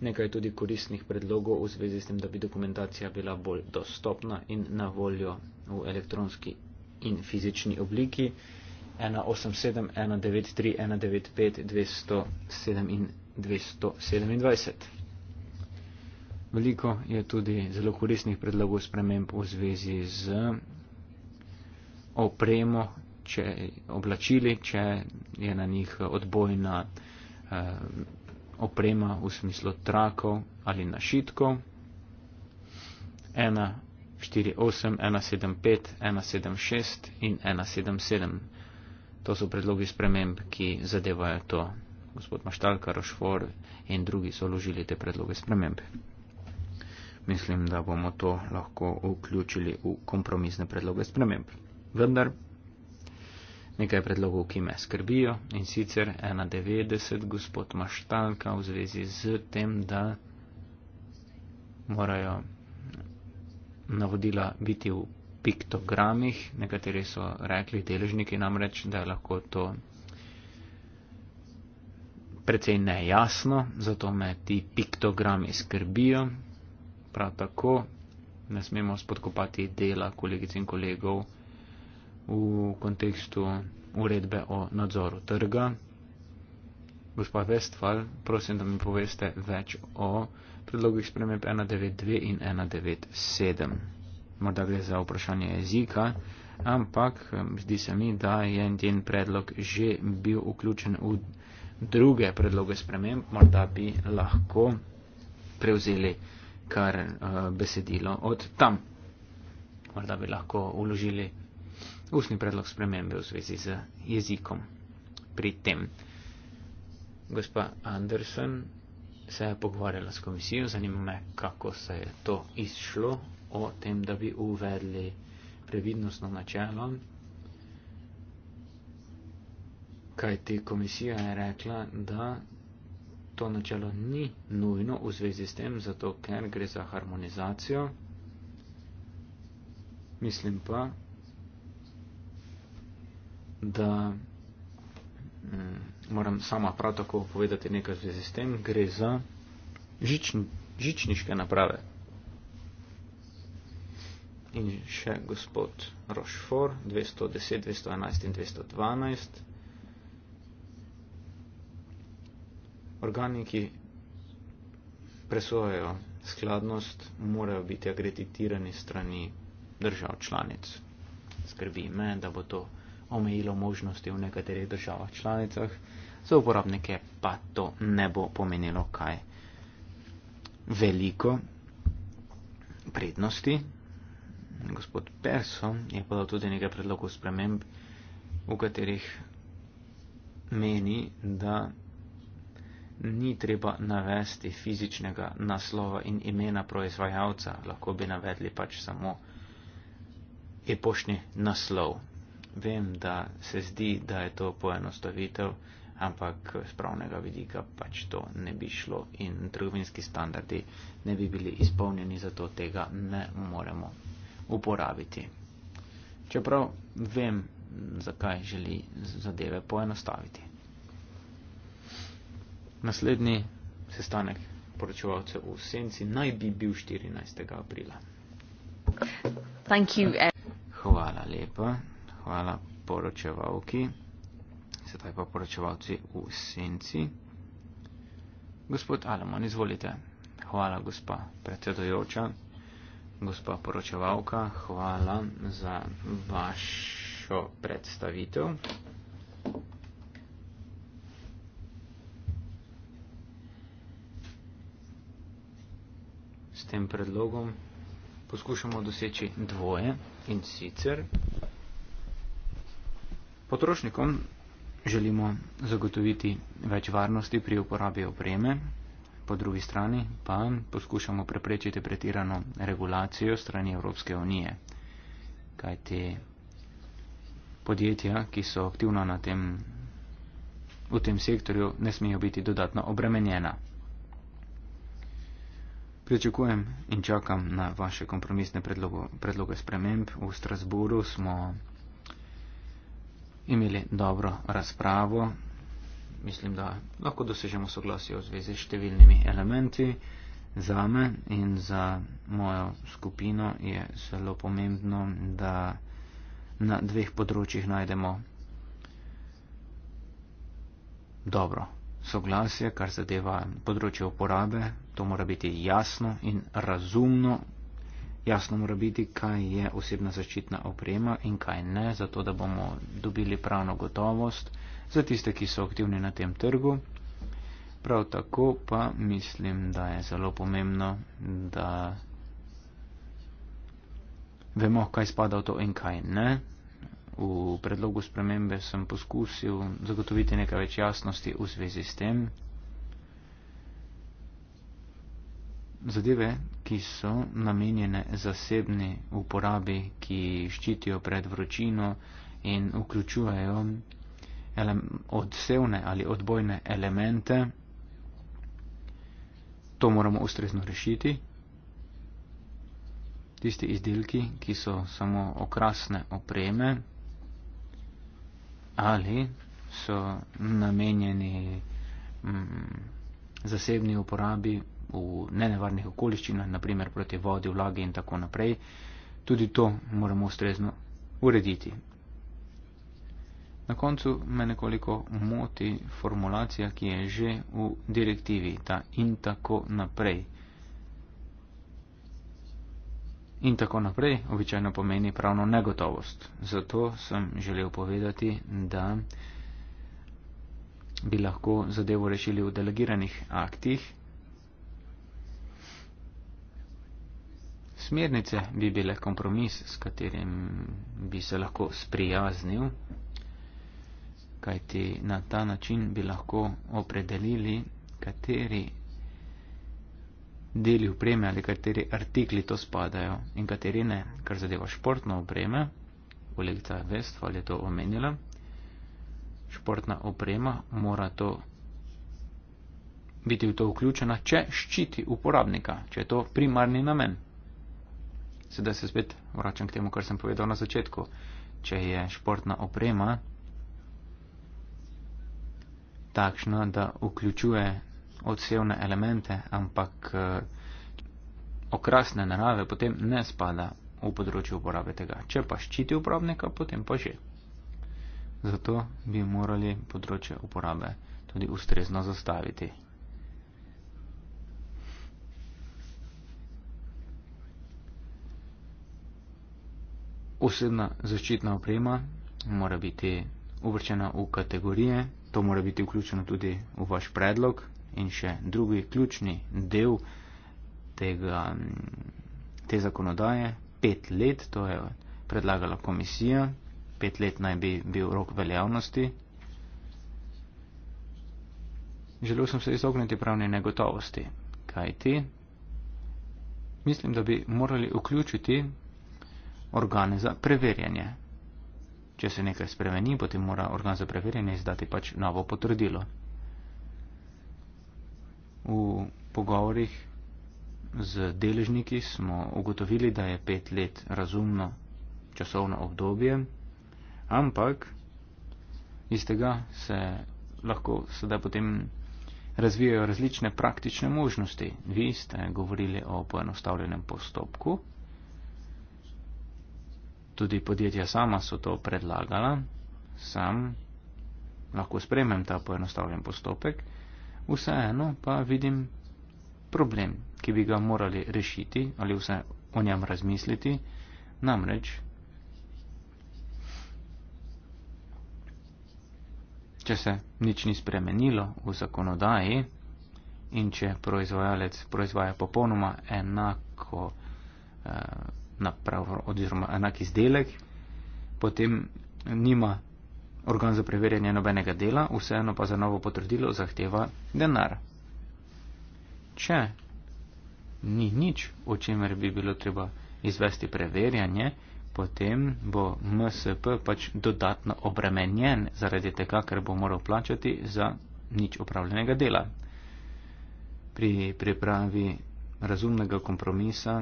Nekaj tudi koristnih predlogov v zvezi s tem, da bi dokumentacija bila bolj dostopna in na voljo v elektronski in fizični obliki. 187, 193, 195, 207 in 227. Veliko je tudi zelo koristnih predlogov sprememb v zvezi z opremo, če oblačili, če je na njih odbojna eh, oprema v smislu trakov ali našitkov. 1, 4, 8, 1, 7, 5, 1, 7, 6 in 1, 7, 7. To so predlogi sprememb, ki zadevajo to. Gospod Maštalka, Rošfor in drugi so vložili te predloge sprememb mislim, da bomo to lahko vključili v kompromisne predloge sprememb. Vendar nekaj predlogov, ki me skrbijo in sicer 91 gospod Maštanka v zvezi z tem, da morajo navodila biti v piktogramih, nekateri so rekli, deležniki namreč, da je lahko to precej nejasno, zato me ti piktogrami skrbijo. Prav tako ne smemo spodkopati dela kolegic in kolegov v kontekstu uredbe o nadzoru trga. Gospod Vestfal, prosim, da mi poveste več o predlogih sprememb 192 in 197. Morda gre za vprašanje jezika, ampak ehm, zdi se mi, da je njen predlog že bil vključen v druge predloge sprememb. Morda bi lahko prevzeli kar uh, besedilo od tam. Morda bi lahko uložili ustni predlog spremembe v zvezi z jezikom pri tem. Gospa Anderson se je pogovarjala s komisijo, zanima me, kako se je to izšlo o tem, da bi uvedli previdnostno načelo. Kaj ti komisija je rekla, da to načelo ni nujno v zvezi s tem, zato ker gre za harmonizacijo. Mislim pa, da hm, moram sama prav tako povedati nekaj v zvezi s tem, gre za žični, žičniške naprave. In še gospod Rochefort, 210, 211 in 212. organi, ki presojajo skladnost, morajo biti agreditirani strani držav članic. Skrbi me, da bo to omejilo možnosti v nekaterih državah članicah, za uporabnike pa to ne bo pomenilo kaj veliko prednosti. Gospod Perso je podal tudi nekaj predlogov sprememb, v katerih meni, da ni treba navesti fizičnega naslova in imena proizvajalca, lahko bi navedli pač samo e-poštni naslov. Vem, da se zdi, da je to poenostavitev, ampak z pravnega vidika pač to ne bi šlo in trgovinski standardi ne bi bili izpolnjeni, zato tega ne moremo uporabiti. Čeprav vem, zakaj želi zadeve poenostaviti. Naslednji sestanek poročevalcev v Senci naj bi bil 14. aprila. You, eh. hvala lepa, hvala poročevalki. Sedaj pa poročevalci v Senci. Gospod Alamon, izvolite. Hvala, gospa predsedojoča, gospa poročevalka, hvala za vašo predstavitev. tem predlogom poskušamo doseči dvoje in sicer potrošnikom želimo zagotoviti več varnosti pri uporabi opreme, po drugi strani pa poskušamo preprečiti pretirano regulacijo strani Evropske unije, kaj te podjetja, ki so aktivna na tem, v tem sektorju, ne smejo biti dodatno obremenjena. Pričakujem in čakam na vaše kompromisne predlogo, predloge sprememb. V Strasburu smo imeli dobro razpravo. Mislim, da lahko dosežemo soglasje v zvezi s številnimi elementi. Za me in za mojo skupino je zelo pomembno, da na dveh področjih najdemo dobro soglasje, kar zadeva področje uporabe, to mora biti jasno in razumno. Jasno mora biti, kaj je osebna zaščitna oprema in kaj ne, zato da bomo dobili pravno gotovost za tiste, ki so aktivni na tem trgu. Prav tako pa mislim, da je zelo pomembno, da vemo, kaj spada v to in kaj ne. V predlogu spremembe sem poskusil zagotoviti nekaj več jasnosti v zvezi s tem. Zadeve, ki so namenjene zasebni uporabi, ki ščitijo pred vročino in vključujejo odsevne ali odbojne elemente, to moramo ustrezno rešiti. Tisti izdelki, ki so samo okrasne opreme, ali so namenjeni mm, zasebni uporabi v nenevarnih okoliščinah, naprimer proti vodi, vlagi in tako naprej. Tudi to moramo ustrezno urediti. Na koncu me nekoliko moti formulacija, ki je že v direktivi, ta in tako naprej in tako naprej običajno pomeni pravno negotovost. Zato sem želel povedati, da bi lahko zadevo rešili v delegiranih aktih. Smernice bi bile kompromis, s katerim bi se lahko sprijaznil, kajti na ta način bi lahko opredelili, kateri deli upreme ali kateri artikli to spadajo in kateri ne, kar zadeva športno upreme, kolegica Vestval je to omenila, športna oprema mora to biti v to vključena, če ščiti uporabnika, če je to primarni namen. Sedaj se spet vračam k temu, kar sem povedal na začetku. Če je športna oprema takšna, da vključuje odsevne elemente, ampak eh, okrasne narave potem ne spada v področju uporabe tega. Če pa ščiti uporabnika, potem pa že. Zato bi morali področje uporabe tudi ustrezno zastaviti. Osebna zaščitna oprema mora biti uvrščena v kategorije, to mora biti vključeno tudi v vaš predlog in še drugi ključni del tega, mm, te zakonodaje, pet let, to je predlagala komisija, pet let naj bi bil rok veljavnosti. Želel sem se izogniti pravni negotovosti, kaj ti. Mislim, da bi morali vključiti organe za preverjanje. Če se nekaj spremeni, potem mora organ za preverjanje izdati pač novo potrdilo. V pogovorih z deležniki smo ugotovili, da je pet let razumno časovno obdobje, ampak iz tega se lahko sedaj potem razvijajo različne praktične možnosti. Vi ste govorili o poenostavljenem postopku, tudi podjetja sama so to predlagala, sam lahko spremem ta poenostavljen postopek vseeno pa vidim problem, ki bi ga morali rešiti ali vse o njem razmisliti. Namreč, če se nič ni spremenilo v zakonodaji in če proizvajalec proizvaja popolnoma enako eh, napravo oziroma enak izdelek, potem nima Organ za preverjanje nobenega dela, vseeno pa za novo potrdilo zahteva denar. Če ni nič, o čemer bi bilo treba izvesti preverjanje, potem bo MSP pač dodatno obremenjen zaradi tega, ker bo moral plačati za nič opravljenega dela. Pri pripravi razumnega kompromisa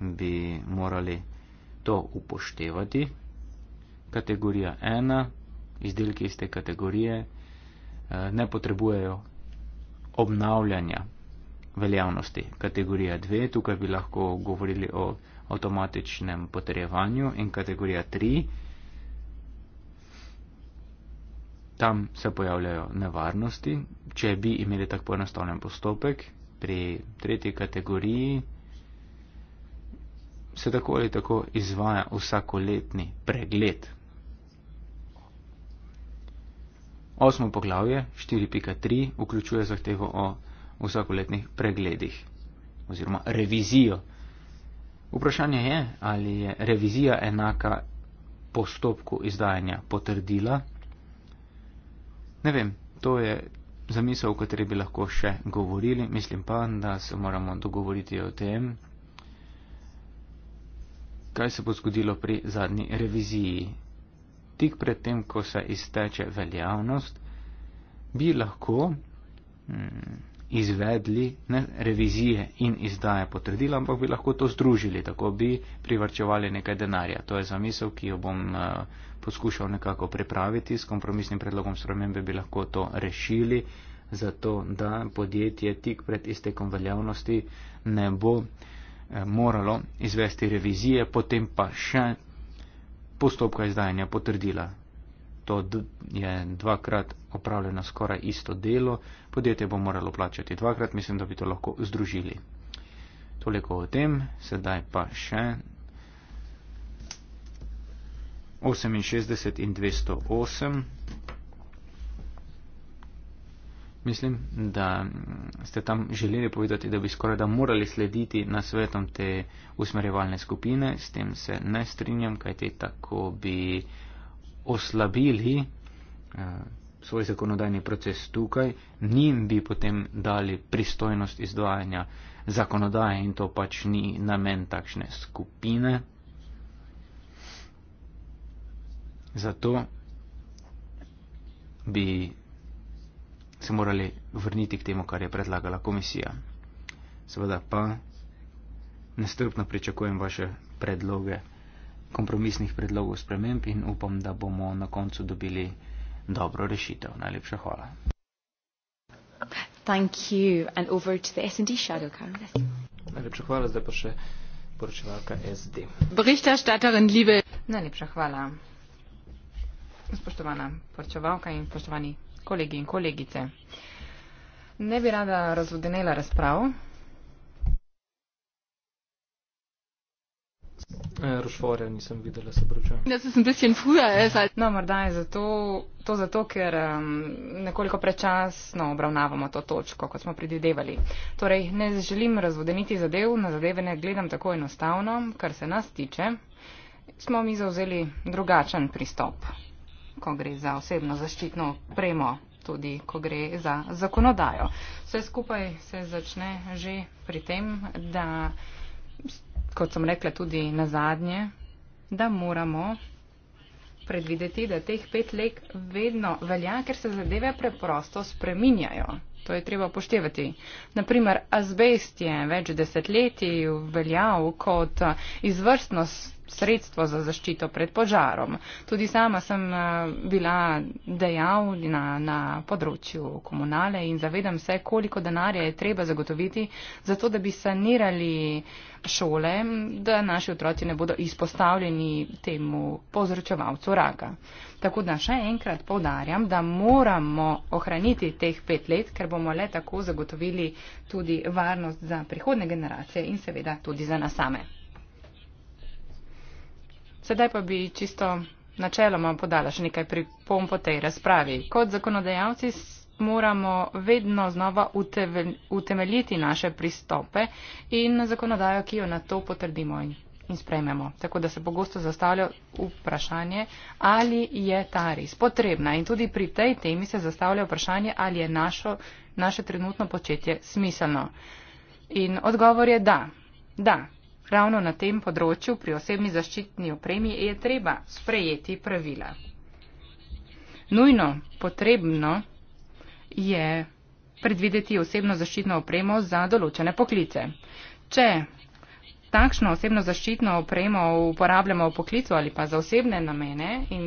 bi morali to upoštevati. Kategorija 1 izdelki iz te kategorije eh, ne potrebujejo obnavljanja veljavnosti. Kategorija 2, tukaj bi lahko govorili o avtomatičnem potrjevanju in kategorija 3, tam se pojavljajo nevarnosti. Če bi imeli tako poenostavljen postopek, pri tretji kategoriji se tako ali tako izvaja vsakoletni pregled Osmo poglavje 4.3 vključuje zahtevo o vsakoletnih pregledih oziroma revizijo. Vprašanje je, ali je revizija enaka postopku izdajanja potrdila. Ne vem, to je zamisel, o kateri bi lahko še govorili, mislim pa, da se moramo dogovoriti o tem, kaj se bo zgodilo pri zadnji reviziji tik pred tem, ko se izteče veljavnost, bi lahko hmm, izvedli ne, revizije in izdaje potrdila, ampak bi lahko to združili, tako bi privrčevali nekaj denarja. To je zamisel, ki jo bom uh, poskušal nekako prepraviti s kompromisnim predlogom spremembe, bi lahko to rešili, zato da podjetje tik pred iztekom veljavnosti ne bo uh, moralo izvesti revizije, potem pa še postopka izdajanja potrdila. To je dvakrat opravljeno skoraj isto delo, podjetje bo moralo plačati dvakrat, mislim, da bi to lahko združili. Toliko o tem, sedaj pa še 68 in 208 mislim, da ste tam želeli povedati, da bi skoraj da morali slediti na svetom te usmerjevalne skupine. S tem se ne strinjam, kajte tako bi oslabili eh, svoj zakonodajni proces tukaj, njim bi potem dali pristojnost izdvajanja zakonodaje in to pač ni namen takšne skupine. Zato bi se morali vrniti k temu, kar je predlagala komisija. Seveda pa nestrpno pričakujem vaše predloge, kompromisnih predlogov sprememb in upam, da bomo na koncu dobili dobro rešitev. Najlepša hvala. Najlepša hvala, zdaj pa še poročevalka SD. Najlepša hvala. Spoštovana poročevalka in spoštovani kolegi in kolegice. Ne bi rada razvodenela razprav. E, Rošvorja nisem videla, se pročujem. Jaz sem bisschen früher. Er no, morda je zato, to zato, ker um, nekoliko prečasno obravnavamo to točko, kot smo predvidevali. Torej, ne želim razvodeniti zadev, na zadeve ne gledam tako enostavno, kar se nas tiče. Smo mi zauzeli drugačen pristop ko gre za osebno zaščitno premo, tudi ko gre za zakonodajo. Vse skupaj se začne že pri tem, da, kot sem rekla tudi na zadnje, da moramo predvideti, da teh pet let vedno velja, ker se zadeve preprosto spreminjajo. To je treba upoštevati. Naprimer, azbest je več desetletij veljav kot izvrstnost sredstvo za zaščito pred požarom. Tudi sama sem eh, bila dejavna na področju komunale in zavedam se, koliko denarja je treba zagotoviti, zato da bi sanirali šole, da naši otroci ne bodo izpostavljeni temu povzročevalcu raka. Tako da še enkrat povdarjam, da moramo ohraniti teh pet let, ker bomo le tako zagotovili tudi varnost za prihodne generacije in seveda tudi za nas same. Sedaj pa bi čisto načeloma podala še nekaj pripomp po tej razpravi. Kot zakonodajalci moramo vedno znova utemeljiti naše pristope in zakonodajo, ki jo na to potrdimo in sprejmemo. Tako da se pogosto zastavlja vprašanje, ali je ta res potrebna. In tudi pri tej temi se zastavlja vprašanje, ali je našo, naše trenutno početje smiselno. In odgovor je da. Da, Ravno na tem področju pri osebni zaščitni opremi je treba sprejeti pravila. Nujno potrebno je predvideti osebno zaščitno opremo za določene poklice. Če takšno osebno zaščitno opremo uporabljamo v poklicu ali pa za osebne namene in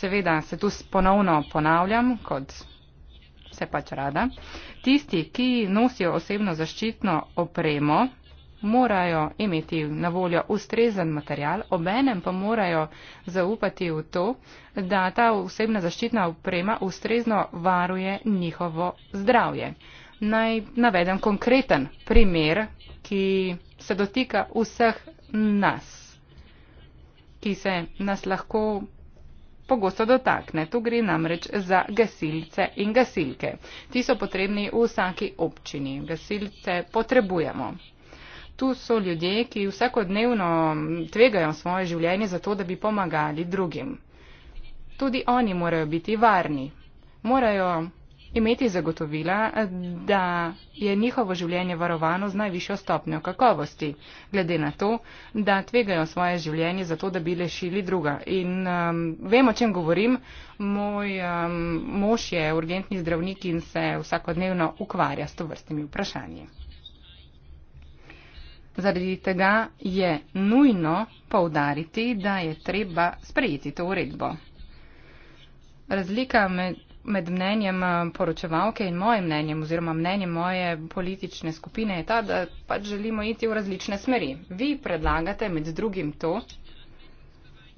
seveda se tu ponovno ponavljam, kot se pač rada, tisti, ki nosijo osebno zaščitno opremo, morajo imeti na voljo ustrezen material, obenem pa morajo zaupati v to, da ta osebna zaščitna oprema ustrezno varuje njihovo zdravje. Naj navedem konkreten primer, ki se dotika vseh nas, ki se nas lahko pogosto dotakne. Tu gre namreč za gasilce in gasilke. Ti so potrebni v vsaki občini. Gasilce potrebujemo tu so ljudje, ki vsakodnevno tvegajo svoje življenje za to, da bi pomagali drugim. Tudi oni morajo biti varni. Morajo imeti zagotovila, da je njihovo življenje varovano z najvišjo stopnjo kakovosti, glede na to, da tvegajo svoje življenje za to, da bi lešili druga. In um, vemo, o čem govorim. Moj um, mož je urgentni zdravnik in se vsakodnevno ukvarja s to vrstnimi vprašanji. Zaradi tega je nujno povdariti, da je treba sprejeti to uredbo. Razlika med, med mnenjem eh, poročevalke in mojim mnenjem oziroma mnenjem moje politične skupine je ta, da pač želimo iti v različne smeri. Vi predlagate med drugim to,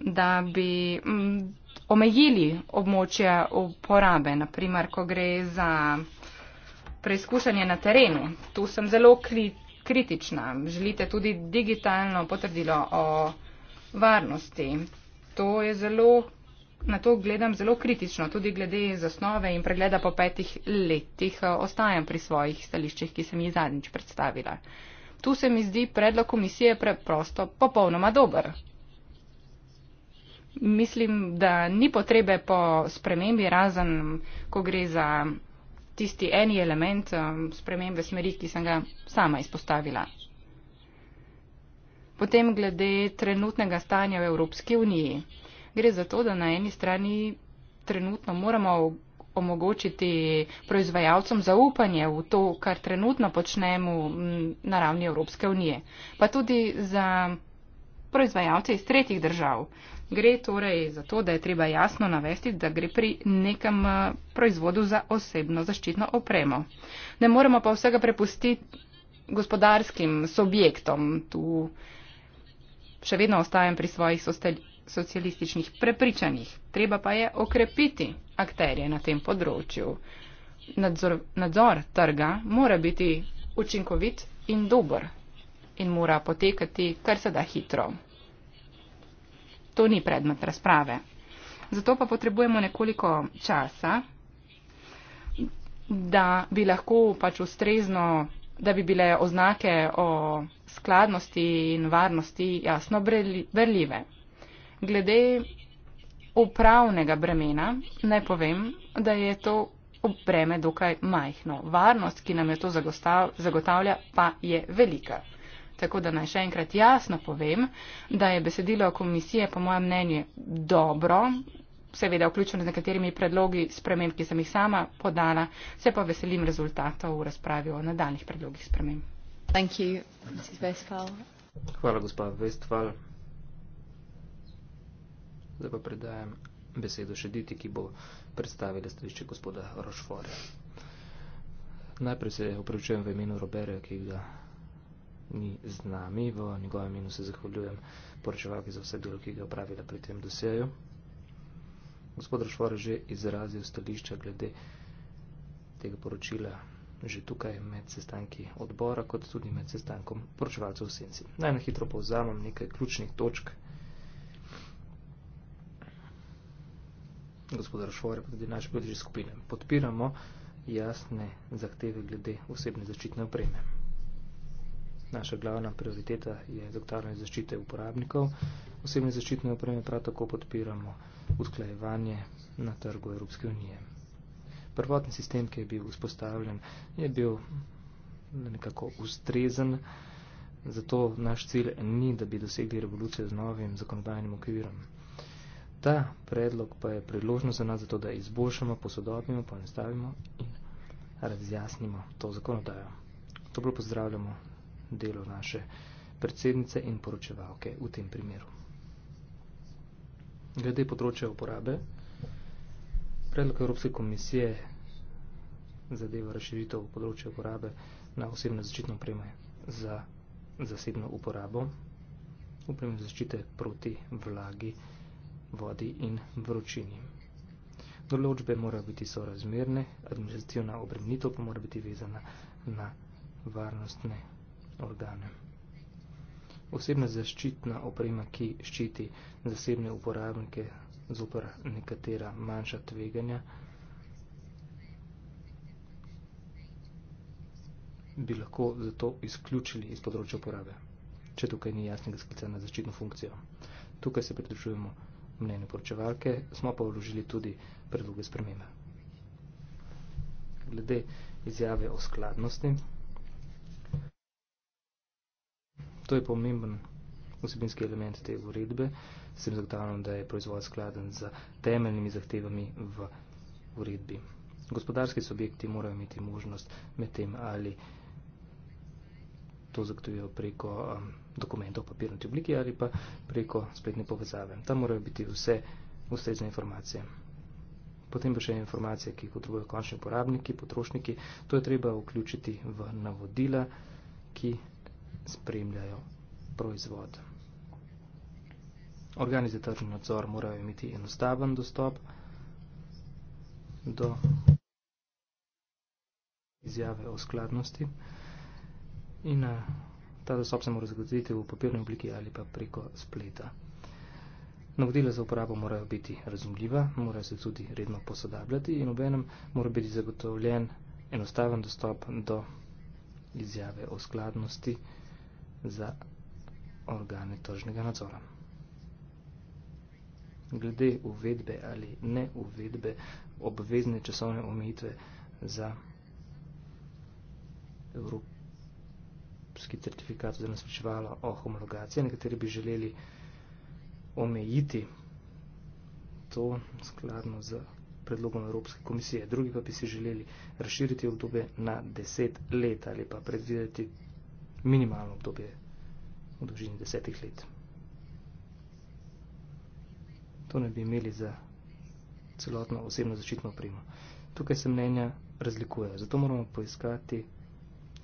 da bi mm, omejili območja uporabe, naprimer, ko gre za preizkušanje na terenu. Tu sem zelo kritičen kritična. Želite tudi digitalno potrdilo o varnosti. To je zelo, na to gledam zelo kritično, tudi glede zasnove in pregleda po petih letih eh, ostajam pri svojih stališčih, ki sem jih zadnjič predstavila. Tu se mi zdi predlog komisije preprosto popolnoma dober. Mislim, da ni potrebe po spremembi, razen ko gre za tisti eni element um, spremembe smeri, ki sem ga sama izpostavila. Potem glede trenutnega stanja v Evropski uniji. Gre za to, da na eni strani trenutno moramo omogočiti proizvajalcem zaupanje v to, kar trenutno počnemo na ravni Evropske unije, pa tudi za proizvajalce iz tretjih držav, Gre torej za to, da je treba jasno navesti, da gre pri nekem eh, proizvodu za osebno zaščitno opremo. Ne moremo pa vsega prepustiti gospodarskim subjektom. Tu še vedno ostajam pri svojih socialističnih prepričanjih. Treba pa je okrepiti akterje na tem področju. Nadzor, nadzor trga mora biti učinkovit in dober in mora potekati kar se da hitro to ni predmet razprave. Zato pa potrebujemo nekoliko časa, da bi lahko pač ustrezno, da bi bile oznake o skladnosti in varnosti jasno verljive. Glede upravnega bremena naj povem, da je to breme dokaj majhno. Varnost, ki nam je to zagotavlja, pa je velika. Tako da naj še enkrat jasno povem, da je besedilo komisije po mojem mnenju dobro, seveda vključeno z nekaterimi predlogi sprememb, ki sem jih sama podala, se pa veselim rezultatov v razpravi o nadaljnih predlogih sprememb. Hvala, gospa Vestval. Zdaj pa predajam besedo še Diti, ki bo predstavila stališče gospoda Rošforja. Najprej se upravičujem v imenu Roberja, ki ga ni z nami, v njegovem imenu se zahvaljujem poročevalki za vse delo, ki ga opravila pri tem doseju. Gospod Rašvor je že izrazil stališča glede tega poročila že tukaj med sestanki odbora, kot tudi med sestankom poročevalcev v senci. Naj na hitro povzamem nekaj ključnih točk. Gospod Rašvor je pa tudi naš bližje skupine. Podpiramo jasne zahteve glede osebne začitne opreme. Naša glavna prioriteta je zagotavljanje zaščite uporabnikov. Osebne zaščitne opreme prav tako podpiramo usklajevanje na trgu Evropske unije. Prvotni sistem, ki je bil vzpostavljen, je bil nekako ustrezen, zato naš cilj ni, da bi dosegli revolucijo z novim zakonodajnim okvirom. Ta predlog pa je priložnost za nas, zato da izboljšamo, posodobimo, poenostavimo in razjasnimo to zakonodajo. Dobro pozdravljamo delo naše predsednice in poročevalke v tem primeru. Glede področja uporabe, predlog Evropske komisije zadeva razširitev področja uporabe na osebno zaščitno opremo za zasebno uporabo, opremo zaščite proti vlagi, vodi in vročini. Določbe morajo biti sorazmerne, administrativna obremenitev pa mora biti vezana na varnostne organe. Osebna zaščitna oprema, ki ščiti zasebne uporabnike zopr nekatera manjša tveganja, bi lahko zato izključili iz področja uporabe, če tukaj ni jasnega sklica na zaščitno funkcijo. Tukaj se pridružujemo mnenju poročevalke, smo pa vložili tudi predloge spremembe. Glede izjave o skladnosti. To je pomemben vsebinski element te uredbe, s tem zagotavljam, da je proizvod skladen z temeljnimi zahtevami v uredbi. Gospodarski subjekti morajo imeti možnost med tem ali to zagotovijo preko um, dokumentov v papirnati obliki ali pa preko spletne povezave. Tam morajo biti vse ustrezne informacije. Potem pa še informacije, ki jih potrebujejo končni uporabniki, potrošniki. To je treba vključiti v navodila, ki spremljajo proizvod. Organi za tržni nadzor morajo imeti enostaven dostop do izjave o skladnosti in eh, ta dostop se mora zagotoviti v papirni obliki ali pa preko spleta. Navodila za uporabo morajo biti razumljiva, morajo se tudi redno posodabljati in obenem mora biti zagotovljen enostaven dostop do izjave o skladnosti za organe tožnega nadzora. Glede uvedbe ali ne uvedbe obvezne časovne omejitve za evropski certifikat za nasprečevalo o homologaciji, nekateri bi želeli omejiti to skladno z predlogom Evropske komisije. Drugi pa bi si želeli razširiti obdobje na 10 let ali pa predvideti minimalno obdobje v dolžini desetih let. To ne bi imeli za celotno osebno zaščitno opremo. Tukaj se mnenja razlikujejo, zato moramo poiskati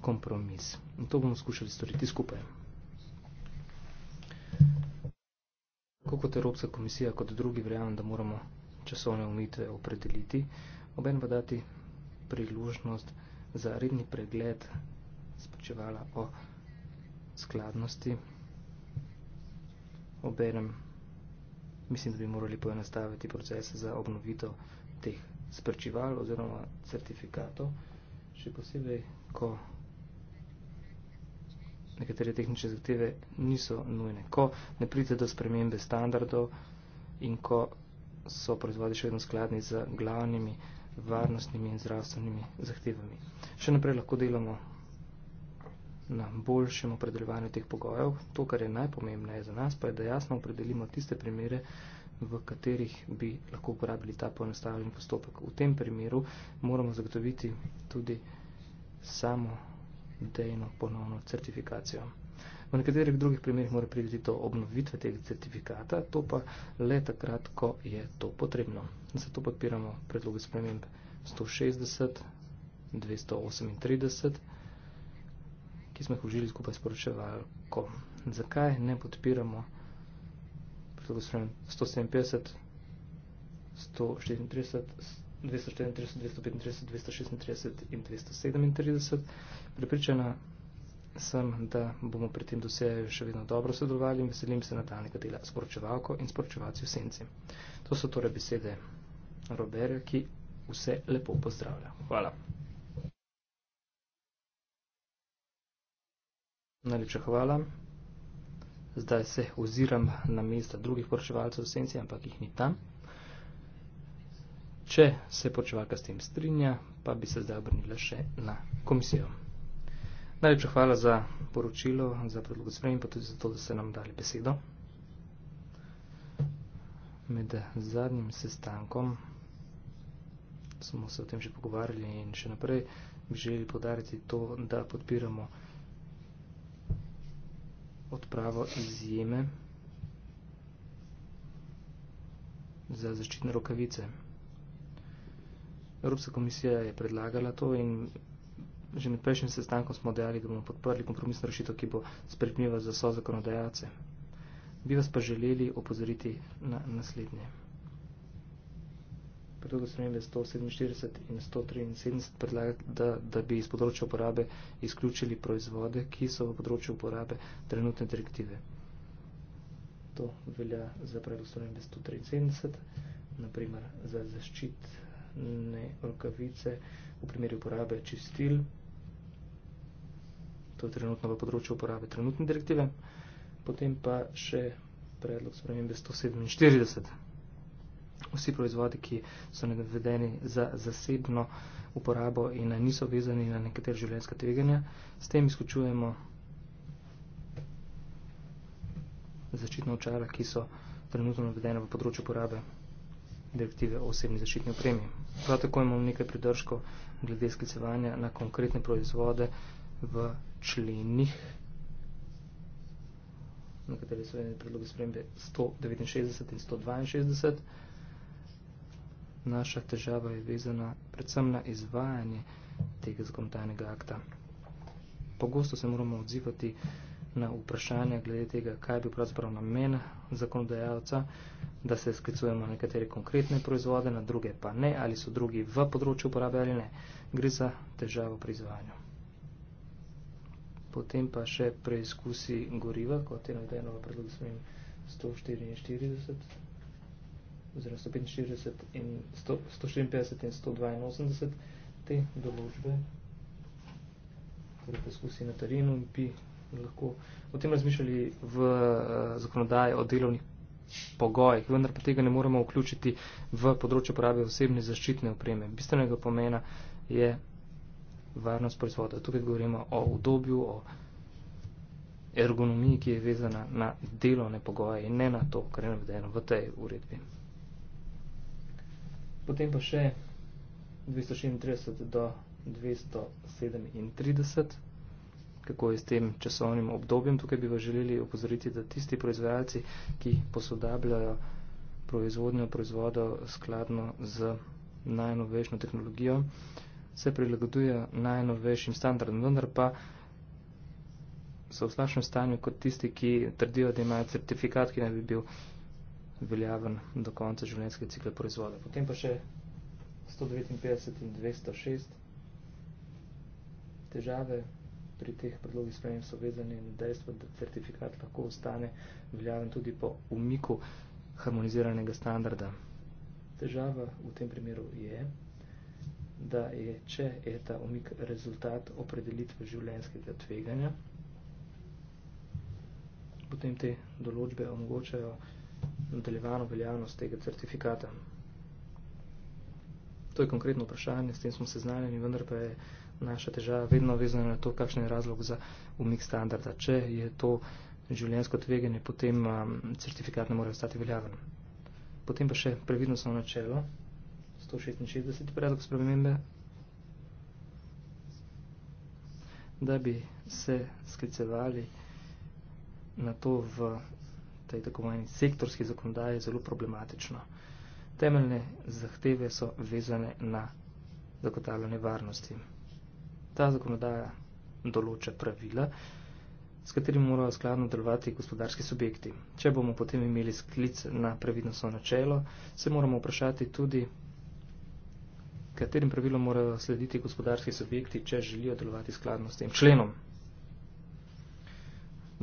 kompromis. In to bomo skušali storiti skupaj. Tako kot Evropska komisija, kot drugi, verjamem, da moramo časovne omitve opredeliti, obenva dati priložnost za redni pregled poučevala o skladnosti. Obenem mislim, da bi morali poenostaviti procese za obnovitev teh sprčival oziroma certifikatov, še posebej, ko nekatere tehnične zahteve niso nujne. Ko ne pride do spremembe standardov in ko so proizvodi še vedno skladni z glavnimi varnostnimi in zdravstvenimi zahtevami. Še naprej lahko delamo na boljšem opredeljevanju teh pogojev. To, kar je najpomembneje za nas, pa je, da jasno opredelimo tiste primere, v katerih bi lahko uporabili ta poenostavljen postopek. V tem primeru moramo zagotoviti tudi samo dejno ponovno certifikacijo. V nekaterih drugih primerih mora priditi do obnovitve tega certifikata, to pa le takrat, ko je to potrebno. Zato podpiramo predloge sprememb 160, 238 ki smo jih užili skupaj s poročevalkom. Zakaj ne podpiramo predlogo 157, 134, 234, 235, 236 in 237. Pripričana sem, da bomo pri tem dosegu še vedno dobro sodelovali in veselim se nadaljnega dela s poročevalko in s poročevalci v senci. To so torej besede Roberja, ki vse lepo pozdravlja. Hvala. Najlepša hvala. Zdaj se oziram na mesta drugih poročevalcev v senci, ampak jih ni tam. Če se poročevalka s tem strinja, pa bi se zdaj obrnila še na komisijo. Najlepša hvala za poročilo, za predlog spremenj, pa tudi za to, da ste nam dali besedo. Med zadnjim sestankom smo se o tem že pogovarjali in še naprej bi želeli podariti to, da podpiramo vsega, odpravo izjeme za zaščitne rokavice. Evropska komisija je predlagala to in že med prejšnjim sestankom smo dejali, da bomo podprli kompromisno rešitev, ki bo sprejemljiva za so zakonodajalce. Bi vas pa želeli opozoriti na naslednje predloga spremembe 147 in 173 predlaga, da, da bi iz področja uporabe izključili proizvode, ki so v področju uporabe trenutne direktive. To velja za predlog spremembe 173, naprimer za zaščitne rokavice v primeru uporabe čistil. To je trenutno v področju uporabe trenutne direktive. Potem pa še predlog spremembe 147 vsi proizvodi, ki so navedeni za zasebno uporabo in niso vezani na nekatere življenjska tveganja. S tem izključujemo zaščitna očala, ki so trenutno navedena v področju uporabe direktive o osebni zaščitni opremi. Prav tako imamo nekaj pridržkov glede sklicevanja na konkretne proizvode v členih, na kateri so vedeni predlogi spremembe 169 in 162 naša težava je vezana predvsem na izvajanje tega zakonodajnega akta. Pogosto se moramo odzivati na vprašanje glede tega, kaj bi pravzaprav namen zakonodajalca, da se sklicujemo nekatere konkretne proizvode, na druge pa ne, ali so drugi v področju uporabe ali ne. Gre za težavo pri izvajanju. Potem pa še preizkusi goriva, kot je navedeno v predlogu 144 oziroma 145 in 100, 154 in 182 te določbe, torej preskusi na terenu in pi lahko o tem razmišljali v eh, zakonodaji o delovnih pogojih, vendar pa tega ne moremo vključiti v področje uporabe osebne zaščitne opreme. Bistvenega pomena je varnost proizvoda. Tukaj govorimo o udobju, o ergonomiji, ki je vezana na delovne pogoje in ne na to, kar je navedeno v tej uredbi. Potem pa še 236 do 237. Kako je s tem časovnim obdobjem? Tukaj bi vas želeli opozoriti, da tisti proizvajalci, ki posodabljajo proizvodnjo proizvodo skladno z najnovejšno tehnologijo, se prilagodujejo najnovejšim standardom, vendar pa so v slabšem stanju kot tisti, ki trdijo, da imajo certifikat, ki naj bi bil veljaven do konca življenjske cikle proizvoda. Potem pa še 159 in 206. Težave pri teh predlogih sprejem so vezane na dejstvo, da certifikat lahko ostane veljaven tudi po umiku harmoniziranega standarda. Težava v tem primeru je, da je, če je ta umik rezultat opredelitve življenjskega tveganja, potem te določbe omogočajo, da nadaljevano veljavnost tega certifikata. To je konkretno vprašanje, s tem smo seznanjeni, vendar pa je naša težava vedno vezana na to, kakšen je razlog za umik standarda. Če je to življenjsko tveganje, potem um, certifikat ne more ostati veljaven. Potem pa še previdno samo načelo, 166. predlog spremembe, da bi se sklicevali na to v tej tako imenovani sektorski zakonodaji zelo problematično. Temeljne zahteve so vezane na zagotavljanje varnosti. Ta zakonodaja določa pravila, s katerimi morajo skladno delovati gospodarski subjekti. Če bomo potem imeli sklic na previdnostno načelo, se moramo vprašati tudi, katerim pravilom morajo slediti gospodarski subjekti, če želijo delovati skladno s tem členom.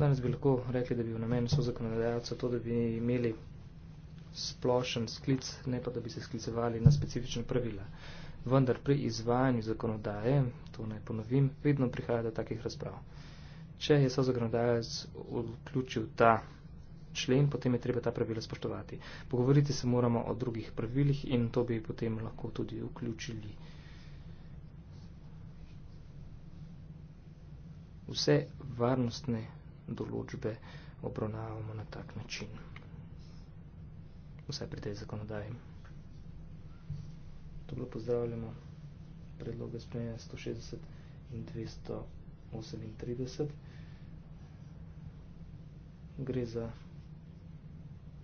Danes bi lahko rekli, da bi v namenu so zakonodajalca to, da bi imeli splošen sklic, ne pa da bi se sklicevali na specifične pravila. Vendar pri izvajanju zakonodaje, to naj ponovim, vedno prihaja do takih razprav. Če je so zakonodajalec odključil ta člen, potem je treba ta pravila spoštovati. Pogovoriti se moramo o drugih pravilih in to bi potem lahko tudi vključili. Vse varnostne določbe obravnavamo na tak način. Vse pri tej zakonodaji. Toplo pozdravljamo predloge spremenja 160 in 238. Gre za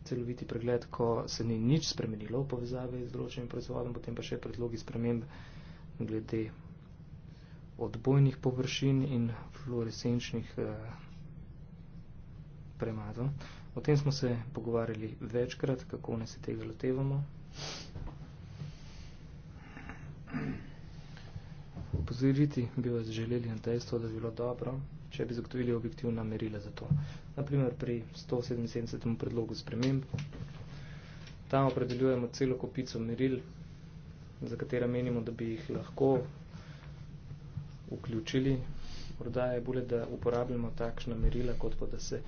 celoviti pregled, ko se ni nič spremenilo v povezave z določenim proizvodom, potem pa še predlogi sprememb glede odbojnih površin in fluorescenčnih eh, premazo. O tem smo se pogovarjali večkrat, kako ne se tega lotevamo. Opozoriti bi vas želeli na dejstvo, da bi bilo dobro, če bi zagotovili objektivna merila za to. Naprimer pri 177. predlogu sprememb. Tam opredeljujemo celo kopico meril, za katera menimo, da bi jih lahko vključili. Morda je bolje, da uporabljamo takšna merila, kot pa da se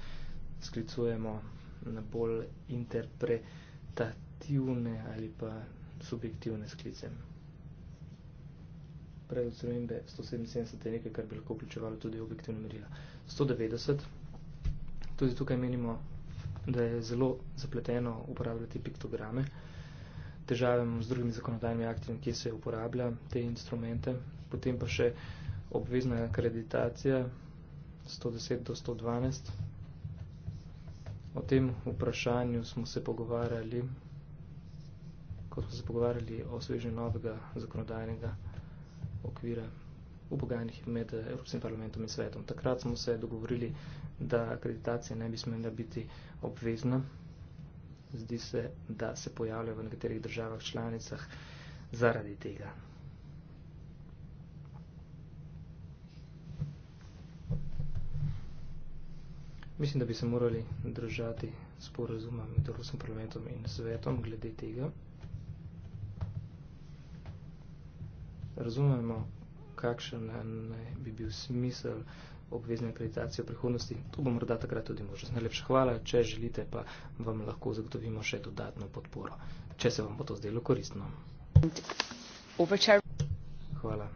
sklicujemo na bolj interpretativne ali pa subjektivne sklice. Predlog spremembe 177 je nekaj, kar bi lahko vključevalo tudi objektivne merila. 190, tudi tukaj menimo, da je zelo zapleteno uporabljati piktograme, težave imamo z drugimi zakonodajnimi aktivi, ki se uporablja te instrumente, potem pa še obvezna akreditacija 110 do 112. O tem vprašanju smo se pogovarjali, ko smo se pogovarjali o svežnju novega zakonodajnega okvira v pogajanjih med Evropskim parlamentom in svetom. Takrat smo se dogovorili, da akreditacija ne bi smela biti obvezna. Zdi se, da se pojavlja v nekaterih državah članicah zaradi tega. Mislim, da bi se morali držati sporozuma med Ruskim parlamentom in svetom glede tega. Razumemo, kakšen naj bi bil smisel obvezne akreditacije v prihodnosti. To bo morda takrat tudi možnost. Najlepša hvala, če želite, pa vam lahko zagotovimo še dodatno podporo, če se vam bo to zdelo koristno. Hvala.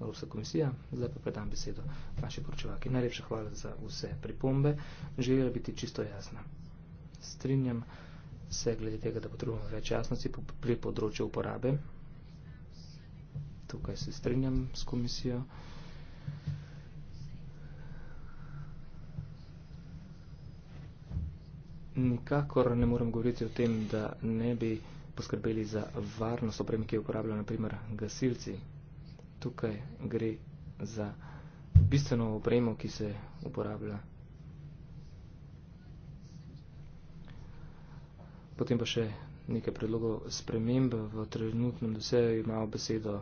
Evropska komisija. Zdaj pa predam besedo naši poročevalki. Najlepša hvala za vse pripombe. Želela biti čisto jasna. Strinjam se glede tega, da potrebujemo več jasnosti pri področju uporabe. Tukaj se strinjam s komisijo. Nikakor ne moram govoriti o tem, da ne bi poskrbeli za varnost opreme, ki jo uporabljajo naprimer gasilci, tukaj gre za bistveno opremo, ki se uporablja. Potem pa še nekaj predlogov sprememb v trenutnem doseju imajo besedo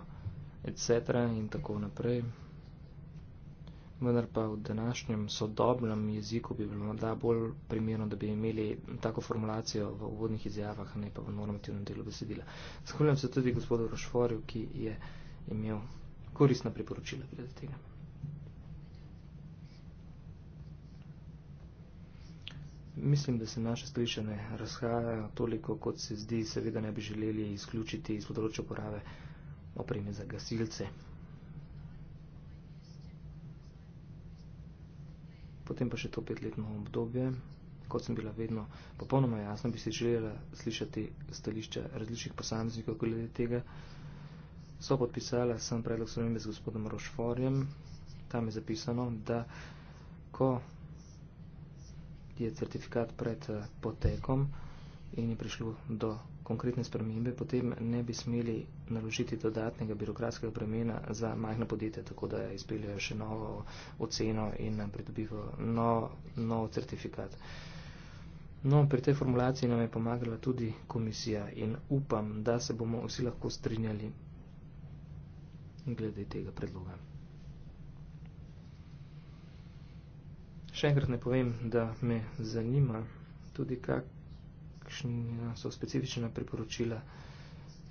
etc. in tako naprej. Vendar pa v današnjem sodobnem jeziku bi bilo morda bolj primerno, da bi imeli tako formulacijo v uvodnih izjavah, ne pa v normativnem delu besedila. Zahvaljujem se tudi gospodu Rošforju, ki je imel koristna priporočila glede tega. Mislim, da se naše stališče ne razhaja toliko, kot se zdi, seveda ne bi želeli izključiti iz področja uporabe opreme za gasilce. Potem pa še to petletno obdobje. Kot sem bila vedno popolnoma jasna, bi si želela slišati stališča različnih posameznikov glede tega so podpisale sem predlog spremembe z gospodom Rošforjem. Tam je zapisano, da ko je certifikat pred eh, potekom in je prišlo do konkretne spremembe, potem ne bi smeli naložiti dodatnega birokratskega bremena za majhne podjetje, tako da izpeljajo še novo oceno in eh, pridobijo nov, nov certifikat. No, pri tej formulaciji nam je pomagala tudi komisija in upam, da se bomo vsi lahko strinjali, glede tega predloga. Še enkrat ne povem, da me zanima tudi, kakšna so specifična priporočila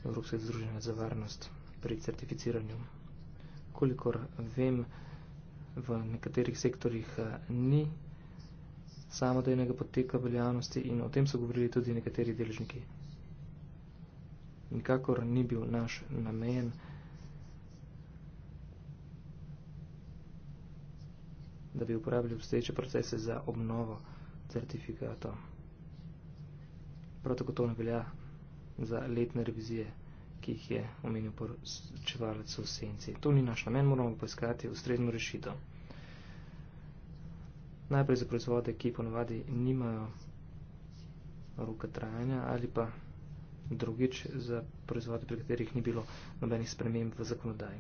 Evropske združenja za varnost pri certificiranju. Kolikor vem, v nekaterih sektorjih eh, ni samodejnega poteka veljavnosti in o tem so govorili tudi nekateri deležniki. Nikakor ni bil naš namen. da bi uporabili obstoječe procese za obnovo certifikata. Prav tako to ne velja za letne revizije, ki jih je omenil poročevalec v senci. To ni naš namen, moramo poiskati ustrezno rešitev. Najprej za proizvode, ki ponovadi nimajo roka trajanja ali pa drugič za proizvode, pri katerih ni bilo nobenih sprememb v zakonodaji.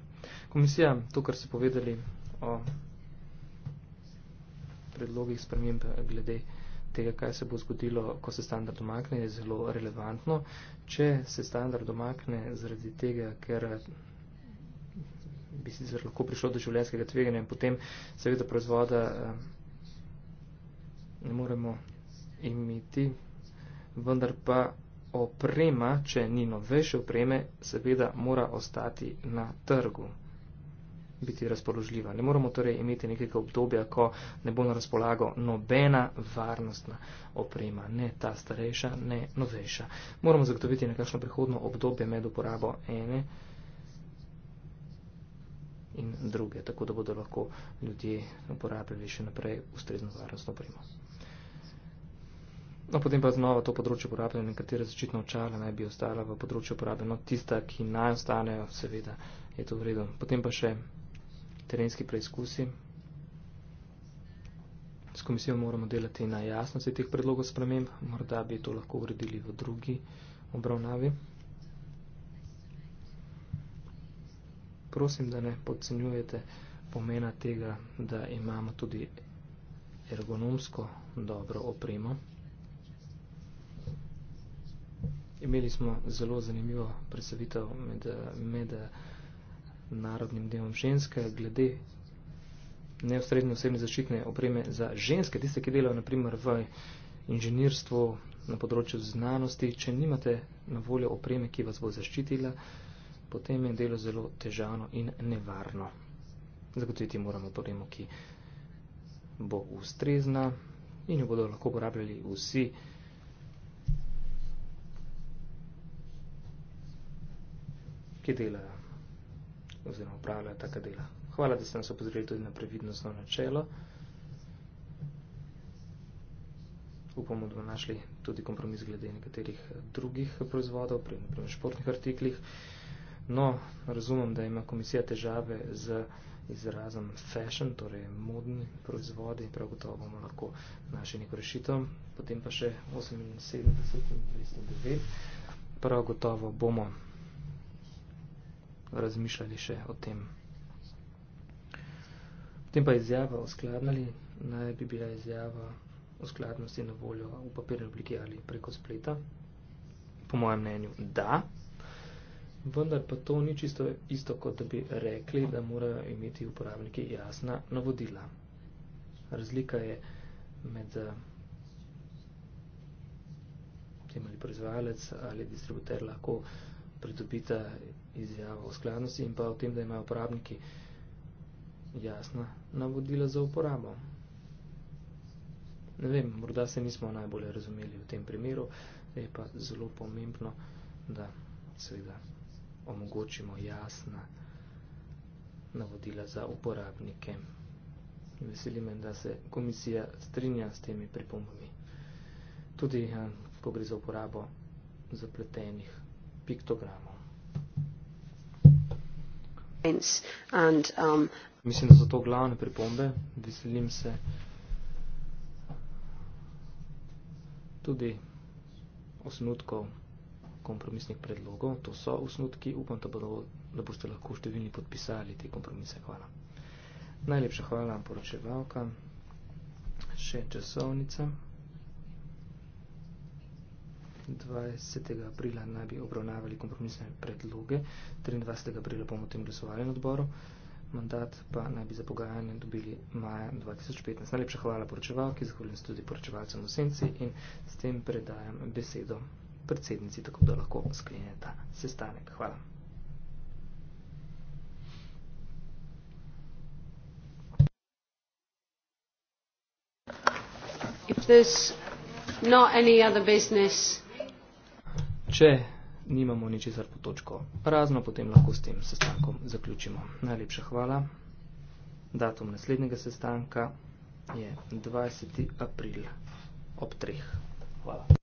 Komisija, to, kar ste povedali o predlogih sprememb eh, glede tega, kaj se bo zgodilo, ko se standard domakne, je zelo relevantno. Če se standard domakne zaradi tega, ker eh, bi si zelo lahko prišlo do življenjskega tveganja in potem seveda proizvoda eh, ne moremo imeti, vendar pa oprema, če ni novejše opreme, seveda mora ostati na trgu biti razpoložljiva. Ne moramo torej imeti nekega obdobja, ko ne bo na razpolago nobena varnostna oprema, ne ta starejša, ne novejša. Moramo zagotoviti nekakšno prehodno obdobje med uporabo ene in druge, tako da bodo lahko ljudje uporabljali še naprej ustrezno varnostno opremo. No, potem pa znova to področje uporabe, nekatere začitno očala naj bi ostala v področju uporabe, no tista, ki naj ostanejo, seveda je to vredno. Potem pa še terenski preizkusi. S komisijo moramo delati na jasnosti teh predlogov sprememb, morda bi to lahko uredili v drugi obravnavi. Prosim, da ne podcenjujete pomena tega, da imamo tudi ergonomsko dobro opremo. Imeli smo zelo zanimivo predstavitev med, med narodnim dnevom ženske, glede neosrednje osebne zaščitne opreme za ženske, tiste, ki delajo naprimer v inženirstvu na področju znanosti, če nimate na voljo opreme, ki vas bo zaščitila, potem je delo zelo težavno in nevarno. Zagotoviti moramo opremo, ki bo ustrezna in jo bodo lahko uporabljali vsi. Que delas oziroma upravljajo taka dela. Hvala, da ste nas opozorili tudi na previdnostno načelo. Upamo, da bomo našli tudi kompromis glede nekaterih eh, drugih proizvodov, pri naprimer športnih artiklih. No, razumem, da ima komisija težave z izrazom fashion, torej modni proizvodi, prav gotovo bomo lahko našli neko rešitev. Potem pa še 78 in 209. Prav gotovo bomo razmišljali še o tem. Potem pa izjava o skladnali, naj bi bila izjava o skladnosti na voljo v papirni obliki ali preko spleta. Po mojem mnenju, da. Vendar pa to ni čisto isto, kot da bi rekli, da morajo imeti uporabniki jasna navodila. Razlika je med eh, tem, ali proizvajalec ali distributer lahko pridobita izjavo o skladnosti in pa o tem, da imajo uporabniki jasna navodila za uporabo. Ne vem, morda se nismo najbolje razumeli v tem primeru, je pa zelo pomembno, da seveda omogočimo jasna navodila za uporabnike. Veseli me, da se komisija strinja s temi pripombami. Tudi, eh, ko gre za uporabo zapletenih piktogramov. And, um, Mislim, da so to glavne pripombe. Veselim se tudi osnutkov kompromisnih predlogov. To so osnutki. Upam, da, bodo, da boste lahko številni podpisali te kompromise. Hvala. Najlepša hvala, poročevalka. Še časovnica. 20. aprila naj bi obravnavali kompromisne predloge, 23. aprila bomo o tem glasovali na odboru, mandat pa naj bi za pogajanje dobili maja 2015. Najlepša hvala poročevalki, zahvaljujem se tudi poročevalcem v senci in s tem predajam besedo predsednici, tako da lahko sklenje ta sestanek. Hvala. If there's not any other business Če nimamo ničesar po točko prazno, potem lahko s tem sestankom zaključimo. Najlepša hvala. Datum naslednjega sestanka je 20. april ob 3. Hvala.